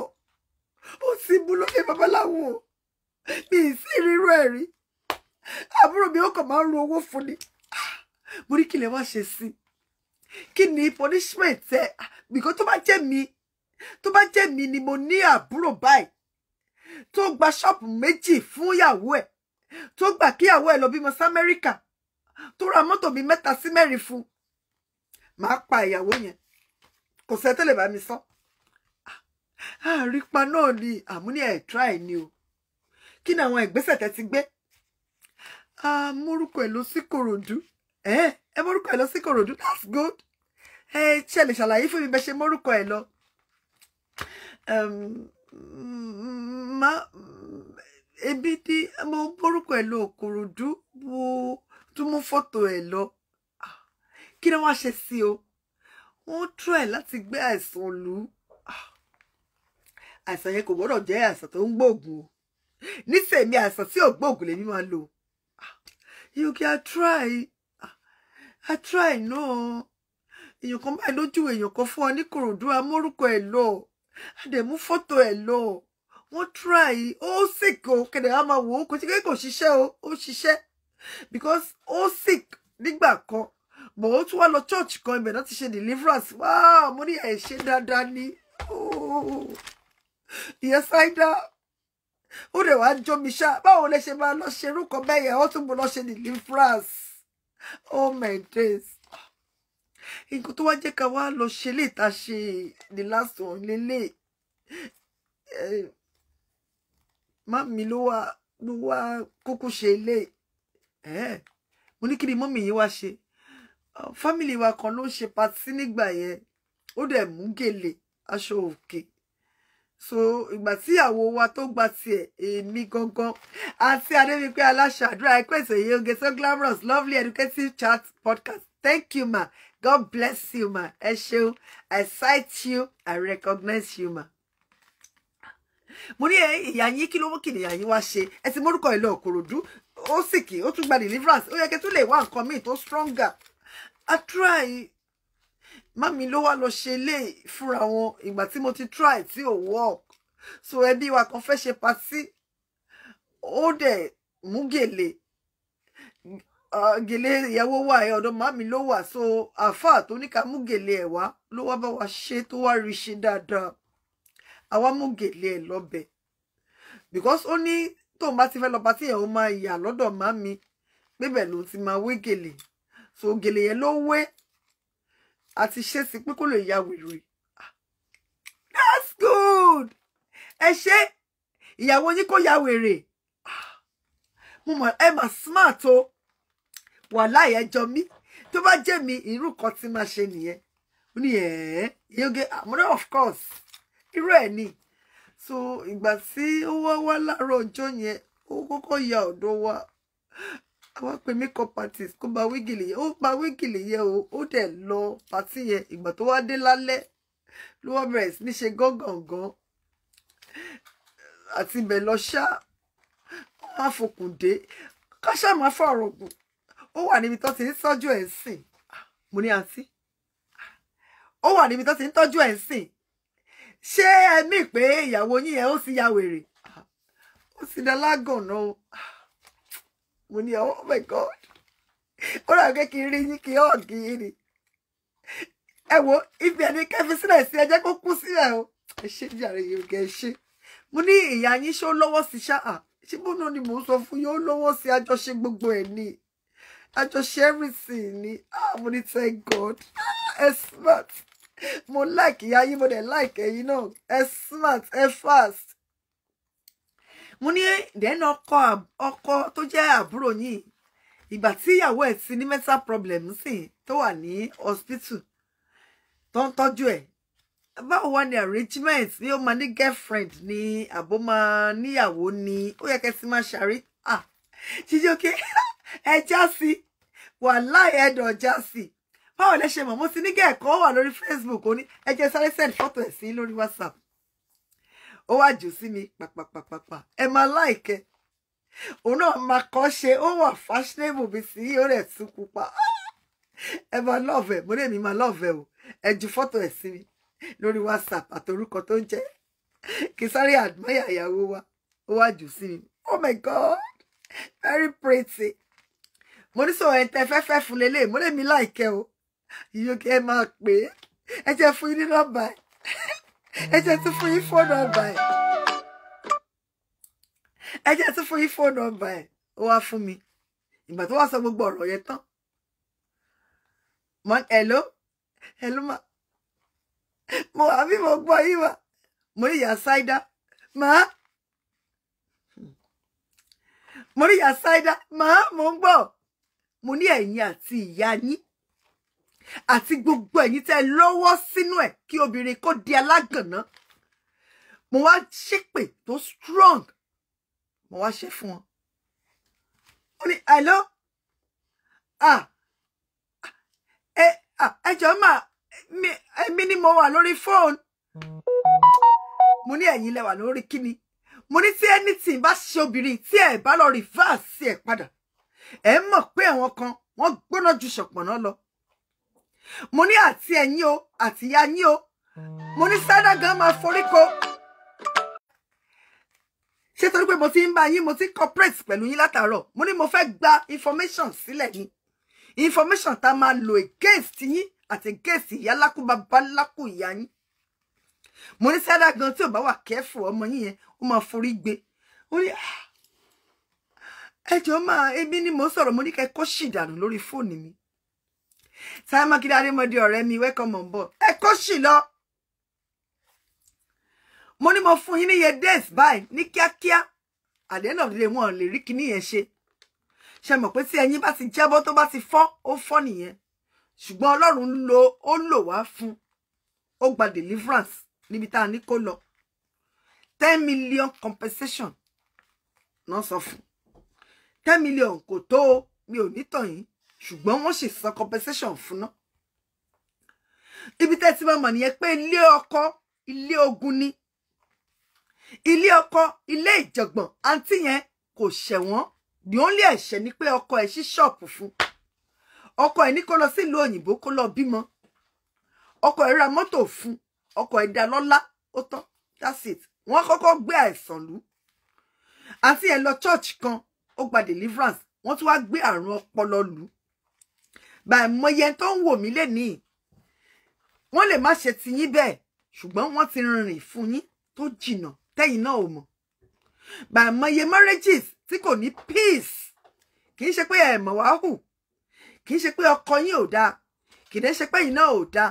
ó sì mú lọ lé babaláwo mi ì sí rírú ẹ̀ rí àbúrò mi ó kàn máa ń ro owó fún ni mo ní kí lè wá ṣe sí kí ni punishment ẹ bìkọ́ tó bá jẹ́ mi tó bá jẹ́ mi ni mo ní àbúrò báyìí tó gba ṣọ́ọ̀pù méjì fún ìyàwó ẹ̀ tó gbà kíyàwó ẹ̀ lọ bímọ sí Amẹ́ríkà tó ra mọ́tò mi mẹ́ta sí mẹ́rin fún un máa pa ìyàwó yẹn kò sẹ́ tó lè bá mi sọ ah, àrípa náà ni àmúni ẹ̀ tíráì ni o kí ni àwọn ìgbésẹ̀ tẹ́ ti gbé amórúkọ ẹ̀ lọ sí kòròdú ẹ ẹ mórúkọ ẹ̀ lọ sí kòròdú that's good ẹ ṣe lè ṣàlàyé fún mi bẹ ṣe mórúkọ ẹ̀ lọ má ebi ni mo mórúkọ ẹ̀ lọ kòròdú mo tún mú fọ́tò ẹ̀ lọ kí ni wọ́n ṣe sí o wọ́n try láti gbé àìsàn lù ah. àìsàn yẹn kò gbọ́dọ̀ jẹ́ àìsàn tó ń gbóògùn o nísèmi àìsàn tí ò gbóògùn lèmi máa lò ah. you can try ah. i try no èèyàn kan báyìí lójú èèyàn kan fún ọ ní kòròdú amórúkọ ẹ lọ àdẹmú fọ́tò ẹ lọ wọ́n try ó sick o kẹdẹ á máa wò ó kò sí pé kò ṣiṣẹ́ o ó ṣiṣẹ́ because ó sick nígbà kan bọ̀ ó tún wá church kan be láti ṣe deliverance wow mo ní ẹ̀ ṣe dáadáa ni ìyẹn oh, ṣáídá ó dẹ̀ wá jó mi ṣá báwo lẹ ṣe máa lọ ṣe irúkọ bẹ́ẹ̀ yẹn ó tún mo lọ ṣe deliverance oh my days nǹkan tó wa je ká wa lo ṣe le ta ṣe the last one lélẹ̀ eh, mami ló wá ló wá kúkú ṣe lé eh, mo ní kí ni mọ́mì yìí wá ṣe Family wa kan ló ṣe patí nígbà yẹn ó dẹ̀ mú gèlè aṣọ òkè so ìgbà tí ìyàwó wa tó gba tiẹ̀ èmi gangan àti adébípé aláṣà àdúrà ẹ̀kọ́ ètò yìí oge so glamorous lovely educative chat podcast thank you ma god bless you ma ẹ ṣeun i cite you i recognize you ma mo ní ìyá yín kí ló mú kí ni ìyá yín wá ṣe ẹ ti mórúkọ ìlọ òkòròdú ó sì kí ó tún gba deliverance ó yẹ kí tún lè wá nǹkan míì tó stronger a try mami ló wá lọ ṣe eléyìí fúnra wọn ìgbà tí mo ti try tí ò work so ebi wa kan fẹ́ ṣe patí ó dẹ̀ mú gèlè gèlè ìyàwó wa ẹ ọ̀dọ̀ màmí ló wà so àáfàá tó ní ká mú gèlè ẹ wá ló wá bá wa ṣe tó wá rí ṣe dáadáa àwa mú gèlè ẹ lọbẹ because oni to tóun bá ti fẹ́ lọ patí yẹn ó máa yà lọ́dọ̀ màmí pébẹ̀ ló ti máa wé gèlè so gele yẹn ló wé ati ṣe si pé kó lè ya wèrè ah, that's good ẹ ṣe ìyàwó yín kó ya wèrè ah, mo mọ ẹ mà smart o wàhálà yẹn jọ mí tó bá jẹ́ mi irú kan tí máa ṣe nìyẹn ó ní ẹ̀ẹ́ yoge ah, àmúrẹ́ of course iru ẹ̀ ni so ìgbà tí ó wá wá láàárọ̀ ọjọ́ yẹn ó kọ́kọ́ ya ọ̀dọ̀ wa Awa pe makeup artist kó ba wígìlì yẹn ó ba wígìlì yẹn o ó dẹ̀ lọ pàtí yẹn ìgbà tó wá dé lálẹ́ ló wá bẹ̀rẹ̀ sí ní ṣe gángangan àti ibẹ̀ lọ ṣá má fokùn dé ká ṣá má fọ̀rọ̀ gùn ó wà níbi tó ti mo ní àǹtí ó wà níbi tó ti ń tọ́jú ẹ̀ ah, ah, sìn ṣé ẹ mí pé ìyàwó yín yẹn ó sì ya wèrè ah, ó sì mo ní oh my god ó rà pé kí n rí yín kí hàn kí ẹ wo ibi ẹni kẹfí sílẹ̀ sí ẹjẹ́ kó kú sílẹ̀ o ẹ ṣe jàre yìí kẹ ẹ ṣe mo ní ìyá yín ṣó lọ́wọ́ sí ṣáà ṣé bónú ni mò ń sọ fún yóò lọ́wọ́ sí àjọṣe gbogbo ẹ̀ ni àjọṣe everything ni mo ní thank god ah, ẹ smart mo like ìyá yín mo dẹ̀ like ẹ̀yin náà ẹ smart ẹ fast mo ní ìdẹ́nu ọkọ ọkọ tó jẹ́ àbúrò yìí ìgbà tí ìyàwó ẹ̀ ti ní mental problem sí tó wà ní hospital tó ń tọ́jú ẹ̀ báwo wá ní arrangement bí ó máa ní girlfriend ni àbó máa níyàwó ni ó yẹ kẹ́ máa ṣàrí ah jíjẹ́ òkè ẹ já sí wàhálà ẹ̀dọ̀ já sí báwo lẹ ṣe mọ̀ mo ti ní gẹ̀ẹ́kọ́ wà lórí Facebook ó ní ẹ jẹ́ sáré send fọ́tò ẹ̀ sí lórí WhatsApp ó wá jù sí mi pàpàpàpàpà ẹ máa láìkẹ òun náà máa kọ́ ṣe ó wà fashionable bí sí ó rẹ̀ tún pupa ẹ máa lọ́ọ̀fẹ́ mo lè mi máa lọ́ọ̀fẹ́ o ẹ ju fọ́tò ẹ̀ sí mi lórí whatsapp àtorúkọ tó ń jẹ́ kí sáré admire ìyàwó wa ó wá jù sí mi oh my god very pretty mo ní sọ ẹ̀ńtẹ́ fẹ́fẹ́ fún lélẹ̀ mo lè mi láìkẹ́ o ìyókè ẹ máa pè é ẹ jẹ́ fún yín ní nọ́mbà ẹ̀. ẹ jẹ́ fún mi ìgbà tó wá sọ gbogbo ọ̀rọ̀ yẹn tán mọ hello hello ma mo àbí mo gbọ́ yín wa mo rí ìyá ṣáídá màá mo rí ìyá ṣáídá màá mo ní àti àti gbogbo ẹ̀yin tẹ́ lọ́wọ́ sínú ẹ̀ kí obìnrin kó di alágànná mo wá ṣépè tó strong mo wá ṣe fún wọn ó ní àìlọ́ ẹ jọ̀ọ́ mà èmi ni mo wà lórí fóònù mo ní ẹ̀yin lẹ wà lórí kíni mo ní tí anything bá ṣe obìnrin tí ẹ bá lọ reverse ẹ padà ẹ mọ̀ pé àwọn kan wọ́n gbóná ju ṣọ̀pọ̀nná lọ mo ní àti ẹ̀yin o àti ìyá yín o mo ní sádà gan máa foríko ṣé torí pé mo ti ń bá yín mo ti cooperate pẹ̀lú yín látàárọ̀ mo ní mo fẹ́ gba information sílẹ̀ ni information tá máa lò against yín àti against ìyá lákùbá bálákù ìyá yín mo ní sádà gan tí ò bá wà kẹ́fù ọmọ yín yẹn ó máa forí gbé ó ní ah, ẹjọ́ máa ebi ni mo sọ̀rọ̀ mo ní kẹ́ kó ṣìdànù lórí fóònù mi Sáyé Mákindé Adémọdé ọ̀rẹ́ mi welcome on board. Ẹ kó sì lọ. Mo ní mo fún yín níye days báyìí ní kíákíá. At the end of the day wọn lè rí kíní yẹn ṣe. Ṣé mọ̀ pé tí ẹyin bá ti jábọ́ tó bá ti fọ́, ó fọ́ nìyẹn. Ṣùgbọ́n Ọlọ́run lo ó lò wá fún. Ó gba deliverance níbi tá a ní kó lọ. Ten million compensation náà sọ fún. Ten million kò tó o, mi ò ní tàn yín ṣùgbọ́n wọ́n sì san compensation fún ná ibi tẹ́ ti máa mọ̀ nìyẹn pé ilé ọkọ ilé ogun ni ilé ọkọ ilé ìjọ̀gbọ̀n àǹtí yẹn kò ṣẹ̀wọ̀n the only ẹ̀ṣẹ̀ ni pé ọkọ ẹ̀ ṣí ṣọ́ọ̀pù fún ọkọ ẹ̀ ní kó lọ sílùú òyìnbó kó lọ bímọ ọkọ ẹ̀ ra mọ́tò fún ọkọ ẹ̀ dá lọ́lá ó tán that's it wọ́n kọ́kọ́ gbé àìsàn lù àǹtí yẹn lọ church kan ó gba deliverance wọ́n tún wá gbé àrùn ọpọlọ lù báyìí mo yẹn tó ń wò mí lénìí wọ́n lè má ṣe ti yín bẹ́ẹ̀ ṣùgbọ́n wọ́n ti rìnrìn fún yín tó jìnnà tẹ́yìn náà ò mọ̀ báyìí mo yẹ marriages tí kò ní peace kì í ṣe pé ẹ̀mọ̀ wá hù kì í ṣe pé ọkọ yín ò dáa kì í ṣe pé yín náà ò dáa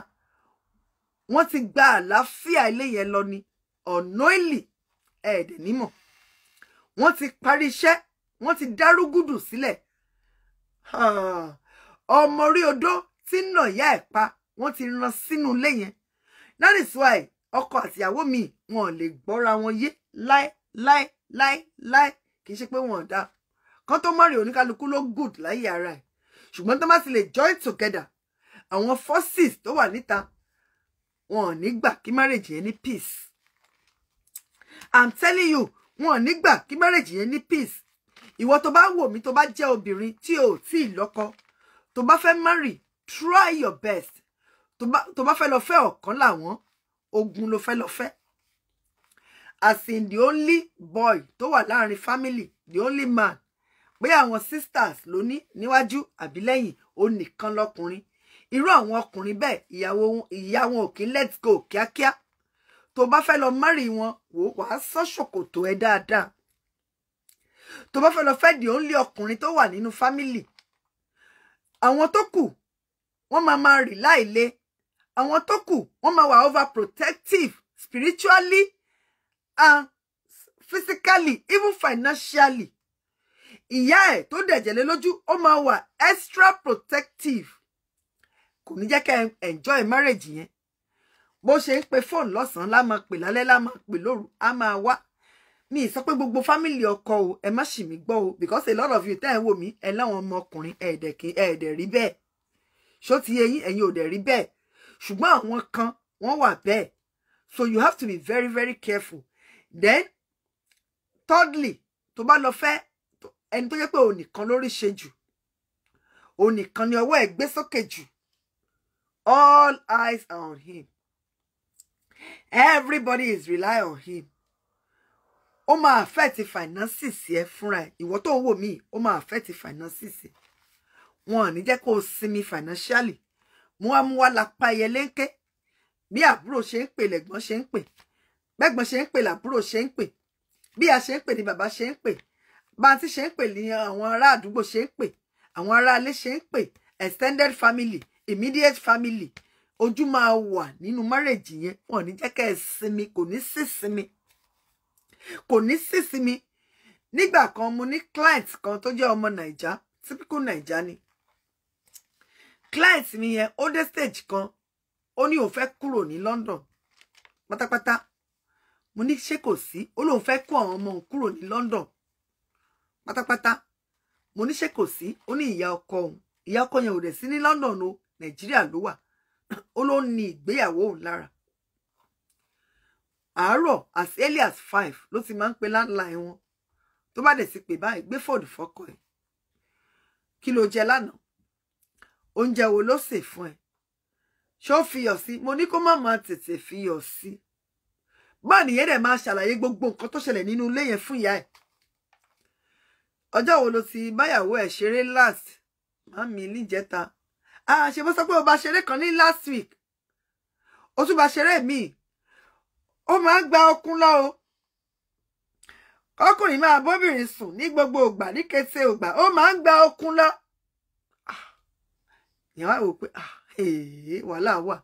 ti gba àlàáfíà ilé yẹn lọ ni ọ̀nà ìlì ẹ̀ẹ́dẹ̀ nímọ̀ wọ́n ti parí iṣẹ́ wọ́n ti dárúgùdù sílẹ̀ ọmọ orí odó tí ń nà ìyá ẹ̀ pa wọ́n ti ran sínú ilé yẹn that is why ọkọ àtìyàwó mi wọn ò lè gbọ́ra wọn yé láé láé láé láé kì í ṣe pé wọn ò dáa kan tó mọ̀rìn oníkálukú ló good láyé ara ẹ̀ ṣùgbọ́n tó bá ti lè join together àwọn forces tó wà níta wọn ò ní gbà kí marriage yẹn ní peace i'm telling you wọn ò ní gbà kí marriage yẹn ní peace ìwọ tó bá wò mí tó bá jẹ́ obìnrin tí o ò tí ì lọ́kọ To ba fe marry try your best To ba to ba fe lo fe fẹ́ ọ̀kan làwọn ogun ló fẹ́ lọ fẹ́ as in the only boy tó wà láàrin family the only man pé àwọn sisters ló ní níwájú àbí lẹ́yìn ó nìkan lọkùnrin irú àwọn ọkùnrin be, ìyàwó ìyá wọn ò kí let's go kíákíá To ba fe lo marry wọn wò wàá sọ ṣòkòtò ẹ dáadáa To ba fe lo fe the only ọkùnrin tó wà nínú family àwọn tó kù wọ́n máa máa rì láìlé àwọn tó kù wọ́n máa wà overprotective spiritually and physically even financially ìyá ẹ̀ tó dẹ̀jẹ̀ lé lójú ó máa wà extra protective kò ní jẹ́ kẹ́ enjoy marriage yẹn bó ṣe ń pe fóònù lọ́sàn-án lá máa pè lálẹ́ lá máa pè lóru á máa wá mi sọ pé gbogbo fámìlì ọkọ o ẹ má ṣì mí gbọ́ o because a lot of you tẹ́ ẹ̀ wò mí ẹ láwọn ọmọkùnrin ẹ̀ẹ́dẹ̀kí ẹ̀ẹ́dẹ̀ rí bẹ́ẹ̀ ṣó ti yé yín ẹ̀yin ò dẹ̀ rí bẹ́ẹ̀ ṣùgbọ́n àwọn kan wọ́n wà bẹ́ẹ̀ so you have to be very very careful then thirdly tó bá lọ fẹ́ ẹni tó jẹ́ pé òun nìkan lórí ṣe jù òun nìkan ni ọwọ́ ẹ̀ gbé sókè jù all eyes are on him everybody is rely on him ó máa affect finances ẹ fúnra ẹ to tó wò mí ó máa affect finances ẹ wọn ò ní jẹ́ financially mú wá mú wá lápá ẹyẹlẹ́ńkẹ́ bí àbúrò ṣe ń pè lẹ́gbọ́n ṣe ń pè bẹ́gbọ́n ṣe ń pè làbúrò ṣe ń pè bí a ṣe ń pè ní bàbá ṣe ń pè bàǹtí ṣe ń pè ní àwọn ará àdúgbò ṣe ń pè àwọn ará extended family immediate family Oju ma wa nínú márèjì yẹn wọn ò ní jẹ́ kẹ́ ẹ sinmi kò kò ní sísinmi nígbà kan mo ní client kan tó jẹ́ ọmọ naija typical naija ni client mi yẹn ó dé stage kan ó ní òun fẹ́ kúrò ní London pátápátá mo ní ṣé kò sí ó lóun fẹ́ kó àwọn ọmọ òun kúrò ní London pátápátá mo ní ṣé kò sí ó ní ìyá ọkọ òun ìyá ọkọ yẹn ò dẹ̀ sí ní London o Nàìjíríà ló wà ó ló ń ní ìgbéyàwó òun lára àárọ̀ as early as five ló ti máa ń pe landline wọn tó bá dẹ̀ ti pè báyìí gbé fọ́ọ̀dù fọ́kọ ẹ̀ kí ló jẹ lánàá oúnjẹ wo ló sè fún ẹ ṣó fiyọ̀ sí mo ní kó má máa tètè fiyọ̀ sí bá nìyẹn dẹ̀ máa ṣàlàyé gbogbo nǹkan tó ṣẹlẹ̀ nínú ilé yẹn fún ìyá ẹ̀ ọjọ́ wo ló ti báyàwó ẹ̀ ṣeré last mami níjẹta àṣebọ́sọ ah, pé o bá ṣeré kan ní last week o tún bá ṣeré míì ó máa ń gba okun lọ o ọkùnrin máa bóbìnrin sùn ní gbogbo ògbà ní kété ògbà ó máa ń gba okun lọ wa ah, wá wò pé ah, wàhálà wà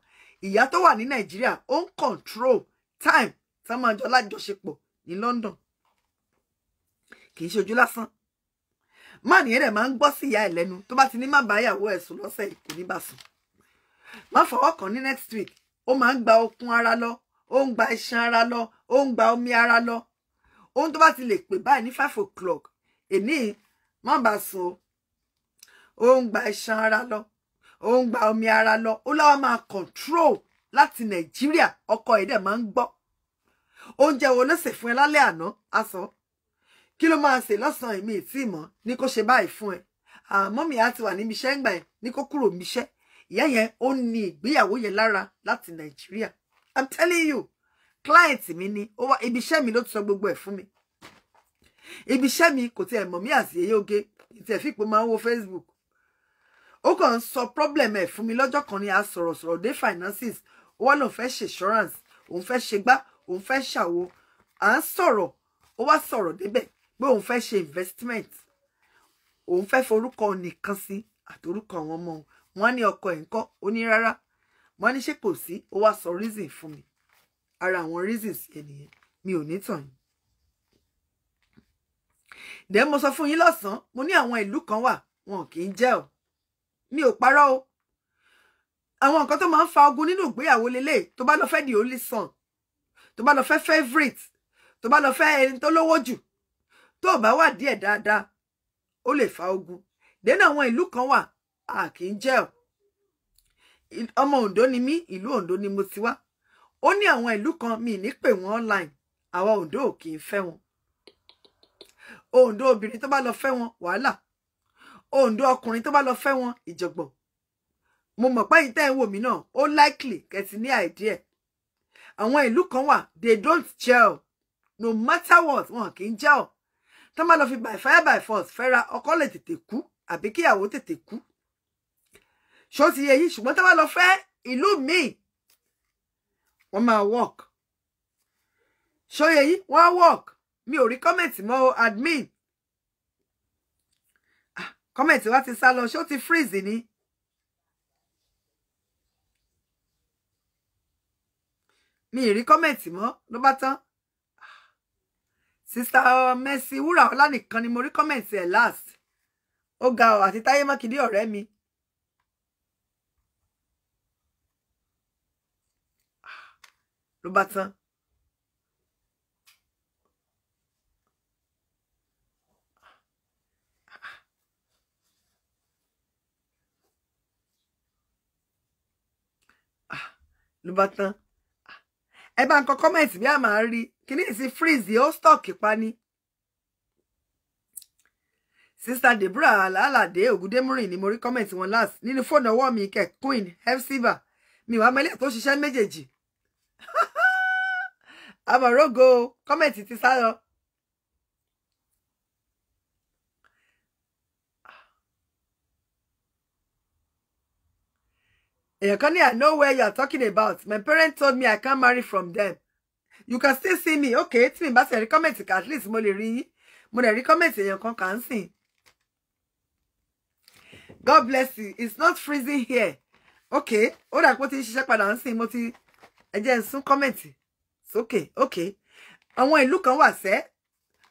ìyá tó wà ní nàìjíríà ó ń control time tí wọn máa jọ lájọṣepọ̀ London kì í ṣojú lásán máà nìyẹn dẹ̀ máa ń gbọ́ sí ìyá ẹ̀ lẹ́nu tó bá ti ní má bá ìyàwó ẹ̀ sùn lọ́sẹ̀ kò ní bá sùn má fọwọ́ next week ó máa ń gba okun ara lọ ó ń gba iṣan ara lọ ó ń gba omi ara lọ ohun tó bá ti lè pè báyìí ní five o'clock èmi má bàa sùn o ó ń gba iṣan ara lọ ó ń gba omi ara lọ ó láwọn máa control láti nàìjíríà ọkọ ẹ̀ dẹ̀ máa ń gbọ́ oúnjẹ wo ló sè fún ẹ lálẹ́ àná a sọ kí ló máa sè lọ́sàn-án èmi ìtì mọ́ ní kó ṣe báyìí fún ẹ àmọ́ mi á ti wà níbi iṣẹ́ ńgbà ẹ̀ ní kó kúrò níbi ìyá yẹn ó ní ìgbéyàwó yẹn lára láti nàìjíríà i'm telling you client mi ni ó wá ibi iṣẹ́ mi ló ti sọ gbogbo ẹ̀ fún mi ibi iṣẹ́ mi kò tiẹ̀ mọ̀ mí àti èyí oge ìtẹ̀ fipò máa ń wo facebook ó kàn ń problem e? fún mi lọ́jọ́ kan ni a sọ̀rọ̀ sọ̀rọ̀ dé finances ó wá lóun fẹ́ ṣe insurance òun fẹ́ ṣe gbá òun fẹ́ ṣàwo à ń sọ̀rọ̀ ó wá sọ̀rọ̀ débẹ̀ pé òun fẹ́ ṣe investment òun fẹ́ forúkọ nìkan sí àtorúkọ àwọn ọmọ wọn ní ọkọ ẹ̀ ń kọ́ ó mo ní ṣé kò sí ó wá sọ reason fún mi ara àwọn reasons yẹn nìyẹn mi ò ní tàn yín dẹ́ mo sọ fún yín lọ́sàn-án mo ní àwọn ìlú kan wà wọn kì í jẹ́ o mi ò parọ́ o àwọn nǹkan tó máa ń fa ogun nínú ìgbéyàwó lélẹ̀ tó bá lọ fẹ́ the only son tó bá lọ fẹ́ favourite tó bá lọ fẹ́ ẹni tó lówó jù tó bá wà díẹ̀ dáadáa ó lè fa ogun dẹ́nà àwọn ìlú kan wà a kì í jẹ́ o ọmọ Ondo ni mí ìlú Ondo ni mo ti wá ó ní àwọn ìlú kan mi ní pè wọn online àwa Ondo ò kì í fẹ́ wọn Ondo obìnrin tó bá lọ fẹ́ wọn wàhálà Ondo ọkùnrin tó bá lọ fẹ́ wọn ìjọ̀gbọ̀n mo mọ̀ pé yìí tẹ́ ń wò mí náà ó likely kẹ̀sì ní idea àwọn ìlú kan wà they don't gel no matter what wọn kì í gel tó má lọ fi by fire by force fẹ́ra ọkọ lè tètè kú àbí kíyàwó tètè kú ṣó ti yẹ yìí ṣùgbọ́n tá bá lọ fẹ́ ìlú míì wọ́n máa work ṣó yẹ yìí wọ́n á work mi ò rí comment mọ́ admin ah, comment wa ti sá lọ ṣó ti freeze ni. mi ì rí kọ́mẹ̀ntì mọ́ ló bá tán ah, sista Mercy Wúràọlá nìkan ni mo rí kọ́mẹ̀ntì ẹ̀ last ó ga ọ àti Táyé Mákindé ọ̀rẹ́ mi ló bá tán ló bá tán ẹ bá ń kọ kọ́mẹ̀ntì bí a máa ń rí kíní sí freeze ó stọọkì pa ni sista Deborah alálàdé ògúndémúrìn ni mo rí kọ́mẹ̀ntì wọn last nínú fóònù ọwọ́ mi kẹ queen hefsiba mi wàá mẹlẹ tó ṣiṣẹ́ méjèèjì amọ̀rógo kọ́mẹ̀tì ti sá lọ. èèyàn kan ní I know where you are talking about my parents told me I can't marry from them you can still see me okay It's me. But I recommend kọ́mẹ̀tì at least mo lè rí recommend mo You rí see. God bless you it's not freezing here okay ó dà pé ó ti ń ṣiṣẹ́ padà ń sìn mo ti ẹ okay okay àwọn ìlú kan wà sẹ́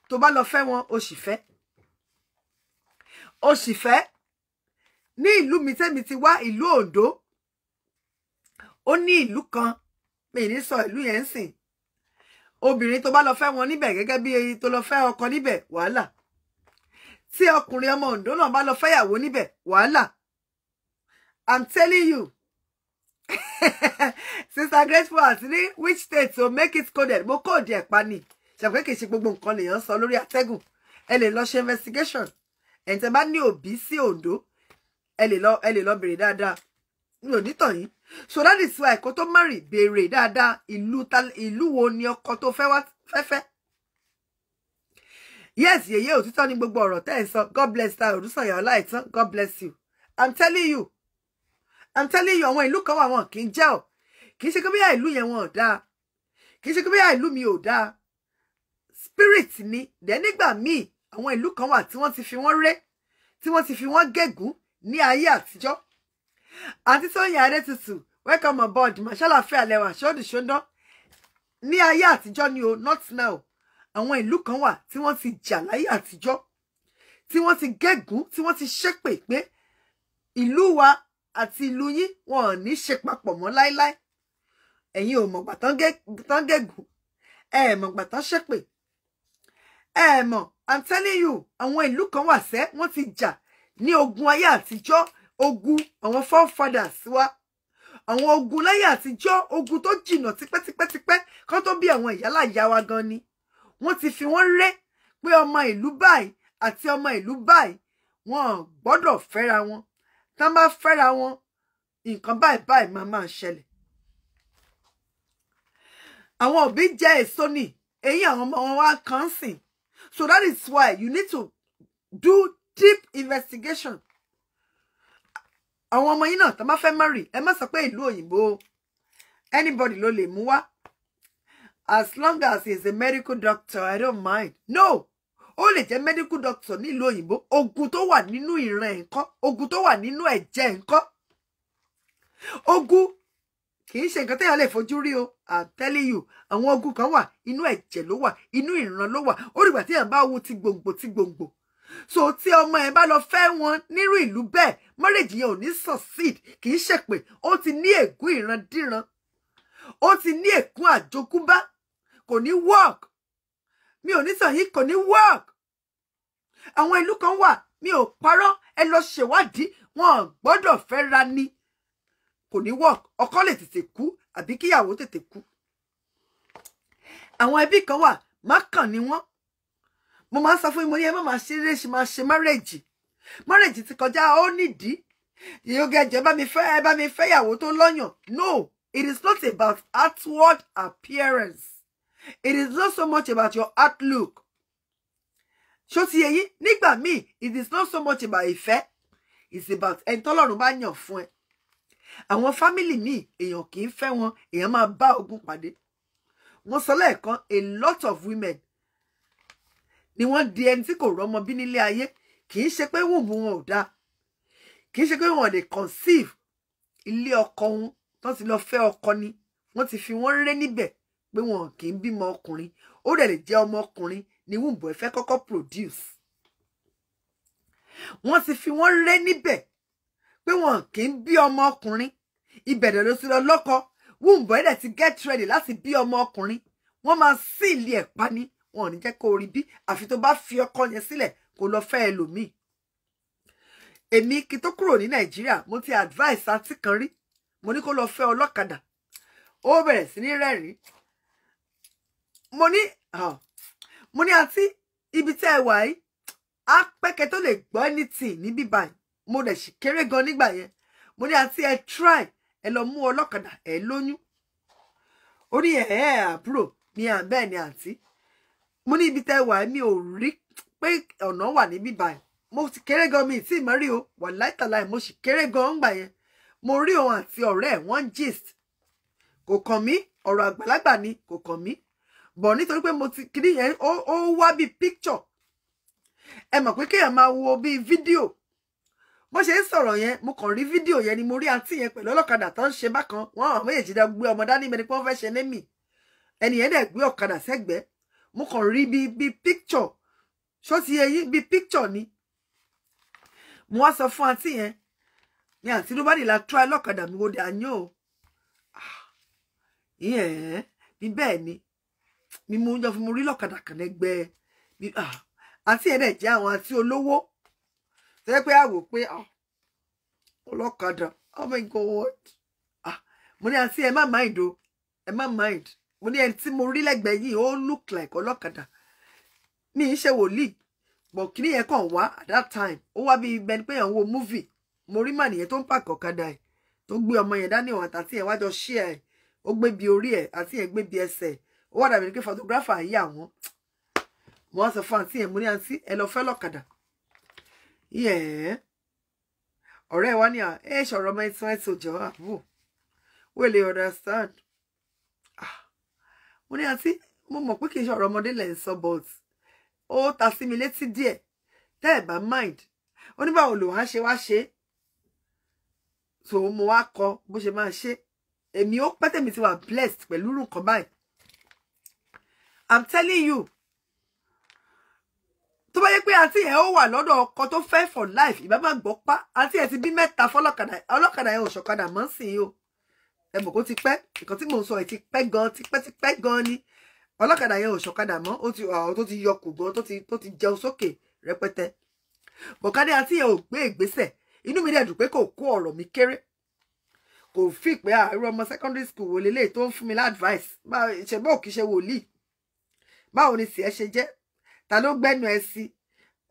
tó bá lọ fẹ́ wọn o sì fẹ́ o sì fẹ́ ní ìlú mi tẹ́mi ti wá ìlú Oǹdó ó ní ìlú kan mi ní sọ ìlú yẹn ń sìn obìnrin tó bá lọ fẹ́ wọn níbẹ̀ gẹ́gẹ́ bí èyí tó lọ fẹ́ ọkọ níbẹ̀ wàhálà tí ọkùnrin ọmọ Oǹdó náà bá lọ fẹ́yàwó níbẹ̀ wàhálà i'm telling you sister grateful heart ní which state to make it coded mo kóòdì ẹ̀ pa ni ṣàpẹ́ kì í ṣe gbogbo nǹkan lèèyàn sọ lórí atẹ́gùn ẹ lè lọ ṣe investigation ẹ̀yin tẹ́ bá ní òbí sí Ondo ẹ lè lọ ẹ lè lọ béèrè dáadáa mi ò nítàn yìí so that is why kó tó mọ̀rì béèrè Ilu tal ilu wo ni ọkọ fe fẹ́ fe fe. yes yeye òtítọ́ ni gbogbo ọ̀rọ̀ tẹ́ ẹ̀ sọ God bless ta òrùsàn yàrá láìtán God bless you I'm telling you i'm telling you àwọn ìlú kan wà wọn kì í jẹ́ ọ̀ kì í ṣe pé bí ìlú yẹn wọn ò dáa kì í ṣe pé bí ìlú mi ò dáa spirit ni dẹ̀ nígbà míì àwọn ìlú kan wà tí wọ́n ti fi wọ́n ré tí wọ́n ti fi wọ́n gégùn ní ayé àtijọ́ àti Tóyìn Adétutù welcome aboard mashalafẹ́ àlẹ́wà ṣọ́ọ̀dù ṣọ́ndán ní ayé àtijọ́ ni o not now àwọn ìlú kan wà tí wọ́n ti jà láyé àtijọ́ tí wọ́n ti gégùn tí wọ́n ti ṣépè pé ìlú wa àti ìlú yín wọn ò ní ṣe papọ̀ mọ́ láíláí ẹ̀yin ò mọ̀gbà tán gẹ̀gùn ẹ mọ̀gbà tán ṣépè ẹ mọ̀ i'm telling you àwọn ìlú kan wà sẹ́ wọ́n ti jà ní ogun ayé àtijọ́ ogun àwọn forefathers wa àwọn ogun láyé àtijọ́ ogun tó jìnnà tipẹ́tipẹ́tipẹ́ kan tó bí àwọn ìyálà ìyá wa gan ni wọ́n ti fi wọ́n rẹ́ pé ọmọ ìlú báyìí àti ọmọ ìlú báyìí wọn gbọ́dọ̀ fẹ́ra wọn tán bá fẹ́ra wọn nǹkan báyìí báyìí máa máa ṣẹlẹ̀ àwọn òbí jẹ́ èso ni eyín àwọn ọmọ wọn wá kàn sìn so that is why you need to do deep investigation àwọn ọmọ yín náà tán bá fẹ́ marry ẹ má sọ pé ìlú òyìnbó anybody ló lè mú wá as long as he is a medical doctor i don't mind no ó lè jẹ́ medical doctor nílùú òyìnbó ogun tó wà nínú ìran ẹ̀ńkọ́ ogun tó wà nínú ẹ̀jẹ̀ ẹ̀ńkọ́ ogun kì í ṣe nǹkan téèyàn lè fojú rí o i'm telling you àwọn ogun kan wà inú ẹ̀jẹ̀ ló wà inú ìran ló wà ó rí ìgbà téèyàn bá wo ti gbòǹgbò ti gbòǹgbò so tí ọmọ ẹ bá lọ fẹ́ wọn nírú ìlú bẹ́ẹ̀ marriage yẹn ò ní succeed kì í ṣe pé ó ti ní ègún ìrandíran ó ti ní ègún àjogúnbá kò ní work mi ò ní sàn yìí kò ní work àwọn ìlú kan wà mi ò parọ́ ẹ lọ ṣèwádìí wọn gbọ́dọ̀ fẹ́ ra ni kò ní work ọkọ lè tètè kú àbí kíyàwó tètè kú àwọn ẹbí kan wà má kàn ní wọn mo máa ń sọ fún ìmọ̀lẹ́ ẹ má Ma ṣe eré ṣe máa ṣe márẹ́jì márẹ́jì ti kọjá ó nídìí ìyóga ẹjọ bá mi fẹ́ ẹ mi fẹ́ ìyàwó tó lọ́yàn no it is not about outward appearance it is not so much about your outlook ṣó ti yẹ yín me. it is not so much about effect. it's about ẹni tọ́lọ́run bá yàn fún ẹ àwọn fámìlì míì èèyàn kì í fẹ́ e yon máa bá ogun pàdé wọ́n sọ lẹ́ẹ̀kan a lot of women ni wọ́n di ẹni tí kò rọ́mọ bí aye ayé kì í ṣe pé wùmù wọn ò dáa kì í ṣe conceive ilé ọkọ wọn tó si lo fẹ́ ọkọ ni wọ́n ti fi wọ́n ré níbẹ̀ pé wọn kì í bímọ ọkùnrin ó dẹ̀ lè jẹ́ ọmọ ọkùnrin ni wùnbọ̀ ẹ fẹ́ kọ́kọ́ produce wọ́n ti fi wọ́n ré níbẹ̀ pé wọn kì í bí ọmọ ọkùnrin ìbẹ̀rẹ̀ ló ti lọ lọ́kọ wùnbọ̀ ẹ dẹ̀ ti get ready láti bí ọmọ ọkùnrin wọ́n máa sí ilé ẹ̀ pa ni wọn ò ní jẹ́ kó o rí bí àfi tó bá fi ọkọ yẹn sílẹ̀ kó lọ fẹ́ ẹlòmíì èmi kí tó kúrò ní nàìjíríà mo ti advice àti kan rí mo ní kó lọ fẹ́ ọlọ́kadà ó bẹ̀rẹ̀ sí ní rẹ́rìn-ín mo ní ah, mo ní àti ibi tẹ́ ẹ wà yìí á pẹ́kẹ́ tó lè gbọ́ ní tì ní bíbá yìí mo dẹ̀ sì kéré gan nígbà yẹn mo ní àti try ẹ lọ mú ọlọ́kadà ẹ lóyún orí ẹ̀ pro. àbúrò ni à bẹ́ẹ̀ ni àǹtí mo ní ibi tẹ́ ẹ wà yìí mi ò rí pé ọ̀nà wà ní bíbá yìí mo ti kéré gan mi tí mo rí o wà láìtàláì mo sì kéré gan ńgbà yẹn mo rí òun àti ọ̀rẹ́ ẹ̀ wọ́n gist kò kàn mí ọ̀rọ̀ àgbàlagbà ni kò kàn mí bọ̀ nítorí pé mo ti kiri yẹn ó wá bí picture ẹ mọ̀ pé kéèyàn máa wo bí fídíò bó ṣe ń sọ̀rọ̀ yẹn mo kàn rí fídíò yẹn ni mo rí àǹtí yẹn pẹ̀lú ọlọ́kadà tó ń ṣe bákan wọn àwọn méjèèjì dá gbé ọmọ dání mẹni pé wọ́n fẹ́ ṣe lémi ẹni yẹn dẹ̀ gbé ọ̀kadà sẹ́gbẹ̀ẹ́ mo kàn rí bí bí picture ṣó ti yẹ yín bí picture ni mo wá sọ fún àǹtí yẹn ni àǹtí ló bá dì la try ọlọ́kadà mi wo dà yín o ah, ìyẹn bí bẹ́ẹ̀ ni mi mú oúnjẹ fún mo rí lọ́kadà kan lẹ́gbẹ́ ah, àti ẹ̀dẹ̀ jẹ́ àwọn àti olówó tó yẹ pé àwò pé ah, ọlọ́kadà oh my god ah, mo ní àti ẹ má mind o ẹ má mind mo ní ẹni tí mo rí lẹ́gbẹ̀ẹ́ yìí ó look like olokada. mi se ṣe wòlíì bọ̀ kíní yẹn wa. at that time ó wá bíi bẹni pé àwọn movie mo rí mànìyẹn tó ń pàkọ́ kadà ẹ̀ tó gbé ọmọ yẹn dání ọ̀hún àtàtì ẹ̀ wájọ ṣí ẹ̀ ó gbé bi orí ẹ̀ àti ẹ̀ gbé bi ẹsẹ̀ ẹ̀ ó wà dàbí pé photographer yí àwọn mo wá sọ fún àǹtí yẹn mo ní àǹtí ẹ lọ fẹ́ lọ́kadà yẹ́ẹ́ ọ̀rẹ́ wa ni à ẹ ṣọ̀rọ̀ ọmọ ẹtàn ẹtàn òjò àbúrò wọ́n lè understand mo ní àǹtí mo mọ̀ pé kì í ṣọ̀rọ̀ ọmọdé lẹ́ ń sọ but ó ta sí mi létí díẹ̀ tẹ́ ẹ̀ bá mind oníbàwò lò wá ṣe wá ṣe so mo wá kọ bó ṣe máa ṣe èmi ó pẹ́ tèmi ti wà blessed pẹ̀lú nǹkan báyìí i'm telling you to bá yẹ pé àǹtí yẹn ó wà lọ́dọ̀ ọkọ tó fẹ́ for life ìbá má gbọ́ pa àǹtí yẹn ti bí mẹ́ta fọlọ́kadà ọlọ́kadà yẹn ò ṣọ̀kadà mọ́ sí i o ẹ mọ̀ kó ti pẹ́ nǹkan tí mò ń sọ ẹ̀ ti pẹ́ gan ti pẹ́ ti pẹ́ gan ni ọlọ́kadà yẹn ò ṣọ̀kadà mọ́ ó ti ọ̀ ah, tó ti yọ kù gan to ti tó ti jẹun sókè rẹpẹtẹ bọ̀kadà àǹtí yẹn ò gbé ìgbésẹ̀ inú mi dẹ̀ dùn pé kò kó ọ̀rọ̀ mi kéré kò fi pé àárọ̀ ah, ọmọ secondary school wò lélẹ́yìí tó ń fún mi láàdvice ṣe bó kì í ṣe wòlíì báwo ni tiẹ̀ ṣe jẹ́ ta ló gbẹ́nu ẹ sí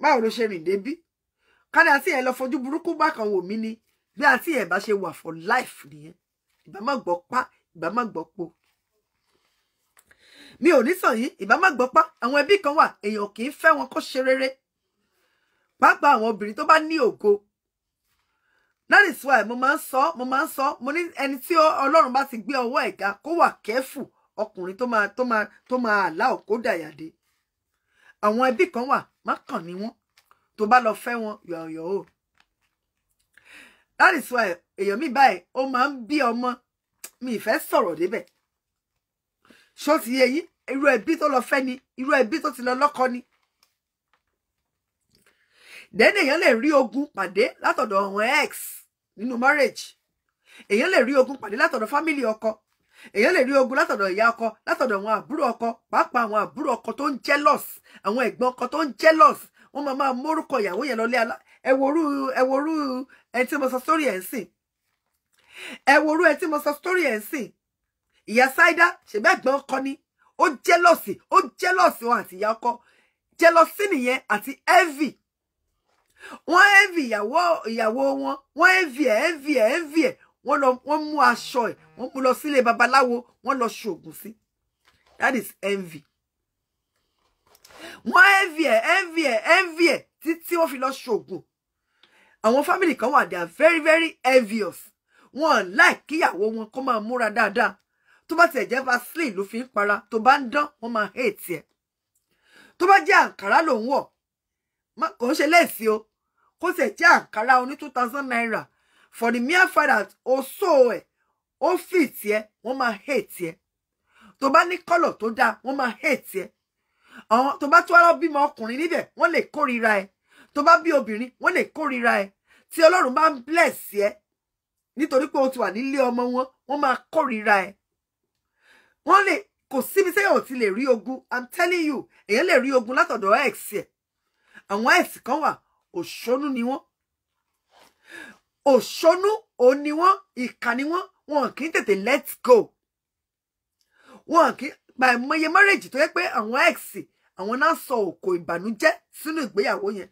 báwo ló ṣe rìn débí kádà tí ẹ lọ fojú burúkú bákan wò mí ni bí àti ẹ bá ṣe wà for life nìyẹn ìbá má gbọ́ pa ìbá má gbọ́ po mi ò ní sàn yìí ìbá má gbọ́ pa àwọn ẹbí kan wà èèyàn kì í fẹ́ wọn kó ṣe rere pàápàá àwọn obìnrin tó bá ní ògo that is mo máa ń sọ mo máa ń sọ mo ní ẹni tí Ọlọ́run bá ti gbé ọwọ́ ẹ̀ ga kó wà careful ọkùnrin tó máa tó máa tó máa àlá òkó dàyàdé àwọn ẹbí kan wà má kàn ní wọn tó bá lọ fẹ́ wọn yọ̀ọ̀yọ̀ o that is why èèyàn mi báyìí ó máa ń bí ọmọ mi ìfẹ́ sọ̀rọ̀ débẹ̀ ṣó ti yé yín irú ẹbí tó lọ fẹ́ ni irú ẹbí tó ti lọ lọ́kọ ni dẹ́ni èèyàn lè rí ogun pàdé látọ̀dọ̀ àwọn ex nínú marriage èèyàn lè rí ogun pàdé látọ̀dọ̀ family ọkọ èèyàn lè rí ogun látọ̀dọ̀ ìyá ọkọ látọ̀dọ̀ àwọn àbúrò ọkọ pàápàá àwọn àbúrò ọkọ tó ń jealous àwọn ẹ̀gbọ́n ọkọ tó ń jealous wọ́n máa máa mórúkọ ìyàwó yẹn lọlé alá ẹ̀wòrú ẹ̀wòrú ẹ̀ tí mo sọ sórí ẹ̀ ń sìn ẹ̀wòrú ẹ̀ tí mo sọ sórí ẹ̀ ń sìn ìyá Saida ṣèbẹ́ ẹ̀gbọ́n ọkọ ni ó jealous ó jealous wọn àti ìyá ọkọ jealousy nìyẹn àti envy wọ́n envy ìyàwó ìyàwó wọn wọ́n envy ẹ̀ envy ẹ̀ envy ẹ̀ wọ́n lọ wọ́n mú aṣọ ẹ̀ wọ́n mú lọ sílé babaláwo wọ́n lọ ṣoògùn sí that is envy wọ́n envy ẹ̀ envy ẹ̀ envy ẹ̀ títí wọ́n fi lọ ṣoògùn àwọn family kan wà they are very very envious wọ́n like kíyàwó wọn kó máa múra dáadáa tó bá tiẹ̀ jẹ́ vaseline ló fi ń para tó bá ń dán wọ́n máa hate ẹ̀ tó bá jẹ́ àǹkárá ló ń wọ̀ kò ń ṣe léèsì o kó tiẹ̀ jẹ́ àǹkárá oní two thousand naira for the mere fact that o so ẹ e, o fit ye, wọ́n máa hate ẹ e. tó bá ní kọ́lọ̀ tó dáa wọ́n máa hate ẹ e. àwọn to bá tó wá lọ bímọ ọkùnrin níbẹ̀ wọ́n lè kórìíra ẹ tó bá bí obìnrin wọ́n lè kórìíra ẹ tí Ọlọ́run bá ń bless ye. nítorí pé o ti wà nílé ọmọ wọn wọ́n máa kórìíra ẹ wọ́n lè kò síbi sẹ́yìn ò ti lè rí ogun i'm telling you èèyàn lè rí ogun látọ̀dọ̀ ex ẹ̀ àwọn ex kan wà òṣónú ni wọ́n òṣónú òun ni wọ́n ìkà ni wọ́n wọn kì í tètè let go wọn kì í gba ìmọye márèjì tó yẹ pé àwọn ex àwọn náà sọ òkò ìbànújẹ́ sínú ìgbéyàwó yẹn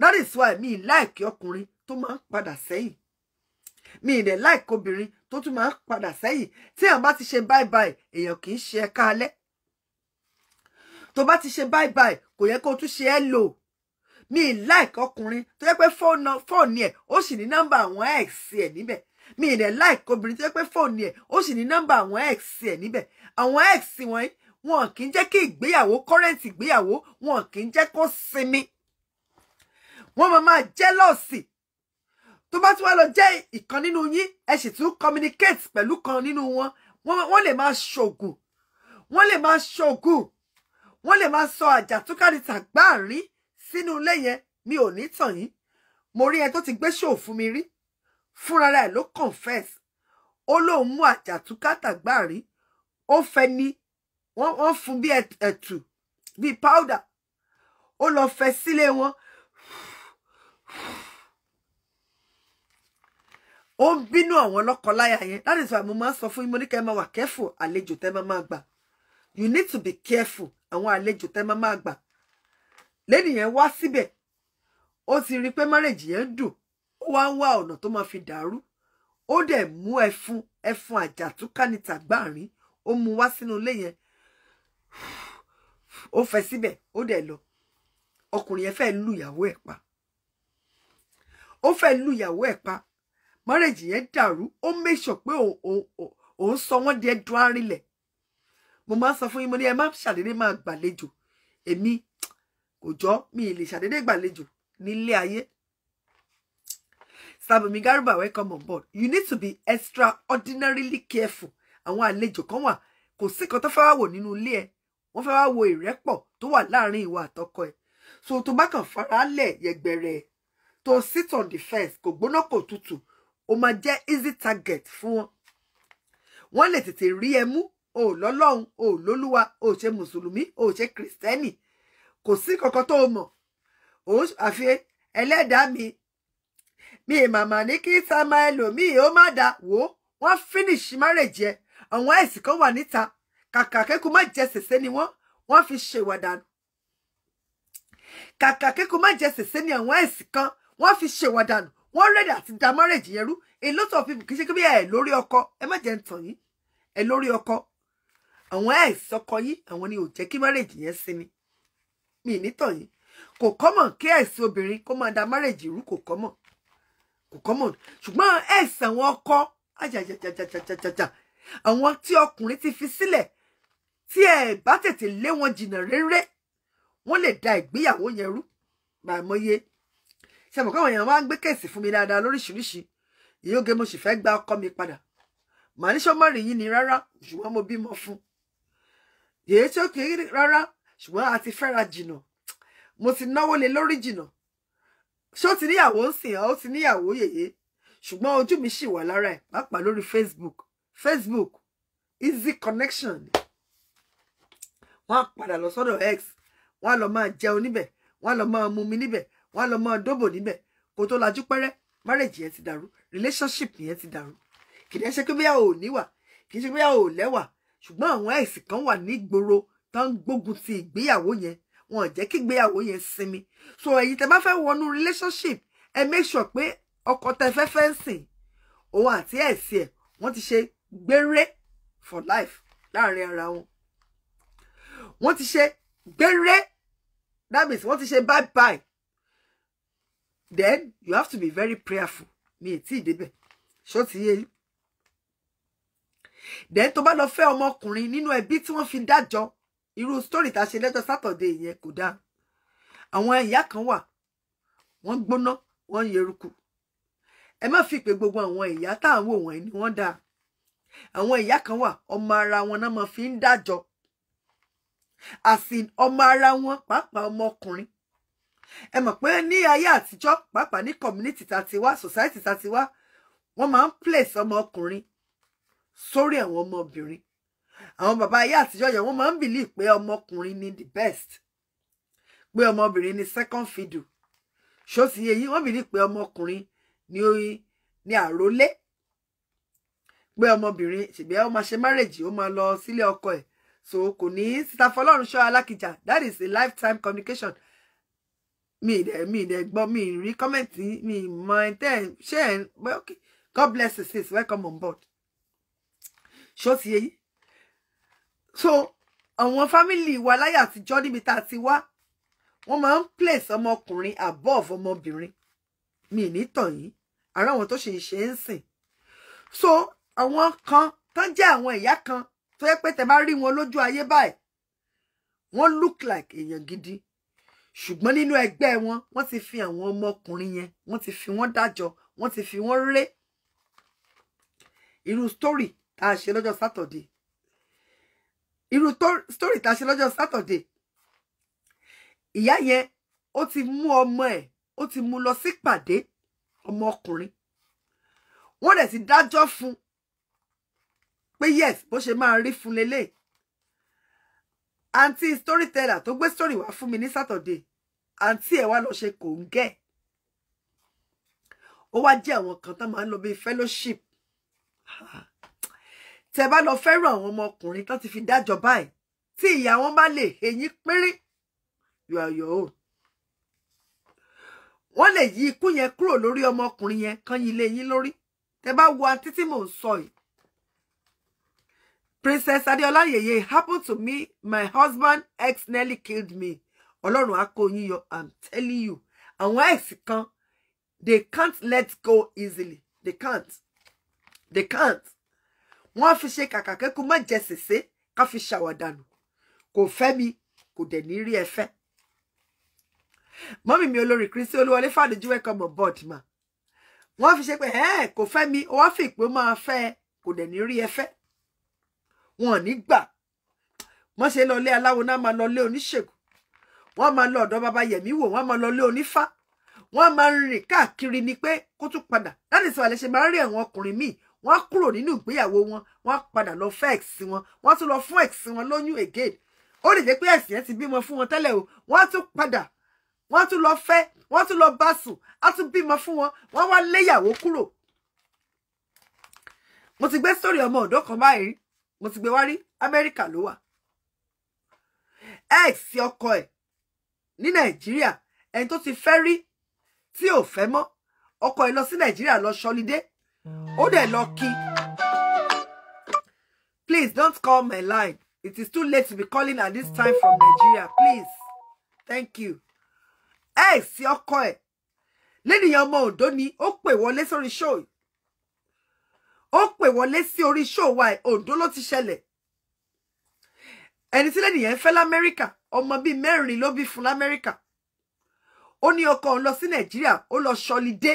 that is why mi láìkí ọkùnrin tó máa ń padà sẹ́yìn mi ìdẹ̀ like obìnrin tó tún máa ń padà sẹ́yìn tí àwọn bá ti ṣe bye bye èèyàn kì í ṣe ẹ̀ka alẹ́ tó bá ti ṣe bye bye kò yẹ kó tún ṣe hello mi like ọkùnrin tó yẹ pé fóònù ẹ̀ ó sì ní nọ́mbà àwọn ex ẹ̀ níbẹ̀ mi ìdẹ̀ like obìnrin tó yẹ pé fóònù ẹ̀ ó sì ní nọ́mbà àwọn ex ẹ̀ níbẹ̀ àwọn ex wọ̀nyí wọn kì í jẹ́ kí ìgbéyàwó current ìgbéyàwó wọn kì í jẹ́ kó sinmi wọ́n máa máa jẹ́lọ́ọ̀sì tó bá tún wá lọ jẹ́ ìkan nínú yín ẹ sì tún communicate pẹ̀lú kan nínú wọn wọ́n lè máa ṣògùn wọ́n lè máa ṣògùn wọ́n lè máa sọ àjà tó kárí tàgbáàrín sínú ilé yẹn mi ò ní tàn yín mo rí ẹni tó ti gbé ṣòwò fún mi rí fúnra rẹ̀ ló confess ó lóun mú àjàtúkátà gbáàrí ó fẹ́ ní wọ́n fún bí ẹ̀tù bíi powder ó lọ fẹ́ sílé wọn ó ń bínú àwọn lọ́kọláya yẹn that is why mo máa ń sọ fún yín mo ní kẹ́ ẹ máa wà careful àlejò tẹ́ máa máa gbà you need to be careful àwọn àlejò tẹ́ máa máa gbà lẹ́nì yẹn wá síbẹ̀ ó ti rí i pé márèjì yẹn ń dùn ó wá ń wá ọ̀nà tó máa fi dàrú ó dẹ̀ mú ẹfun ẹfun àjàtúkánìtà gbàrín ó mú wá sínú ilé yẹn ó fẹ́ síbẹ̀ ó dẹ̀ lọ ọkùnrin yẹn fẹ́ lu ẹ̀ pa ó fẹ́ lu ẹ̀ pa márèjì yẹn dàrú ó mẹ́sọ̀ pé òun sọ wọ́n di ẹdùn arìnlẹ̀ mo máa ń sọ fún yín mo ní ẹ má ṣàdédé máa gbàlejò èmi kò jọ mi ì lè ṣàdédé gbàlejò nílé ayé Sàbẹ̀mí Gárúbà welcome on board you need to be extraordinarily careful àwọn àlejò kan wà kò sí kan tó fẹ́ wá wò nínú ilé ẹ wọ́n fẹ́ wá wo ìrẹ́pọ̀ tó wà láàrin ìwà àtọkọ ẹ so tó bá kàn faralẹ̀ yẹgbẹ̀rẹ̀ tó sit on the fence kò gbóná kò tutù ó máa jẹ́ easy target fún wọn wọ́n lè tètè rí ẹ mú o lọ́lọ́run o lólúwa o ṣe mùsùlùmí o ṣe kìrìsìtẹ́nì kò sí kankan tó mọ̀ òun àfi ẹlẹ́dàá mi mi màmá ní kí sáma ẹlòmíì ó má dáa wò wọ́n finish marriage yẹ àwọn ẹ̀sìn kan wà níta kàkà kékun má jẹ sèse ni wọ́n wọ́n fi ṣèwàdànù kàkà kékun má jẹ sèse ni àwọn ẹ̀sìn kan wọ́n fi ṣèwàdànù wọ́n rẹ̀dí àti da marriage yẹn rú a lot of people kì í ṣe kébí ẹ̀ lórí ọkọ ẹ má jẹ́ ń tàn yín ẹ lórí ọkọ àwọn ẹ̀sìn ọkọ yín àwọn ni ò jẹ́ kí marriage yẹn sinmi mi nítàn yìí kò kọ́mọ̀ kí ẹ̀sìn obìnrin kó máa da márèjì rú kò kọ́mọ̀ kò kọ́mọ̀ ṣùgbọ́n ẹ̀sìn àwọn ọkọ ajajajajajajaja àwọn tí ọkùnrin ti fi sílẹ̀ tí ẹ bá tètè lé wọn jìnnà réré wọ́n lè da ìgbéyàwó yẹn rú màmọye ṣàmùkọ àwọn èèyàn wá ń gbé kèsì fún mi dáadáa lóríṣiríṣi ìyóge mo sì fẹ́ gba ọkọ mi padà màá ní sọ mọrin yìí ni rárá ṣùgbọ́n mo bímọ fún yèé tí ó kéré rárá ṣùgbọ́n a ti fẹ́ra jìnà mo ti náwó lé lórí jìnà ṣé ó ti níyàwó ń sìn ó ti níyàwó yèyé ṣùgbọ́n ojú mi ṣì wà lára ẹ̀ pàápàá lórí Facebook Facebook easy connection ni wọ́n á padà lọ sọ́dọ̀ X wọ́n á lọ máa jẹun níbẹ̀ wọ́n á lọ máa mumi níbẹ̀ wọ́n á lọ máa dóbò níbẹ̀ kó tó lajú pẹ́rẹ́ marriage yẹn ti dàrú relationship yẹn ti dàrú kì í ṣe pé bóyá ò níwà kì í ṣe pé bóyá ò lẹ́wà ṣùgbọ́n àwọn X kan wà nígboro tó ń gbógun ti ìgbéyàwó yẹn wọn ò jẹ́ kí ìgbéyàwó yẹn sinmi so èyí tẹ́ bá fẹ́ wọnú relationship ẹ make sure pé ọkọ tẹ́ fẹ́ fẹ́ ń sìn òun àti ẹ̀sì ẹ̀ wọ́n ti ṣe gbére for life láàrin ara wọn wọ́n ti ṣe gbére that means wọ́n ti ṣe bye bye then you have to be very prayerful mi ì tí ì débẹ̀ ṣó ti yé then tó bá lọ fẹ́ ọmọkùnrin nínú ẹbí tí wọ́n fi dájọ́ irú story tá a ṣe lẹ́jọ́ Saturday yẹn kò dáa àwọn ìyá kan wà wọ́n gbóná wọ́n yẹrùkù ẹ má fi pé gbogbo àwọn ìyá tá à ń wò wọ́n ni wọ́n dáa àwọn ìyá kan wà ọmọ ara wọn náà máa fi ń dájọ́ àsìn ọmọ ara wọn pàápàá ọmọ ọkùnrin ẹ mọ̀ pé ní ayé àtijọ́ pàápàá ní community tá ti wá society tá ti wá wọ́n máa ń place ọmọ ọkùnrin sórí àwọn ọmọbìnrin àwọn bàbá ayé àtijọ́ yẹn wọ́n máa ń bìlí pé ọmọkùnrin ni the best pé ọmọbìnrin ni second fiddle ṣó sì yẹ yìí wọ́n bìlí pé ọmọkùnrin ni oyin ni àrólé pé ọmọbìnrin ṣègbè ó máa ṣe márèjì ó máa lọ sílé ọkọ ẹ̀ so kò ní síta fọlọ́run ṣọ́ alákìjà that is a lifetime communication mi ì dẹ̀ mi ì dẹ̀ gbọ́ mi ì rí kọ́mẹ̀ntì mi ì mọ ẹ̀ tẹ́ ẹ̀ ṣé ẹ̀ well okay God bless you sis welcome on board ṣó sì yẹ yìí so àwọn family, wa láyà àtijọ́ níbi tá a ti wá wọ́n máa ń place ọmọkùnrin above ọmọbìnrin mi ní tàn yín ara àwọn tó ṣe ṣe ń sìn so àwọn kan tán jẹ́ àwọn ìyá kan tó yẹ pé tẹ bá rí wọn lójú ayé báyìí wọ́n look like èèyàn gidi ṣùgbọ́n nínú ẹgbẹ́ wọn wọ́n ti fi àwọn ọmọkùnrin yẹn wọ́n ti fi wọ́n dájọ́ wọ́n ti fi wọ́n ré irú story tá a ṣe lọ́jọ́ sátọ̀dẹ̀ irú story tá a ṣe lọ́jọ́ Saturday ìyá yẹn ó ti mú ọmọ ẹ̀ ó ti mú lọ sí pàdé ọmọ ọkùnrin wọ́n dẹ̀ ti dájọ́ fún pé yes bó ṣe máa rí fún lélẹ̀ àǹtí storyteller tó gbé story wá fún mi ní Saturday àǹtí ẹ̀ wá lọ ṣe kò ń gẹ̀ ó wá jẹ́ àwọn kan tán máa ń lọ bí fellowship tẹ bá lọ fẹ́ràn àwọn ọmọkùnrin tán ti fi dájọba ẹ̀ tí ìyá wọn bá lè eyín pínrín yọ̀yọ̀ o wọ́n lè yí ikú yẹn kúrò lórí ọmọkùnrin yẹn kan yín lé yín lórí tẹ bá wo àǹtí tí mò ń sọ yìí Princess Adeola Yeye happened to me my husband ex nearly killed me Ọlọ́run á kó yín yọ I'm telling you àwọn ex kan they can't let go easily they can't they can't wọ́n fi ṣe kàkà kẹ́kọ̀ọ́ má jẹ sèse ká fi ṣàwọ̀dànù kò fẹ́ mi kò dẹ̀ ní rí ẹ fẹ́. mọ́mì mi olórí kristi olúwọlé fàdójú welcome on board mà wọ́n fi ṣe pé ẹ̀ kò fẹ́ mi wọ́n fi ìpè máa fẹ́ ẹ kò dẹ̀ ní rí ẹ fẹ́. wọn ò ní gbà wọ́n ṣe lọlé aláwo náà máa lọlé oníṣègùn wọ́n máa lọ ọ̀dọ̀ bàbá yẹ̀mí wò wọ́n máa lọlé onífá wọ́n máa ń rìn káàkiri ni pé kó tún padà láti sọ àlẹ́ ṣe máa ń rí àwọn ọkùnrin míì wọ́n kúrò nínú ìgbéyàwó wọn wọ́n padà lọ fẹ́ ex wọn wọ́n tún lọ fún ex wọn lóyún again ó lè jẹ́ pé ex yẹn ti bímọ fún wọn tẹ́lẹ̀ o wọ́n tún padà wọ́n tún lọ fẹ́ wọ́n tún lọ bá sùn á tún bímọ fún wọn wọ́n wá léyàwó kúrò. mo ti gbé sórí ọmọ ọ̀dọ́ kan báyìí mo ti gbé wá rí Amẹ́ríkà ló wà ex ọkọ ẹ̀ ní Nàìjíríà ẹni tó ti fẹ́ rí tí ò fẹ́ mọ́ ọkọ ẹ̀ lọ sí Nàìjíríà lọ ṣọlidé Oh, they lucky! please don't call my line it is too late to be calling at this time from Nigeria please thank you Hey, sí ọkọ ẹ lẹ́nìyàn ọmọ Ondo ni ó pè wọlé sórí show you? ó pè let's sí orí show why? Oh, don't let ti ṣẹlẹ̀ ẹni tí lẹ́nìyàn fẹ́ America ọmọ bíi mẹ́rin ló bí fún America. ó ní ọkọ òun lọ sí Nàìjíríà ó lọ ṣọlidé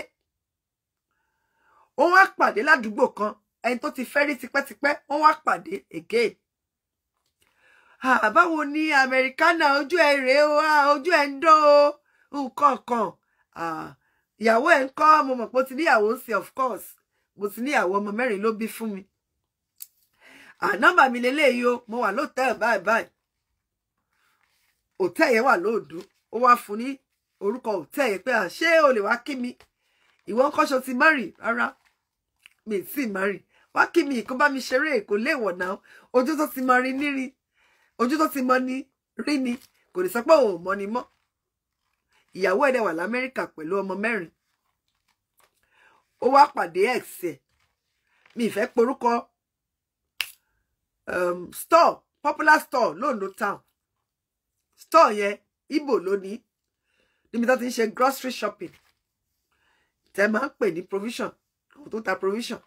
wọ́n wá pàdé ládùúgbò kan ẹni tó ti fẹ́ rí tipẹ́tipẹ́ wọ́n wá pàdé again àbáwo ni amẹríkánà ojú ẹ rèé o ojú ẹ ń dán o nǹkan kan ìyàwó ẹ ń kọ́ mo mọ̀ pé ó ti níyàwó ń sìn of course mo ti níyàwó ọmọ mẹ́rin ló bí fún mi number mi leléyìí o mo wà lóòtẹ́ẹ̀ báyìí bye òtẹ́ẹ̀ yẹn wà lóòdù ó wá fún ní orúkọ hotel, yẹn pé à ṣé o lè wá kí mi ìwọ ń kọ́ṣọ ti márì rárá mi sì máa rìn wá kí mi ìkan bá mi ṣeré èkó léèwọ̀ náà ojú tó ti máa rí nírí ojú tó ti mọ ní rí ni kò ní sọ pé òun ò mọ ni mọ́ ìyàwó ẹ̀dẹ̀ wà lamẹ́ríkà pẹ̀lú ọmọ mẹ́rin ó wá pàdé ex ẹ̀ mi ìfẹ́ porúkọ um, ehm, store popular store lóńdó town store yẹn ibo ló ní níbi tó ti ń ṣe grocery shopping tẹ máa ń pè provision ṣọ́ọ̀bù tó ta provision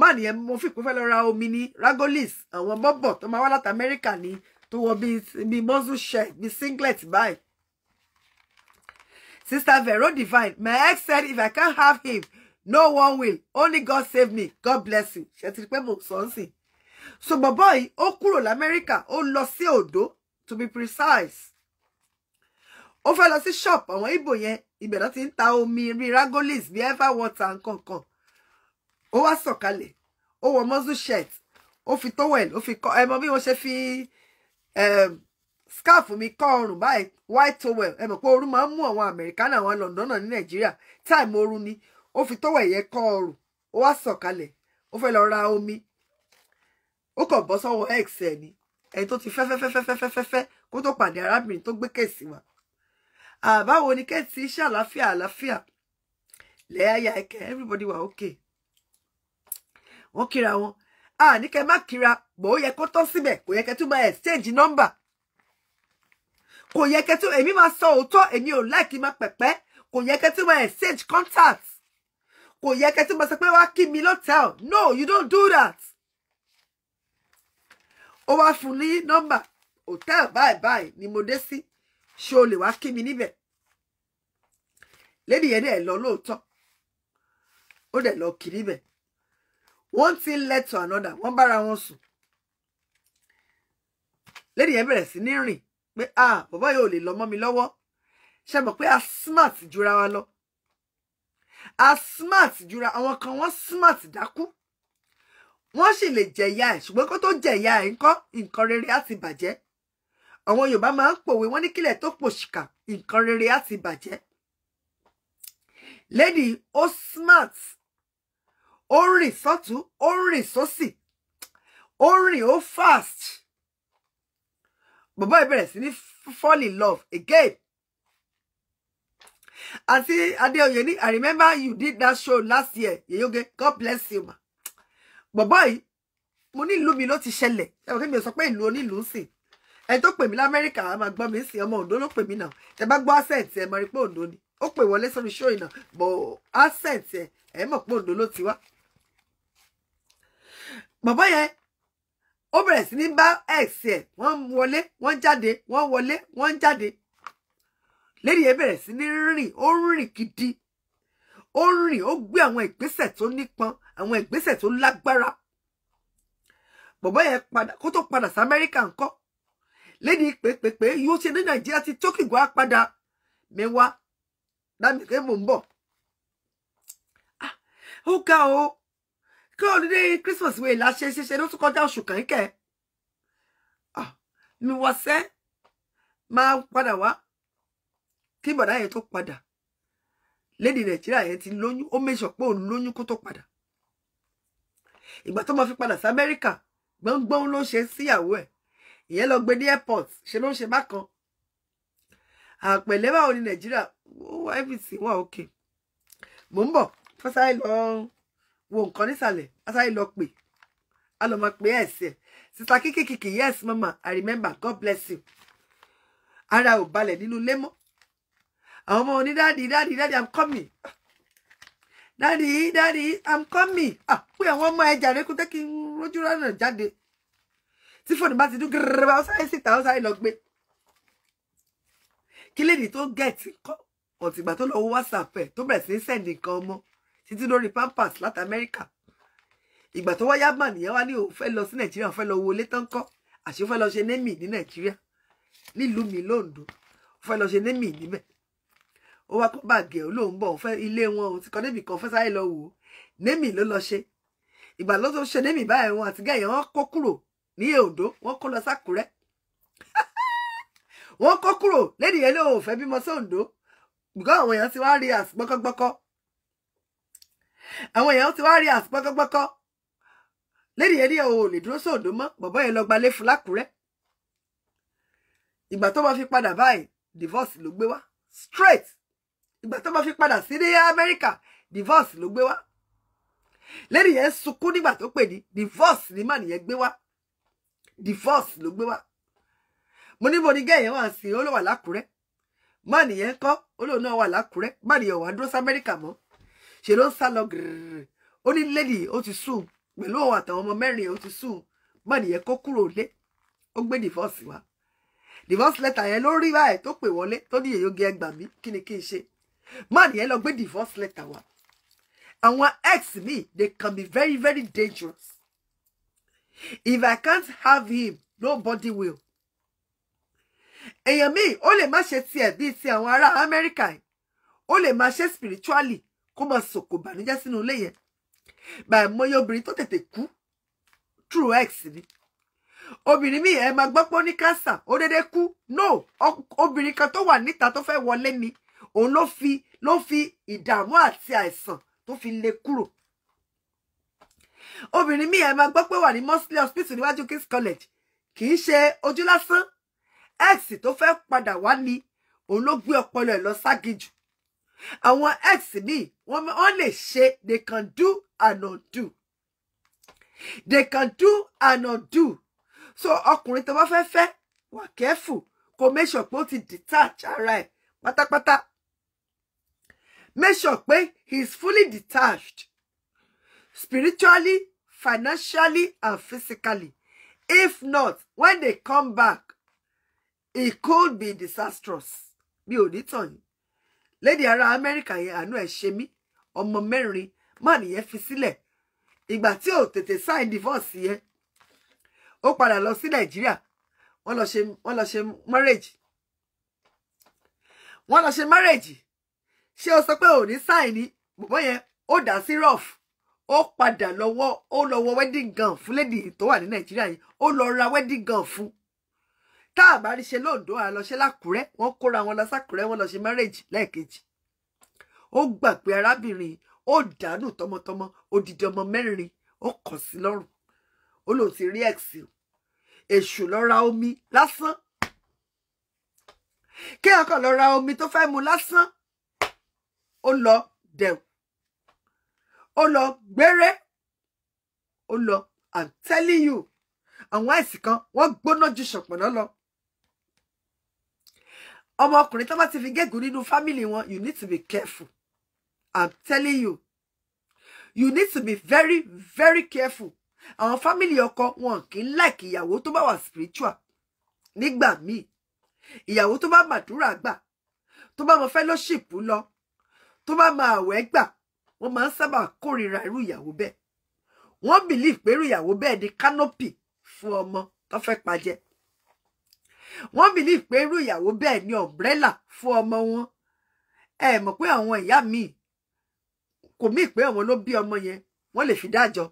máà nìyẹn mo fi ìpínfẹ́ lọ ra omi ní ragolis àwọn bọ́bọ̀ tó máa wá láti amẹ́ríkà ní tó wọ bíi muscle shirt bíi singlet báyìí Sister Vero Divine, my ex said if I can't have him, no one will. Only God save me. God bless you. Ṣé ti pé mo sọ ń sìn. So bàbá yìí, ó kúrò l'Amẹ́ríkà, ó lọ sí Oǹdó to be precise. Ó fẹ́ lọ sí shop àwọn Ìgbò yẹn ibẹ̀ ti ń ta omi bíi ragolis bíi ever water nkankan ó wá sọ̀kalẹ̀ ó wọ muscle shirt ó fi towel ó fi kọ ẹ mọ bí wọ́n ṣe fi ehm, scarf mi kọ́ ọrùn báyìí white towel ẹ mọ̀ pé ooru máa ń mú àwọn Amẹ́ríkánà àwọn London ní Nàìjíríà time ooru ni ó fi towel yẹn kọ ọrùn ó wá sọ̀kalẹ̀ ó fẹ́ lọ ra omi ó kàn bọ́ sọ́wọ́ x ẹ̀ ni ẹni tó ti fẹ́fẹ́fẹ́fẹ́fẹ́fẹ́ kó tó pàdé arábìnrin tó gbé kèsì wá àbáwo ni kẹ́tì ṣe lafia, àlàáfíà lẹ́yà ẹ̀kẹ́ everybody wà okay wọ́n kíra wọn a ní kẹ́ má kíra bọ̀ ó yẹ kó tán síbẹ̀ kò yẹ kẹ́ tún exchange number kò yẹ kẹ́ tún èmi máa sọ òótọ́ èmi ò láìkí máa pẹ̀pẹ́ kò yẹ kẹ́ tún máa exchange contact kò yẹ kẹ́ tún máa sọ pé wá kí mi lọ́tẹ̀l no you don't do that ó wá fún ní nọ́mbà hòtẹ́ẹ̀lì báyìí báyìí ni mo ṣé o lè wá kí mi níbẹ̀ lady yẹn dẹ̀ lọ lóòótọ́ ó dẹ̀ lọ kì níbẹ̀ one thing led to another wọ́n bára wọn sùn lady yẹn bẹ̀rẹ̀ sí ní rìn pé ah bàbá yóò lè lọ mọ́ mi lọ́wọ́ ṣe mọ̀ pé a smart jura wa lọ a smart jura àwọn kan wọ́n smart dákú wọ́n sì lè jẹ̀yà ẹ̀ ṣùgbọ́n kó tó jẹ̀yà ẹ̀ ńkọ́ nǹkan rere á ti bàjẹ́ àwọn Yorùbá máa ń pòwe wọ́n ní kílẹ̀ tó pòṣìkà nǹkan rere á ti bàjẹ́ lady ó smart ó rìn sọ́tún ó rìn sósì ó rìn ó fast bàbá ìbẹ̀rẹ̀ sí ní fall in love again àti Adéoyè ní I remember you did that show last year yeyoge God bless you ma bàbá yìí mo ní ìlú mi ló ti ṣẹlẹ̀ ẹ̀wọ̀n kí mi ò sọ pé ìlú onílùú sìn ẹni tó pè mí lamẹ́ríkà a máa gbọ́ mi sí ọmọ Ondo ló pè mí náà tẹ bá gbọ́ accent ẹ máa rí pé Ondo ni ó pè wọlé sórí show náà bọ accent ẹ ẹ mọ̀ pé Ondo ló ti wá. bàbá yẹn ó bẹ̀rẹ̀ sí ní bá ex ẹ̀ wọ́n wọlé wọ́n jáde wọ́n wọlé wọ́n jáde lẹ́yìn yẹn bẹ̀rẹ̀ sí ní rìn ó rìn gidi ó rìn ó gbé àwọn ìgbésẹ̀ tó nípọn àwọn ìgbésẹ̀ tó lágbára bàbá yẹn padà kó tó padà sí Amẹ́ríkà ńkọ́ lédi pèpèpè yóò ṣe ní nàìjíríà ti tókì gbọ́ apádà mẹ́wá lámìkẹ́ mò ń bọ̀. Ah, ó ga o kí olùdé christmas wey láṣẹ ṣẹṣẹ ló tún kọjá oṣù kàńkẹ́ ah, mi wá sẹ́ máa padà wá kí bọ̀dá yẹn tó padà lédi nàìjíríà yẹn ti lóyún ó mẹ́sàn pé òun lóyún kó tó padà ìgbà tó máa fi padà sí amẹ́ríkà gbọ́ngbọ́n ló ṣe síyàwó ẹ̀ ìyẹn lọ gbé ní airport ṣe ló ń ṣe bákan àpẹ̀lẹ́ báwo ni nàìjíríà wọ́n everything wà okay mò ń bọ̀ fọ́sáyé lọ wo nǹkan nísàlẹ̀ fọ́sáyé lọ pè á lọ máa pè ẹ̀sẹ̀ sista kíkìkìkì yes mama i remember god bless you ara ò balẹ̀ nínú ilé mọ́ àwọn ọmọ ní dáàdì dáàdì dáàdì i'm coming dáàdì dáàdì i'm coming ah pé àwọn ọmọ ẹja rẹ kó tẹ́ kí jáde tí fóònù bá ti dún gírírírá ó sáré síta ó sáré lọ gbé kí lèdì tó gẹ̀ẹ́tì kọ́ ọ̀tìgbà tó lọ wo whatsapp ẹ̀ tó bẹ̀rẹ̀ sí í sẹ̀ǹdì nǹkan ọmọ títí lórí pampers láti amẹ́ríkà ìgbà tó wáyá mà nìyẹn wá ní òun fẹ́ lọ sí nàìjíríà òun fẹ́ lọ wo ilé tán kọ́ àṣé òun fẹ́ lọ ṣe némì ní nàìjíríà nílùú mi lóǹdó òun fẹ́ lọ ṣe némì níbẹ̀ ó wá kó bàgẹ́ ó lóun bọ̀ òun fẹ́ ilé wọn òun ti kọ́ débì kan fẹ́ sáré lọ wò ó némì ló lọ ṣe ìgbà ló tó ṣe némì báyìí wọn àtìgá ìyẹn wọn kó kúrò ní Oǹdó wọ́n kó lọ sákúrẹ́ wọ́n kó kúrò lẹ́nu yẹn ló fẹ́ bímọ sí Oǹdó gbọ́ àwọn èèyàn ti wá rí àsìpọ́kọ́gbọ́kọ́ àwọn èèyàn ti wá rí àsìpọ́kọ́gbọ́kọ́ lẹ́nu yẹn ní ò lè dúró sí Oǹdó mọ́ bàbá yẹn lọ gbalé fún lákúrẹ́ ìgbà tó bá fi padà báyìí divorce ló gbé wá straight ìgbà tó bá fi padà sí ní Amẹ́ríkà divorce ló gbé wá lẹ́nu yẹn sunkún nígbà tó pè ní divorce ní mànìyẹn gbé wá divorce ló gbé wá mo ní mo ní gẹ́yìn wá sí ó ló wà lákùrẹ́ má nìyẹn kọ́ ó lóun náà wà lákùrẹ́ má nìyẹn wà dúró sí amẹ́ríkà mọ́ ṣe ló ń sá lọ gírírì ó ní lady ó ti sùn pẹ̀lú òun àtàwọn ọmọ mẹ́rin ó ti sùn má nìyẹn kó kúrò lé ó gbé divorce wá divorce letter yẹn ló rí báyìí tó pè wọlé tó ní èyí ẹ gbà mí kí ni kí n ṣe má nìyẹn lọ divorce letter wá àwọn ex mi they can be very very dangerous if I can't have him nobody will èèyàn míì ó lè má ṣe tiẹ̀ bíi ti àwọn ará Amẹ́ríkà yìí ó lè spiritually, ṣe spiritually kó máa sòkò bànújẹ́ sínú ilé yẹn báyìí mo yẹ obìnrin tó tètè kú true ex ni obìnrin míì ẹ máa gbọ́ pé ó ní cancer ó no obìnrin kan wa ni ta to fe wọlé ni òun ló fi ló fi ìdààmú àti àìsàn To fi lé kúrò obìnrin míì ẹ máa gbọ́ pé wà ní mosle hospital níwájú kings college kì í ṣe ojú lásán x tó fẹ́ padà wá ni òun ló gbé ọpọlọ ẹ̀ lọ ságijù àwọn x míì wọ́n lè ṣe they can do and not do. they can do and not do. so ọkùnrin tó bá fẹ́ fẹ́ wà careful kó make sure pé ó ti detach ara ẹ̀ pátápátá make sure pé he is fully detached spiritually, financially, and physically. If not, when they come back, it could be disastrous. Mi ò ní tàn Lady ará America I àánú ẹ̀ ṣe mí. Ọmọ mẹ́rin má nìyẹn fi sílẹ̀. o tí ò sign divorce ye. Ó padà lọ sí Nigeria. Wọ́n lọ shame, wọ́n lọ shame marriage. Wọ́n lọ shame marriage. Ṣé o sọ pé ò ní sign ni? Bọ̀bọ́ yẹn ó dá sí rough ó padà lọ́wọ́ ó lọ wọ wedding gown fún lady tó wà ní nàìjíríà yìí ó lọ ra wedding gown fún tá a bá rí ṣe lóńdó a lọ ṣe lákùrẹ́ wọ́n kóra wọn lọ sákùrẹ́ wọ́n lọ ṣe marriage lẹ́ẹ̀kejì ó gbà pé arábìnrin ó dànù tọmọtọmọ odidi ọmọ mẹ́rin ó kọ sí lọ́rùn ó lòun ti rí ex èṣù lọ ra omi lásán kí ọkọ lọ ra omi tó fẹ́ mu lásán ó lọ dẹ̀wù ó lọ gbére ó lọ i'm telling you àwọn àìsàn kan wọ́n gbóná ju ṣọ̀pọ̀nà lọ ọmọkùnrin tó bá ti fi gégùn nínú fámìlì wọn you need to be careful i'm telling you you need to be very very careful àwọn fámìlì ọkọ wọn kì í like ìyàwó tó bá wà spiritual nígbà míì ìyàwó tó bá màdúrà gbà tó bá mọ fellowship lọ tó bá mọ àwẹ̀ gbà wọ́n máa ń sábà kórìíra irú ìyàwó bẹ́ẹ̀ wọ́n bìlí pé irú ìyàwó bẹ́ẹ̀ ni kánópì fún ọmọ tó fẹ́ pajẹ wọ́n bìlí pé irú ìyàwó bẹ́ẹ̀ ni ọmbrella fún ọmọ wọn ẹ mọ̀ pé àwọn ìyá míì kò mí pé àwọn ló bí ọmọ yẹn wọ́n lè fi dájọ́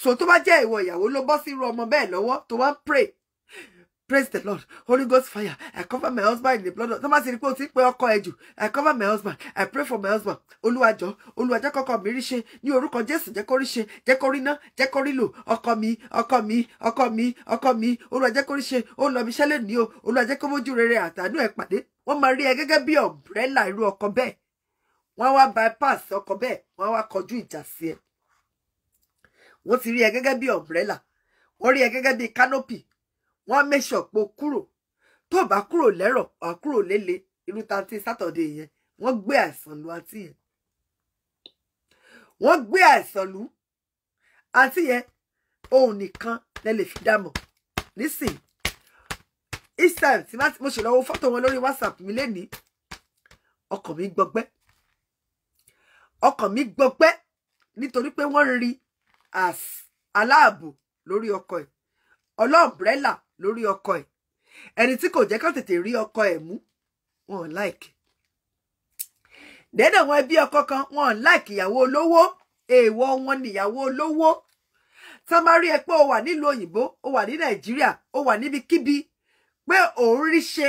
so tó bá jẹ́ ìwọ ìyàwó ló bọ́ sírú ọmọ bẹ́ẹ̀ lọ́wọ́ tó wá ń pray praise the lord holy ghost fire i cover my husband in the blood of tọ́mọ̀ sí ni pé o ti ń i cover my husband i pray for my husband olúwàjọ olúwàjọ kọ́kọ́ mi rí ṣe ní orúkọ jésù jẹ́ kó rí ṣe jẹ́ kó rí ná jẹ́ kó rí lò ọkọ mi ọkọ mi ọkọ mi ọkọ mi olúwàjọ kó rí ṣe ó lọ mi ṣẹlẹ̀ ní o olúwàjọ kó mójú rere àtàánú ẹ̀ pàdé wọ́n máa rí ẹ gẹ́gẹ́ bí ọ̀mbrẹ́là irú ọkọ bẹ́ẹ̀ wọ́n wá bypass ọkọ bẹ́ẹ̀ wọ́n wá kọjú ìjà sí ẹ wọ́n ti rí ẹ gẹ́gẹ́ bí ọ̀mbrẹ́là wọ́n rí ẹ gẹ́gẹ́ bí canopy wọ́n make sure pé kúrò tó bá kúrò lẹ́rọ̀ wà kúrò lélé irú tàǹtí sátọ̀dẹ̀ yẹn wọ́n gbé àìsàn lu àǹtí yẹn wọ́n gbé àìsàn lu àǹtí yẹn òun nìkan lẹ fi dámọ̀ nísìn islam tí mo ṣe lọ́wọ́ fọ́tò wọn lórí whatsapp mi lénìí ọkàn mi gbọgbẹ́ ọkàn mi gbọgbẹ́ nítorí pé wọ́n rí as aláàbò lórí ọkọ̀ ẹ̀ ọlọ́ọ̀brẹ́là lórí ọkọ ẹ̀ ẹni tí kò jẹ́ ká tètè rí ọkọ ẹ̀ mú wọn ò láìkì dẹ́dẹ̀ wọn ẹbí ọkọ kan wọn ò láìkì ìyàwó olówó èèwọ̀ wọn nìyàwó olówó tá má rí ẹ pé o wà nílùú òyìnbó o wà ní nàìjíríà o wà níbikíbi pé òun rí ṣe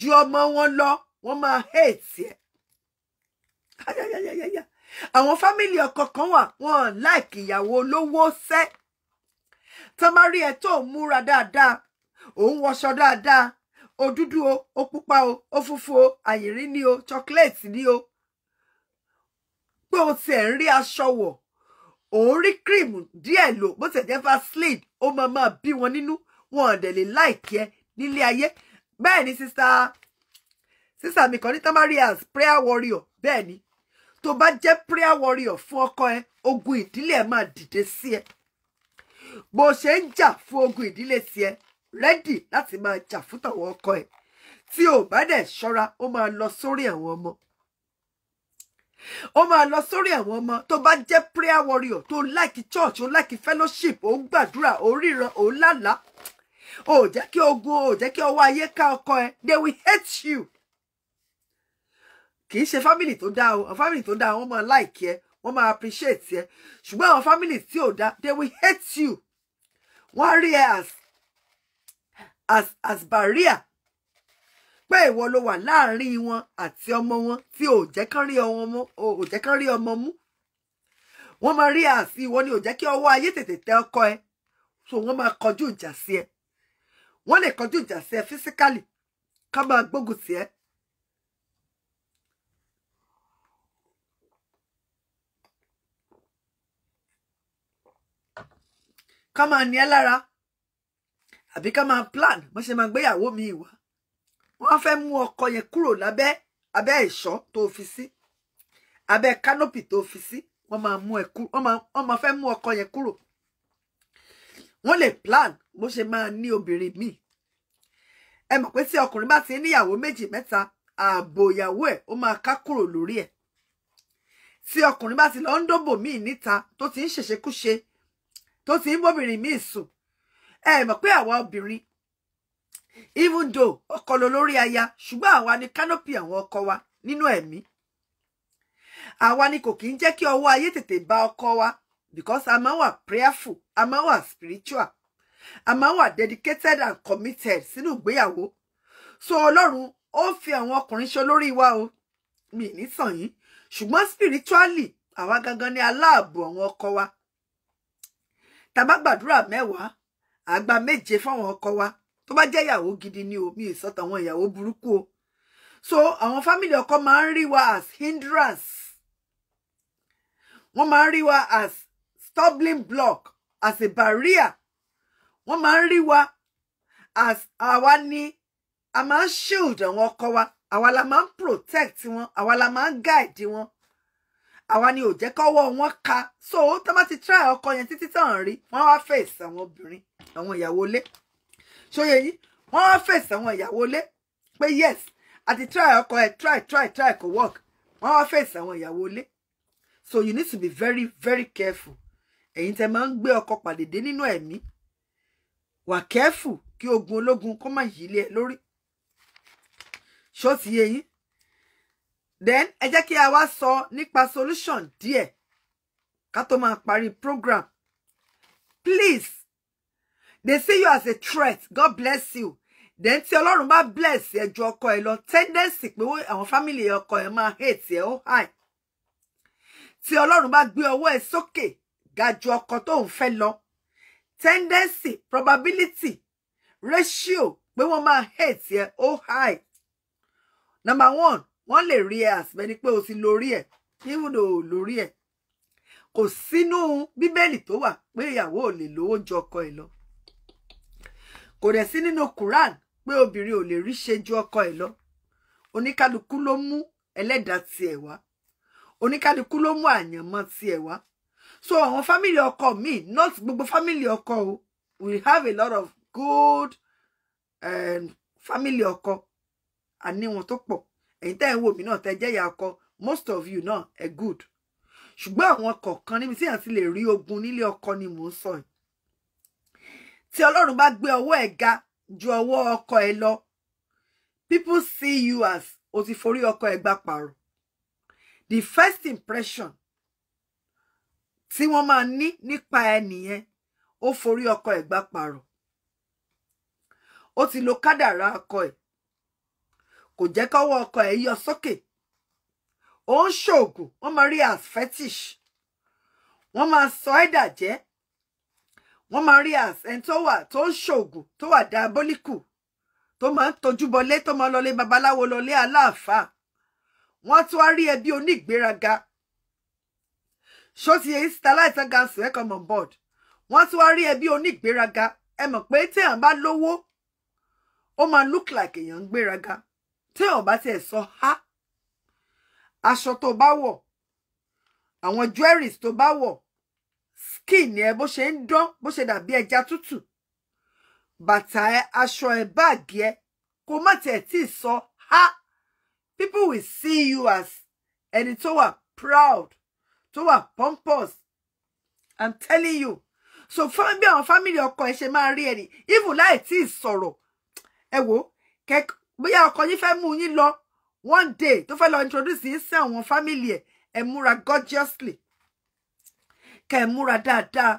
ju ọmọ wọn lọ wọn máa hate ẹ àwọn fámìlì ọkọ kan wà wọn ò láìkì ìyàwó olówó sẹ tá má rí ẹ tó múra dáadáa òun wọṣọ dáadáa o dúdú o ó pupa o ó funfun o àyìnrí ni o chocolate ni o pé o tiẹ̀ ń rí aṣọ wọ̀ òun rí cream díẹ̀ lò bó tiẹ̀ jẹ́ vaseline ó máa máa bí wọn nínú wọn ò dẹ̀ lè láìkí ẹ nílé ayé bẹ́ẹ̀ ni sísá sísá mi kan ní tamari prayer warrior bẹ́ẹ̀ ni tó bá jẹ́ prayer warrior fún ọkọ ẹ ogun ìdílé ẹ máa dìde sí ẹ bó ṣe ń jà fún ogun ìdílé sí ẹ rẹ́dì láti máa jà fún tàwọn ọkọ ẹ̀ tí ò bá dẹ̀ ṣọ́ra ó máa lọ sórí àwọn ọmọ ó máa lọ sórí àwọn ọmọ tó bá jẹ́ prayer warrior tó like church ó like fellowship ó ń gbàdúrà ó ríran ó lálàá ó jẹ́ kí ogun ó jẹ́ kí ọwọ́ ayé ká ọkọ ẹ̀ they will hate you kì í ṣe family tó dáa o family tó dáa wọ́n máa like ẹ wọ́n máa appreciate ẹ ṣùgbọ́n àwọn family tí ò dáa they will hate you wọ́n rí ẹ as asbaria pé ìwọ ló wà láàrin wọn àti ọmọ wọn tí ò jẹ́ kán rí ọmọ mú ò jẹ́ kán rí ọmọ mú wọ́n máa rí àfi ìwọ ni ò jẹ́ kí ọwọ́ ayé tètè tẹ ọkọ ẹ so wọ́n ma kọjú ìjà sí ẹ wọ́n lè kọjú ìjà sí ẹ físíkàlì ká máa gbógun sí ẹ. ká máa ní ẹ lára àbí ká máa plan bó ṣe máa gbéyàwó mi wá wọ́n fẹ́ mú ọkọ yẹn kúrò lábẹ́ abẹ́ ìṣọ́ tó fi sí abẹ́ kánópì tó fi sí wọ́n máa mú ẹ kúrò wọ́n máa fẹ́ mú ọkọ yẹn kúrò wọ́n lè plan bó ṣe máa ní obìnrin míì ẹ mọ̀ pé tí ọkùnrin bá ti níyàwó méjì mẹ́ta ààbò ìyàwó ẹ̀ ó máa ká kúrò lórí ẹ̀ tí ọkùnrin bá ti lọ ń dóbò míì níta tó ti ń ṣèṣekúṣe tó ti ń bóbìnrin míì sùn ẹ mọ̀ pé àwa obìnrin even though ọkọ ló lórí aya ṣùgbọ́n àwa ni canopy àwọn ọkọ wa nínú ẹ̀mí àwa ni kò kì í jẹ́ kí ọwọ́ ayé tètè bá ọkọ wa because a máa wà prayerful a máa wà spiritual a máa wà dedicated and committed sínú ìgbéyàwó so Ọlọ́run ó fi àwọn ọkùnrin ṣe olórí wa o mi ní sàn yín ṣùgbọ́n spiritually àwa gangan ni aláàbò àwọn ọkọ wa tá bá gbàdúrà mẹ́wàá àgbà méje fáwọn ọkọ wa tó bá jẹ́ ìyàwó gidi ni o mi ì sọ tàwọn ìyàwó so àwọn family ọkọ máa ń wa as hindrance wọ́n máa ń wa as stumbling block as a barrier wọ́n máa ń wa as àwa ni a máa shield àwọn ọkọ wa àwa la máa protect wọn àwa la máa guide wọn àwa ni ò jẹ́ kọ́wọ́ wọn ka so tó bá ti try ọkọ yẹn títí tàn rí wọ́n wá face àwọn obìnrin àwọn ìyàwó ilé ṣóyè yìí wọ́n fèsì àwọn ìyàwó ilé pé yes àti try ọkọ ẹ try try try kò work wọ́n wá fèsì àwọn ìyàwó ilé so you need to be very very careful ẹ̀yin tẹ́ máa ń gbé ọkọ pàdédé nínú ẹ̀mí wà careful kí ogun ológun kó má yí ilé ẹ lórí ṣó ti yín then ẹ jẹ́ kí a wá sọ nípa solution díẹ̀ ká tó máa parí program please They see you as a threat. God bless you. Then tí Ọlọ́run bá bless ẹ ju ọkọ ẹ lọ tendency pé àwọn family ọkọ ẹ máa hate ẹ ó high. Tí Ọlọ́run bá gbé ọwọ́ ẹ sókè ga ju ọkọ tó ń fẹ́ Tendency, probability, ratio pé wọ́n máa hate ẹ ó high. Number one, wọ́n lè rí ẹ as bẹ́ni pé o ti lórí ẹ̀ even though lórí ẹ̀ kò sínú Bíbélì tó wà pé ìyàwó ò lè lówó ju ọkọ ẹ kò dẹ̀ sí nínú Quran pé obìnrin ò lè rí ṣe ju ọkọ ẹ̀ lọ oníkálukú ló mú ẹlẹ́dàá tiẹ̀ wá oníkálukú ló mú àyànmọ́ tiẹ̀ wá so àwọn fámìlì ọkọ mi not gbogbo fámìlì ọkọ o we have a lot of good um, eh, fámìlì ọkọ àníwọn tó pọ̀ ẹ̀yin tẹ́ ẹ̀ ń wò mí náà tẹ́ jẹ́ ìyá ọkọ most of you náà ẹ̀ good ṣùgbọ́n àwọn kọ̀ọ̀kan níbi tí àti lè rí ogun nílé ọkọ ni mò ń sọ yìí tí Ọlọ́run bá gbé ọwọ́ ẹ̀ ga ju ọwọ́ ọkọ ẹ̀ lọ people see you as o ti forí ọkọ ẹ̀ gbà pààrọ̀ the first impression tí wọ́n máa ni nípa ẹ nìyẹn ó forí ọkọ ẹ̀ gbà pààrọ̀ ó ti lo kádàrá ọkọ ẹ̀ kò jẹ́ kọ́wọ́ ọkọ ẹ̀ yọ sókè ó ń ṣoògùn wọ́n máa rí as fetish wọ́n máa sọ ẹ́ dàjẹ́ wọ́n máa rí to ẹni to wà tó ń ṣoògùn tó wà dábólíkù tó máa ń tojúbọlé tó máa lọlé babaláwo lọlé aláàfáà wọ́n tún wá rí ẹbí onígbéraga ṣó ti yẹ starlight gansu ẹ come on board wọ́n tún wá bi ẹbí onígbéraga ẹ mọ̀ pé téèyàn bá lówó ó máa look like èèyàn ń gbéraga téèyàn bá tiẹ̀ sọ ha aṣọ tó bá wọ̀ àwọn jewelries tó bá wọ̀ kí ìní ẹ bó ṣe ń dán bó ṣe dàbí ẹja tútù bàtà ẹ aṣọ ẹ báàgì ẹ kó má tiẹ̀ tí ì sọ ha people will see you as ẹni tó wà proud tó wà pompous i'm telling you so bí àwọn fámìlì ọkọ ẹ ṣe máa rí ẹni even láì tí ì sọ̀rọ̀ ẹ wò bóyá ọkọ yín fẹ́ mú yín lọ one day tó fẹ́ lọ introduce yín sí àwọn fámìlì ẹ ẹ múra gorgeously kẹ́ ẹ múra dáadáa